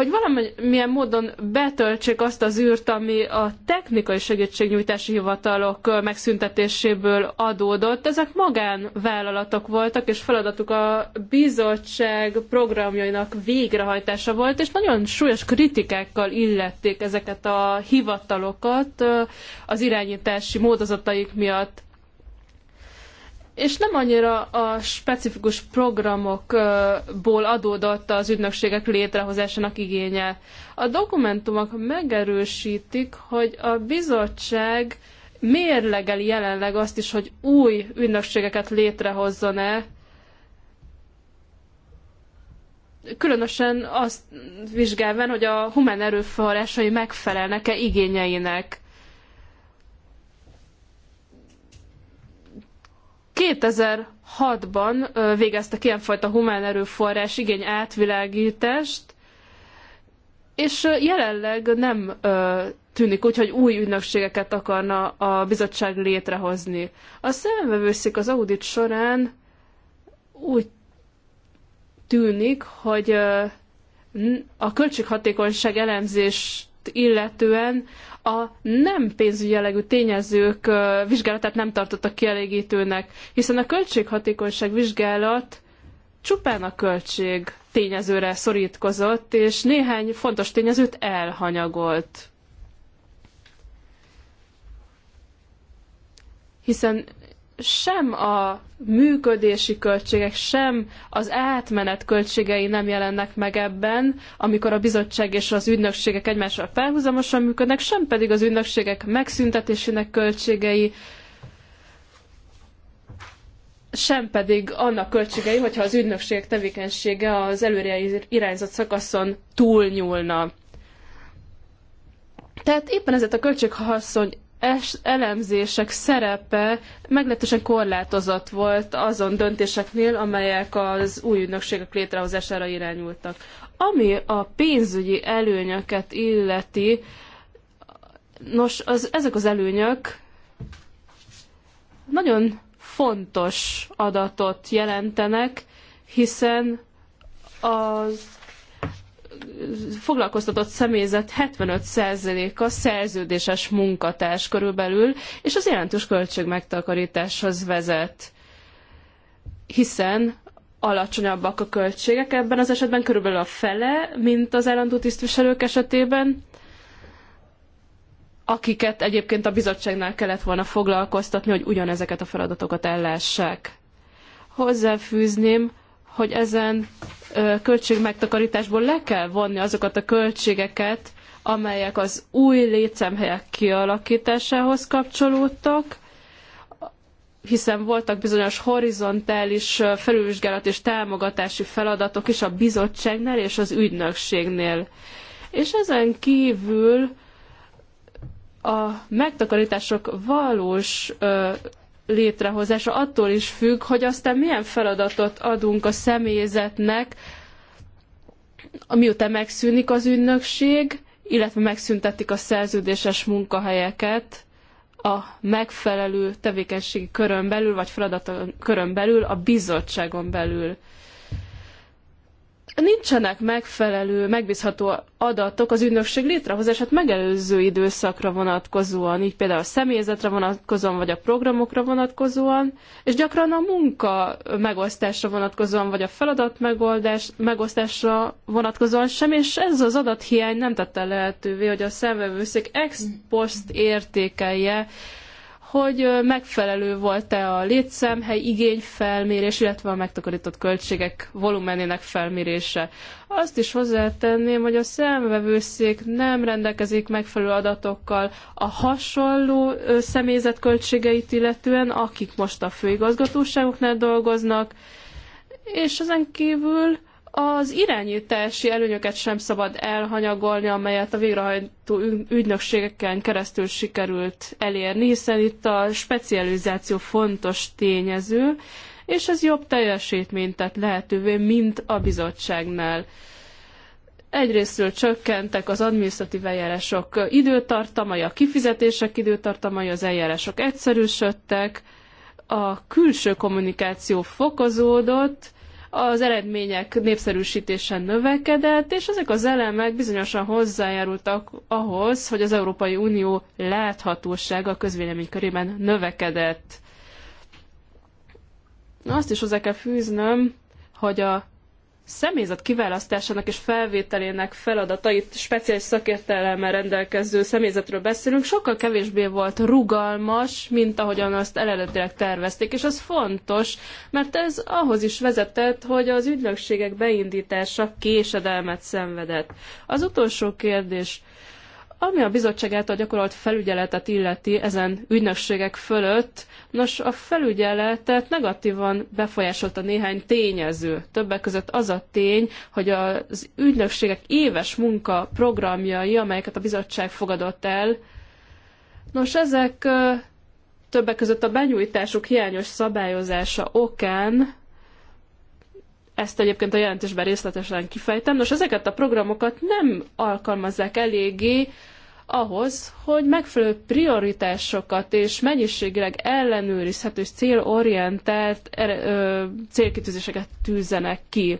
hogy valamilyen módon betöltsék azt az űrt, ami a technikai segítségnyújtási hivatalok megszüntetéséből adódott. Ezek magánvállalatok voltak, és feladatuk a bizottság programjainak végrehajtása volt, és nagyon súlyos kritikákkal illették ezeket a hivatalokat az irányítási módozataik miatt és nem annyira a specifikus programokból adódott az ügynökségek létrehozásának igénye. A dokumentumok megerősítik, hogy a bizottság mérlegeli jelenleg azt is, hogy új ügynökségeket létrehozzon-e, különösen azt vizsgálván, hogy a humán erőforrásai megfelelnek-e igényeinek. 2006-ban végeztek ilyenfajta humán erőforrás igény átvilágítást, és jelenleg nem tűnik úgy, hogy új ügynökségeket akarna a bizottság létrehozni. A szemvevőszik az audit során úgy tűnik, hogy a költséghatékonyság elemzést illetően a nem pénzügyi jellegű tényezők vizsgálatát nem tartotta kielégítőnek, hiszen a költséghatékonyság vizsgálat csupán a költség tényezőre szorítkozott, és néhány fontos tényezőt elhanyagolt. Hiszen sem a működési költségek, sem az átmenet költségei nem jelennek meg ebben, amikor a bizottság és az ügynökségek egymással felhuzamosan működnek, sem pedig az ügynökségek megszüntetésének költségei, sem pedig annak költségei, hogyha az ügynökségek tevékenysége az előre irányzott szakaszon túlnyúlna. Tehát éppen ezért a költséghaszony es elemzések szerepe meglehetősen korlátozott volt azon döntéseknél, amelyek az új ügynökségek létrehozására irányultak. Ami a pénzügyi előnyöket illeti, nos, az, ezek az előnyök nagyon fontos adatot jelentenek, hiszen az foglalkoztatott személyzet 75%-a szerződéses munkatárs körülbelül, és az jelentős költség megtakarításhoz vezet, hiszen alacsonyabbak a költségek ebben az esetben, körülbelül a fele, mint az állandó tisztviselők esetében, akiket egyébként a bizottságnál kellett volna foglalkoztatni, hogy ugyanezeket a feladatokat ellássák. Hozzáfűzném, hogy ezen költségmegtakarításból le kell vonni azokat a költségeket, amelyek az új létszámhelyek kialakításához kapcsolódtak, hiszen voltak bizonyos horizontális felülvizsgálat és támogatási feladatok is a bizottságnál és az ügynökségnél. És ezen kívül a megtakarítások valós létrehozása attól is függ, hogy aztán milyen feladatot adunk a személyzetnek, miután megszűnik az ügynökség, illetve megszüntetik a szerződéses munkahelyeket a megfelelő tevékenységi körön belül, vagy feladatkörön belül, a bizottságon belül nincsenek megfelelő, megbízható adatok az ügynökség létrehozását megelőző időszakra vonatkozóan, így például a személyzetre vonatkozóan, vagy a programokra vonatkozóan, és gyakran a munka megosztásra vonatkozóan, vagy a feladat megoldás, megosztásra vonatkozóan sem, és ez az adathiány nem tette lehetővé, hogy a szemvevőszék ex post értékelje hogy megfelelő volt-e a létszámhely igényfelmérés, illetve a megtakarított költségek volumenének felmérése. Azt is hozzátenném, hogy a számvevőszék nem rendelkezik megfelelő adatokkal a hasonló személyzet költségeit illetően, akik most a főigazgatóságoknál dolgoznak, és ezen kívül az irányítási előnyöket sem szabad elhanyagolni, amelyet a végrehajtó ügynökségeken keresztül sikerült elérni, hiszen itt a specializáció fontos tényező, és ez jobb teljesítményt tett lehetővé, mint a bizottságnál. Egyrésztről csökkentek az adminisztratív eljárások időtartamai, a kifizetések időtartamai, az eljárások egyszerűsödtek, a külső kommunikáció fokozódott, az eredmények népszerűsítése növekedett, és ezek az elemek bizonyosan hozzájárultak ahhoz, hogy az Európai Unió láthatósága a közvélemény körében növekedett. Azt is hozzá kell fűznöm, hogy a személyzet kiválasztásának és felvételének feladatait speciális szakértelemmel rendelkező személyzetről beszélünk, sokkal kevésbé volt rugalmas, mint ahogyan azt eredetileg tervezték, és ez fontos, mert ez ahhoz is vezetett, hogy az ügynökségek beindítása késedelmet szenvedett. Az utolsó kérdés, ami a bizottság által gyakorolt felügyeletet illeti ezen ügynökségek fölött, Nos, a felügyeletet negatívan befolyásolta néhány tényező. Többek között az a tény, hogy az ügynökségek éves munka programjai, amelyeket a bizottság fogadott el, nos, ezek többek között a benyújtásuk hiányos szabályozása okán ezt egyébként a jelentésben részletesen kifejtem. Nos, ezeket a programokat nem alkalmazzák eléggé ahhoz, hogy megfelelő prioritásokat és mennyiségileg ellenőrizhető és célorientált célkitűzéseket tűzzenek ki.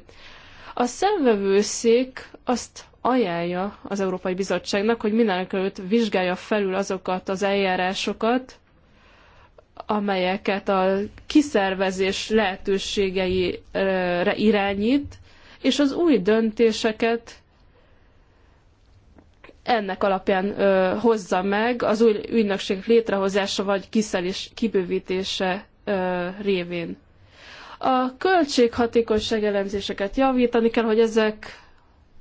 A szemvevőszék azt ajánlja az Európai Bizottságnak, hogy mindenekelőtt vizsgálja felül azokat az eljárásokat, amelyeket a kiszervezés lehetőségeire irányít, és az új döntéseket ennek alapján ö, hozza meg az új ügynökség létrehozása vagy kiszelés kibővítése ö, révén. A költséghatékonyság elemzéseket javítani kell, hogy ezek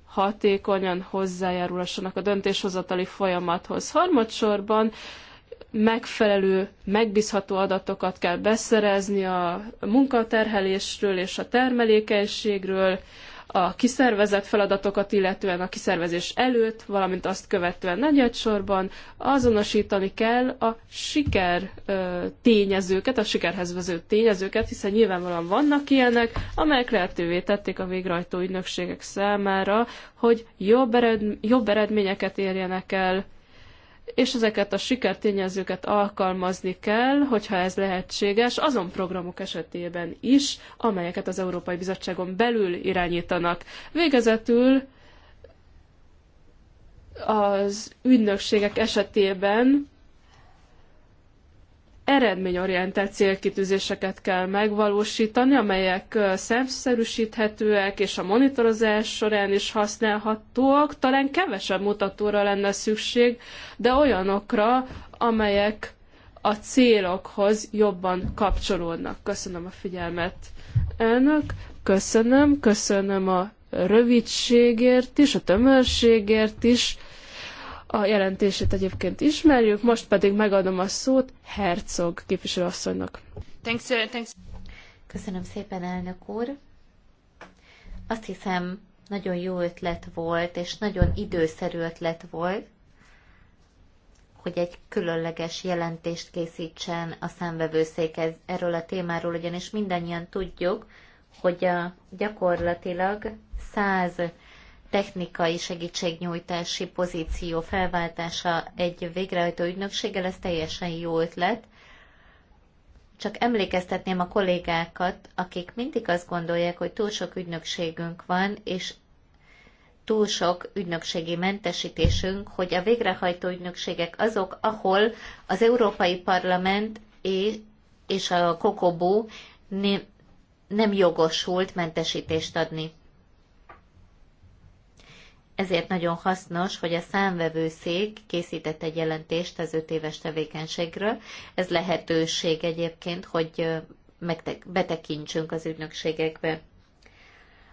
hatékonyan hozzájárulhassanak a döntéshozatali folyamathoz. Harmadsorban megfelelő, megbízható adatokat kell beszerezni a munkaterhelésről és a termelékenységről, a kiszervezett feladatokat, illetően a kiszervezés előtt, valamint azt követően negyedsorban azonosítani kell a siker tényezőket, a sikerhez vező tényezőket, hiszen nyilvánvalóan vannak ilyenek, amelyek lehetővé tették a végrehajtó ügynökségek számára, hogy jobb, eredm jobb eredményeket érjenek el, és ezeket a sikertényezőket alkalmazni kell, hogyha ez lehetséges, azon programok esetében is, amelyeket az Európai Bizottságon belül irányítanak. Végezetül az ügynökségek esetében eredményorientált célkitűzéseket kell megvalósítani, amelyek szemszerűsíthetőek és a monitorozás során is használhatóak. Talán kevesebb mutatóra lenne szükség, de olyanokra, amelyek a célokhoz jobban kapcsolódnak. Köszönöm a figyelmet, elnök. Köszönöm, köszönöm a rövidségért is, a tömörségért is a jelentését egyébként ismerjük, most pedig megadom a szót Herzog képviselőasszonynak. Thanks, thanks. Köszönöm szépen, elnök úr. Azt hiszem, nagyon jó ötlet volt, és nagyon időszerű ötlet volt, hogy egy különleges jelentést készítsen a számvevőszék erről a témáról, ugyanis mindannyian tudjuk, hogy a gyakorlatilag 100 technikai segítségnyújtási pozíció felváltása egy végrehajtó ügynökséggel, ez teljesen jó ötlet. Csak emlékeztetném a kollégákat, akik mindig azt gondolják, hogy túl sok ügynökségünk van, és túl sok ügynökségi mentesítésünk, hogy a végrehajtó ügynökségek azok, ahol az Európai Parlament és a Kokobó nem jogosult mentesítést adni. Ezért nagyon hasznos, hogy a számvevőszék készített egy jelentést az öt éves tevékenységről. Ez lehetőség egyébként, hogy betekintsünk az ügynökségekbe.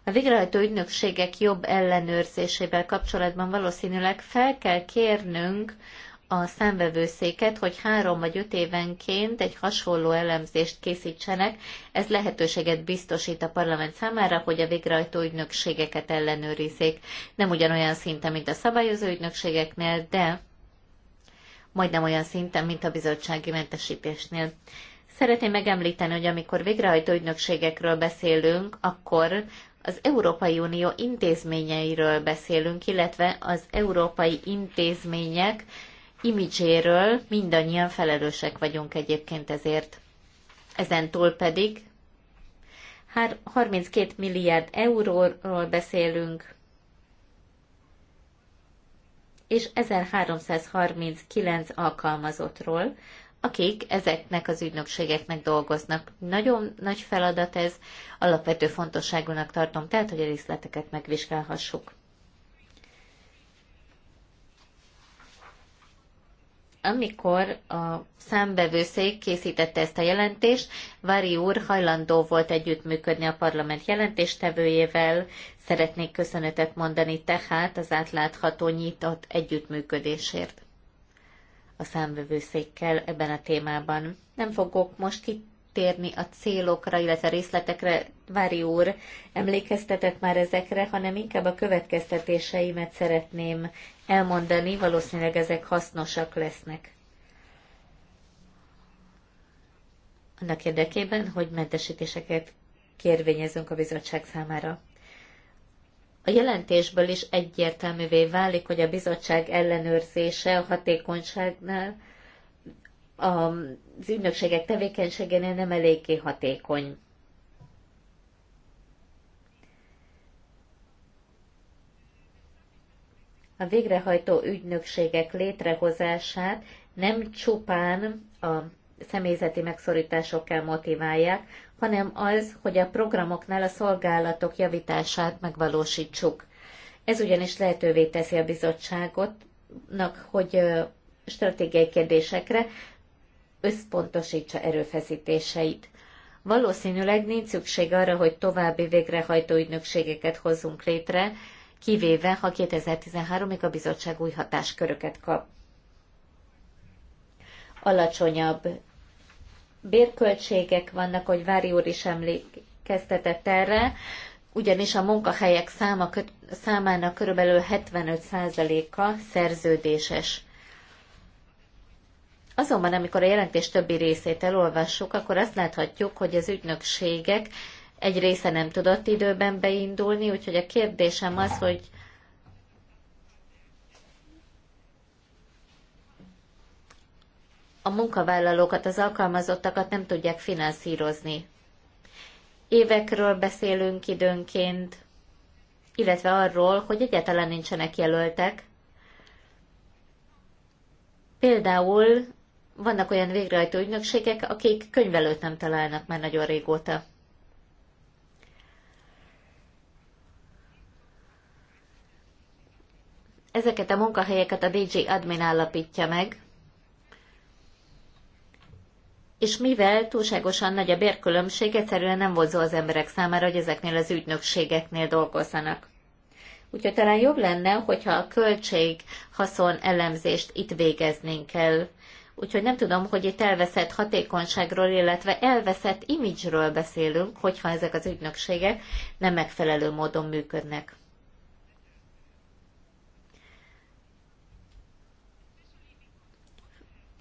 A végrehajtó ügynökségek jobb ellenőrzésével kapcsolatban valószínűleg fel kell kérnünk a számvevőszéket, hogy három vagy öt évenként egy hasonló elemzést készítsenek. Ez lehetőséget biztosít a parlament számára, hogy a végrehajtó ügynökségeket ellenőrizzék. Nem ugyanolyan szinten, mint a szabályozó ügynökségeknél, de majdnem olyan szinten, mint a bizottsági mentesítésnél. Szeretném megemlíteni, hogy amikor végrehajtó ügynökségekről beszélünk, akkor az Európai Unió intézményeiről beszélünk, illetve az európai intézmények imidzséről mindannyian felelősek vagyunk egyébként ezért. Ezen túl pedig 32 milliárd euróról beszélünk, és 1339 alkalmazottról, akik ezeknek az ügynökségeknek dolgoznak. Nagyon nagy feladat ez, alapvető fontosságúnak tartom, tehát hogy a részleteket megvizsgálhassuk. amikor a számbevőszék készítette ezt a jelentést, Vári úr hajlandó volt együttműködni a parlament jelentéstevőjével, szeretnék köszönetet mondani tehát az átlátható nyitott együttműködésért a számvevőszékkel ebben a témában. Nem fogok most itt kitérni a célokra, illetve részletekre, Vári úr emlékeztetett már ezekre, hanem inkább a következtetéseimet szeretném elmondani, valószínűleg ezek hasznosak lesznek. Annak érdekében, hogy mentesítéseket kérvényezünk a bizottság számára. A jelentésből is egyértelművé válik, hogy a bizottság ellenőrzése a hatékonyságnál az ügynökségek tevékenységénél nem eléggé hatékony. A végrehajtó ügynökségek létrehozását nem csupán a személyzeti megszorításokkal motiválják, hanem az, hogy a programoknál a szolgálatok javítását megvalósítsuk. Ez ugyanis lehetővé teszi a bizottságotnak, hogy stratégiai kérdésekre összpontosítsa erőfeszítéseit. Valószínűleg nincs szükség arra, hogy további végrehajtó ügynökségeket hozzunk létre, kivéve, ha 2013-ig a bizottság új hatásköröket kap. Alacsonyabb bérköltségek vannak, hogy Vári úr is emlékeztetett erre, ugyanis a munkahelyek száma, számának körülbelül 75%-a szerződéses. Azonban, amikor a jelentés többi részét elolvassuk, akkor azt láthatjuk, hogy az ügynökségek egy része nem tudott időben beindulni, úgyhogy a kérdésem az, hogy a munkavállalókat, az alkalmazottakat nem tudják finanszírozni. Évekről beszélünk időnként, illetve arról, hogy egyáltalán nincsenek jelöltek. Például vannak olyan végrehajtó ügynökségek, akik könyvelőt nem találnak már nagyon régóta. Ezeket a munkahelyeket a DJ Admin állapítja meg, és mivel túlságosan nagy a bérkülönbség, egyszerűen nem vonzó az emberek számára, hogy ezeknél az ügynökségeknél dolgozzanak. Úgyhogy talán jobb lenne, hogyha a költség-haszon elemzést itt végeznénk el, Úgyhogy nem tudom, hogy itt elveszett hatékonyságról, illetve elveszett imidzsről beszélünk, hogyha ezek az ügynökségek nem megfelelő módon működnek.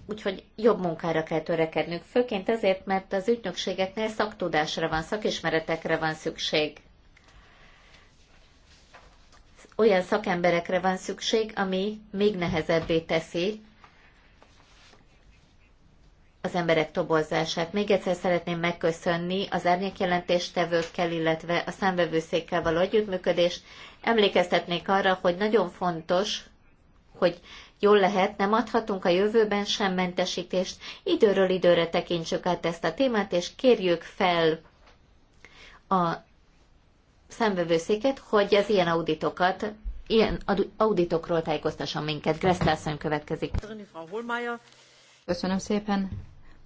Úgyhogy jobb munkára kell törekednünk, főként azért, mert az ügynökségeknél szaktudásra van, szakismeretekre van szükség. Olyan szakemberekre van szükség, ami még nehezebbé teszi az emberek tobozását. Még egyszer szeretném megköszönni az árnyékjelentéstevőkkel, illetve a számvevőszékkel való együttműködést. Emlékeztetnék arra, hogy nagyon fontos, hogy jól lehet, nem adhatunk a jövőben sem mentesítést, időről időre tekintsük át ezt a témát, és kérjük fel a számvevőszéket, hogy az ilyen auditokat ilyen auditokról tájékoztasson minket. Greszlászony következik. Köszönöm szépen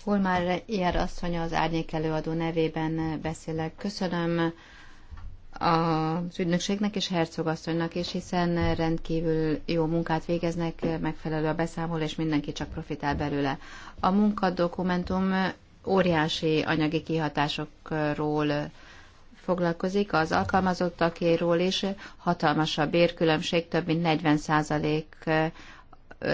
hol már ilyen asszony az árnyék előadó nevében beszélek. Köszönöm az ügynökségnek és hercogasszonynak is, hiszen rendkívül jó munkát végeznek, megfelelő a beszámoló, és mindenki csak profitál belőle. A munkadokumentum óriási anyagi kihatásokról foglalkozik, az alkalmazottakéről is hatalmasabb bérkülönbség, több mint 40 százalék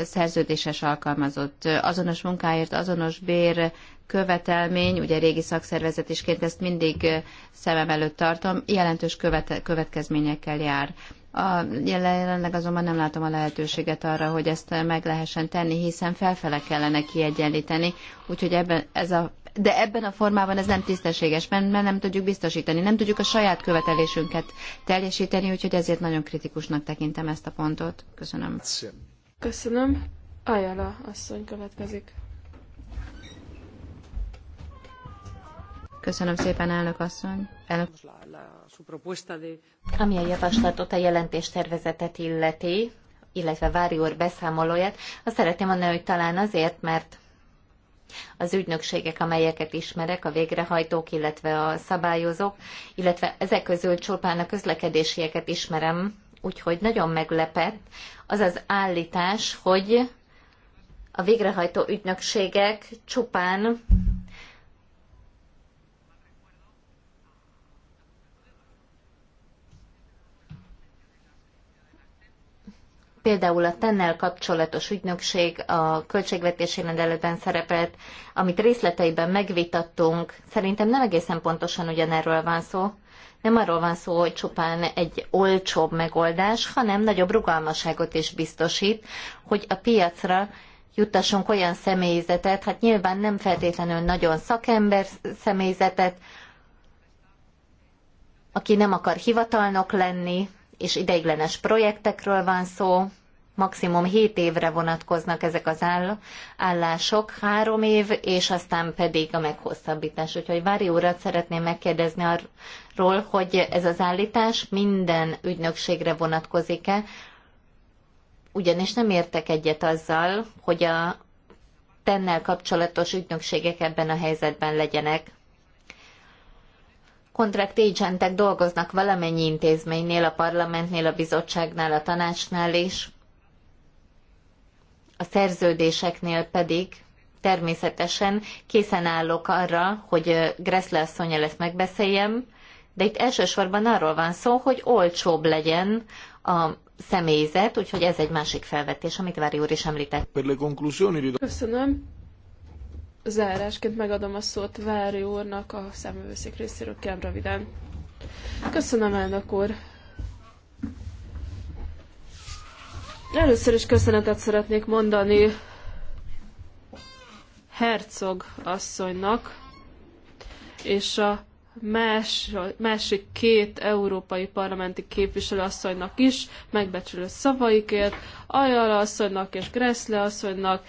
szerződéses alkalmazott azonos munkáért, azonos bér követelmény, ugye régi szakszervezetésként ezt mindig szemem előtt tartom, jelentős követ- következményekkel jár. A, jelenleg azonban nem látom a lehetőséget arra, hogy ezt meg lehessen tenni, hiszen felfele kellene kiegyenlíteni, úgyhogy ebben ez a de ebben a formában ez nem tisztességes, mert, mert nem tudjuk biztosítani, nem tudjuk a saját követelésünket teljesíteni, úgyhogy ezért nagyon kritikusnak tekintem ezt a pontot. Köszönöm. Köszönöm. Ajala asszony következik. Köszönöm szépen, elnök asszony. Elnök. Ami a javaslatot, a jelentés tervezetet illeti, illetve Vári úr beszámolóját, azt szeretném mondani, hogy talán azért, mert az ügynökségek, amelyeket ismerek, a végrehajtók, illetve a szabályozók, illetve ezek közül csupán a közlekedésieket ismerem, úgyhogy nagyon meglepett az az állítás, hogy a végrehajtó ügynökségek csupán például a tennel kapcsolatos ügynökség a költségvetési rendeletben szerepelt, amit részleteiben megvitattunk. Szerintem nem egészen pontosan ugyanerről van szó nem arról van szó, hogy csupán egy olcsóbb megoldás, hanem nagyobb rugalmasságot is biztosít, hogy a piacra juttassunk olyan személyzetet, hát nyilván nem feltétlenül nagyon szakember személyzetet, aki nem akar hivatalnok lenni, és ideiglenes projektekről van szó, maximum 7 évre vonatkoznak ezek az állások, 3 év, és aztán pedig a meghosszabbítás. Úgyhogy Vári urat szeretném megkérdezni arról, hogy ez az állítás minden ügynökségre vonatkozik-e, ugyanis nem értek egyet azzal, hogy a tennel kapcsolatos ügynökségek ebben a helyzetben legyenek. Contract agentek dolgoznak valamennyi intézménynél, a parlamentnél, a bizottságnál, a tanácsnál is, a szerződéseknél pedig természetesen készen állok arra, hogy Gressler asszonyjal ezt megbeszéljem, de itt elsősorban arról van szó, hogy olcsóbb legyen a személyzet, úgyhogy ez egy másik felvetés, amit Vári úr is említett. Köszönöm. Zárásként megadom a szót Vári úrnak a szemövőszék részéről, kérem röviden. Köszönöm, elnök úr. Először is köszönetet szeretnék mondani Herzog asszonynak és a más, másik két európai parlamenti képviselő asszonynak is megbecsülő szavaikért, Ajala asszonynak és Gressle asszonynak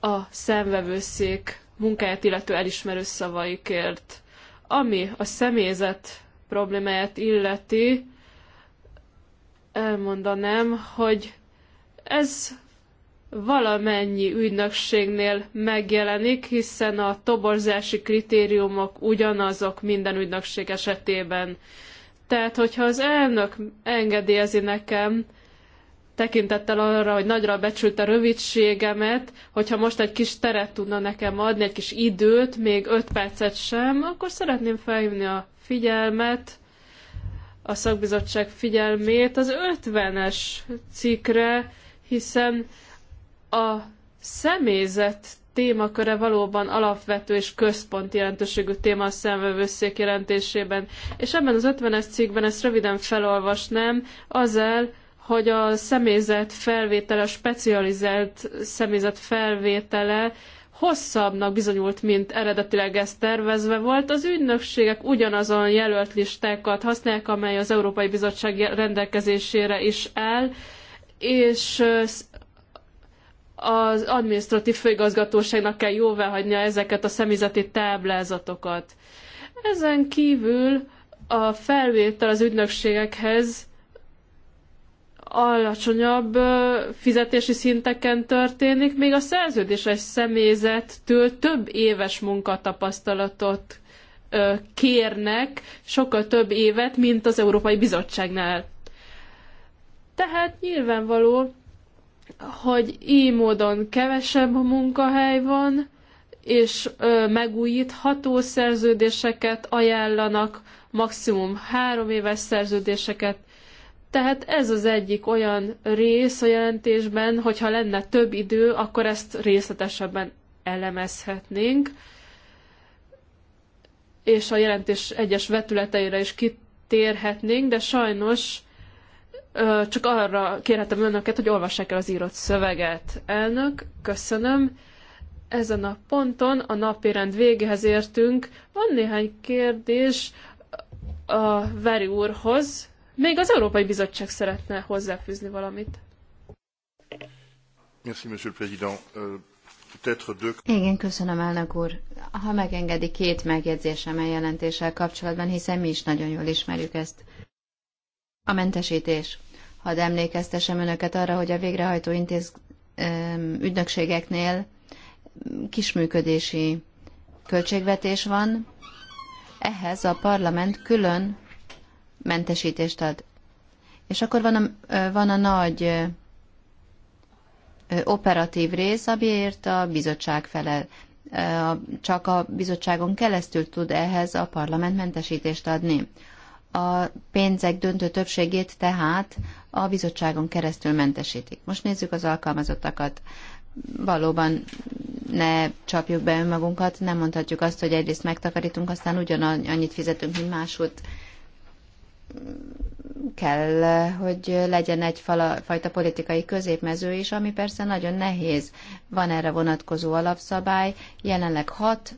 a szemvevőszék munkáját illető elismerő szavaikért. Ami a személyzet problémáját illeti, elmondanám, hogy ez valamennyi ügynökségnél megjelenik, hiszen a toborzási kritériumok ugyanazok minden ügynökség esetében. Tehát, hogyha az elnök engedélyezi nekem, tekintettel arra, hogy nagyra becsült a rövidségemet, hogyha most egy kis teret tudna nekem adni, egy kis időt, még öt percet sem, akkor szeretném felhívni a figyelmet, a szakbizottság figyelmét az 50-es hiszen a személyzet témaköre valóban alapvető és központi jelentőségű téma a szemvevőszék jelentésében. És ebben az 50-es cikkben ezt röviden felolvasnám, azzal, hogy a személyzet felvétele, a specializált személyzet felvétele hosszabbnak bizonyult, mint eredetileg ez tervezve volt. Az ügynökségek ugyanazon jelölt listákat használják, amely az Európai Bizottság rendelkezésére is áll, és az adminisztratív főigazgatóságnak kell jóváhagynia ezeket a személyzeti táblázatokat. Ezen kívül a felvétel az ügynökségekhez alacsonyabb fizetési szinteken történik, még a szerződéses személyzettől több éves munkatapasztalatot kérnek, sokkal több évet, mint az Európai Bizottságnál. Tehát nyilvánvaló, hogy így módon kevesebb munkahely van, és ö, megújítható szerződéseket ajánlanak, maximum három éves szerződéseket. Tehát ez az egyik olyan rész a jelentésben, hogyha lenne több idő, akkor ezt részletesebben elemezhetnénk, és a jelentés egyes vetületeire is kitérhetnénk, de sajnos csak arra kérhetem önöket, hogy olvassák el az írott szöveget. Elnök, köszönöm. Ezen a ponton a napirend végéhez értünk. Van néhány kérdés a Veri úrhoz. Még az Európai Bizottság szeretne hozzáfűzni valamit. Merci, monsieur le président. Euh, Igen, köszönöm, elnök úr. Ha megengedi, két megjegyzésem a jelentéssel kapcsolatban, hiszen mi is nagyon jól ismerjük ezt. A mentesítés. Hadd emlékeztesem önöket arra, hogy a végrehajtó intéz ügynökségeknél kisműködési költségvetés van, ehhez a parlament külön mentesítést ad. És akkor van a, van a nagy operatív rész, amiért a bizottság felel. Csak a bizottságon keresztül tud ehhez a parlament mentesítést adni. A pénzek döntő többségét tehát a bizottságon keresztül mentesítik. Most nézzük az alkalmazottakat. Valóban ne csapjuk be önmagunkat, nem mondhatjuk azt, hogy egyrészt megtakarítunk, aztán ugyanannyit fizetünk, mint máshogy kell, hogy legyen egy fala, fajta politikai középmező is, ami persze nagyon nehéz. Van erre vonatkozó alapszabály, jelenleg hat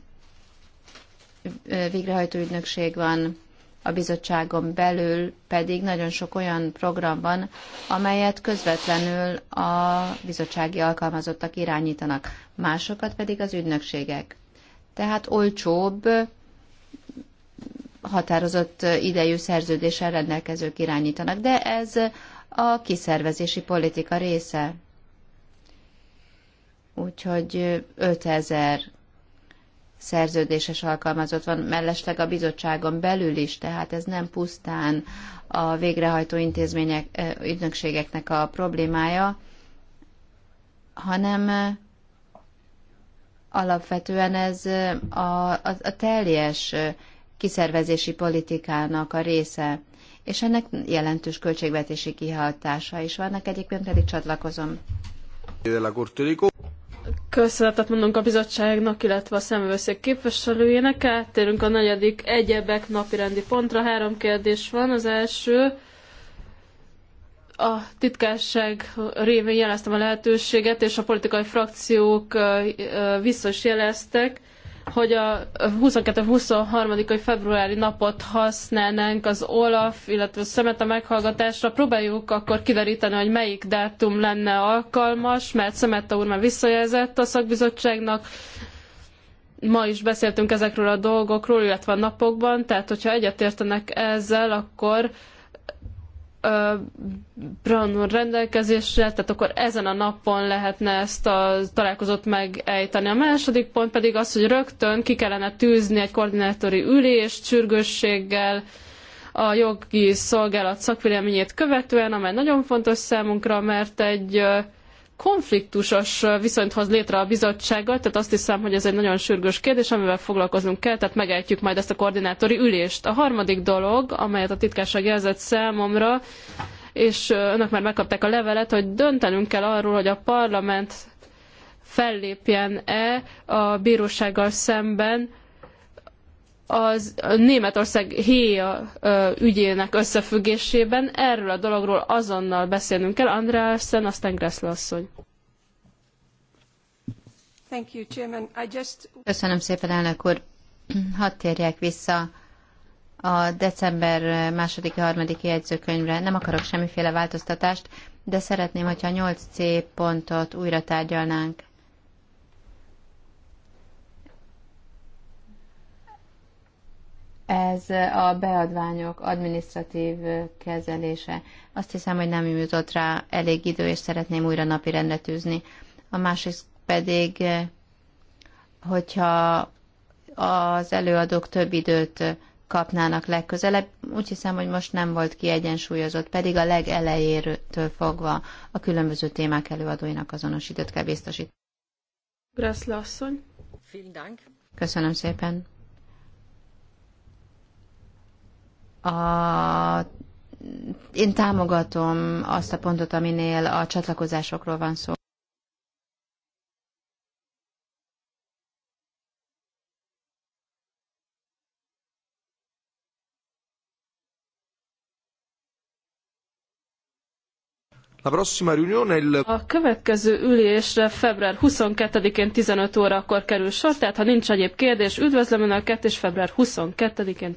végrehajtó ügynökség van, a bizottságon belül pedig nagyon sok olyan program van, amelyet közvetlenül a bizottsági alkalmazottak irányítanak, másokat pedig az ügynökségek. Tehát olcsóbb, határozott idejű szerződéssel rendelkezők irányítanak, de ez a kiszervezési politika része. Úgyhogy 5000 szerződéses alkalmazott van, mellesleg a bizottságon belül is, tehát ez nem pusztán a végrehajtó intézmények, ügynökségeknek a problémája, hanem alapvetően ez a, a, a teljes kiszervezési politikának a része, és ennek jelentős költségvetési kihatása is vannak, egyébként pedig csatlakozom köszönetet mondunk a bizottságnak, illetve a szemvőszék képviselőjének. Áttérünk a negyedik egyebek napirendi pontra. Három kérdés van. Az első, a titkárság révén jeleztem a lehetőséget, és a politikai frakciók vissza is jeleztek hogy a 22-23. februári napot használnánk az Olaf, illetve a szemet a meghallgatásra. Próbáljuk akkor kideríteni, hogy melyik dátum lenne alkalmas, mert Szemetta úr már visszajelzett a szakbizottságnak, ma is beszéltünk ezekről a dolgokról, illetve a napokban, tehát hogyha egyetértenek ezzel, akkor Brown rendelkezésre, tehát akkor ezen a napon lehetne ezt a találkozót megejteni. A második pont pedig az, hogy rögtön ki kellene tűzni egy koordinátori ülést sürgősséggel, a jogi szolgálat szakvéleményét követően, amely nagyon fontos számunkra, mert egy konfliktusos viszonyt hoz létre a bizottsággal, tehát azt hiszem, hogy ez egy nagyon sürgős kérdés, amivel foglalkoznunk kell, tehát megejtjük majd ezt a koordinátori ülést. A harmadik dolog, amelyet a titkárság jelzett számomra, és önök már megkapták a levelet, hogy döntenünk kell arról, hogy a parlament fellépjen-e a bírósággal szemben, az Németország héja ügyének összefüggésében. Erről a dologról azonnal beszélnünk kell. Andreasen, aztán Gressle asszony. Köszönöm szépen, elnök úr. Hadd térjek vissza a december második harmadik jegyzőkönyvre. Nem akarok semmiféle változtatást, de szeretném, hogyha a 8C pontot újra tárgyalnánk. ez a beadványok adminisztratív kezelése. Azt hiszem, hogy nem jutott rá elég idő, és szeretném újra napi rendre tűzni. A másik pedig, hogyha az előadók több időt kapnának legközelebb. Úgy hiszem, hogy most nem volt kiegyensúlyozott, pedig a legelejétől fogva a különböző témák előadóinak azonos időt kell biztosítani. Gressle Köszönöm szépen. a, én támogatom azt a pontot, aminél a csatlakozásokról van szó. A következő ülésre február 22-én 15 órakor kerül sor, tehát ha nincs egyéb kérdés, üdvözlöm Önöket, és február 22-én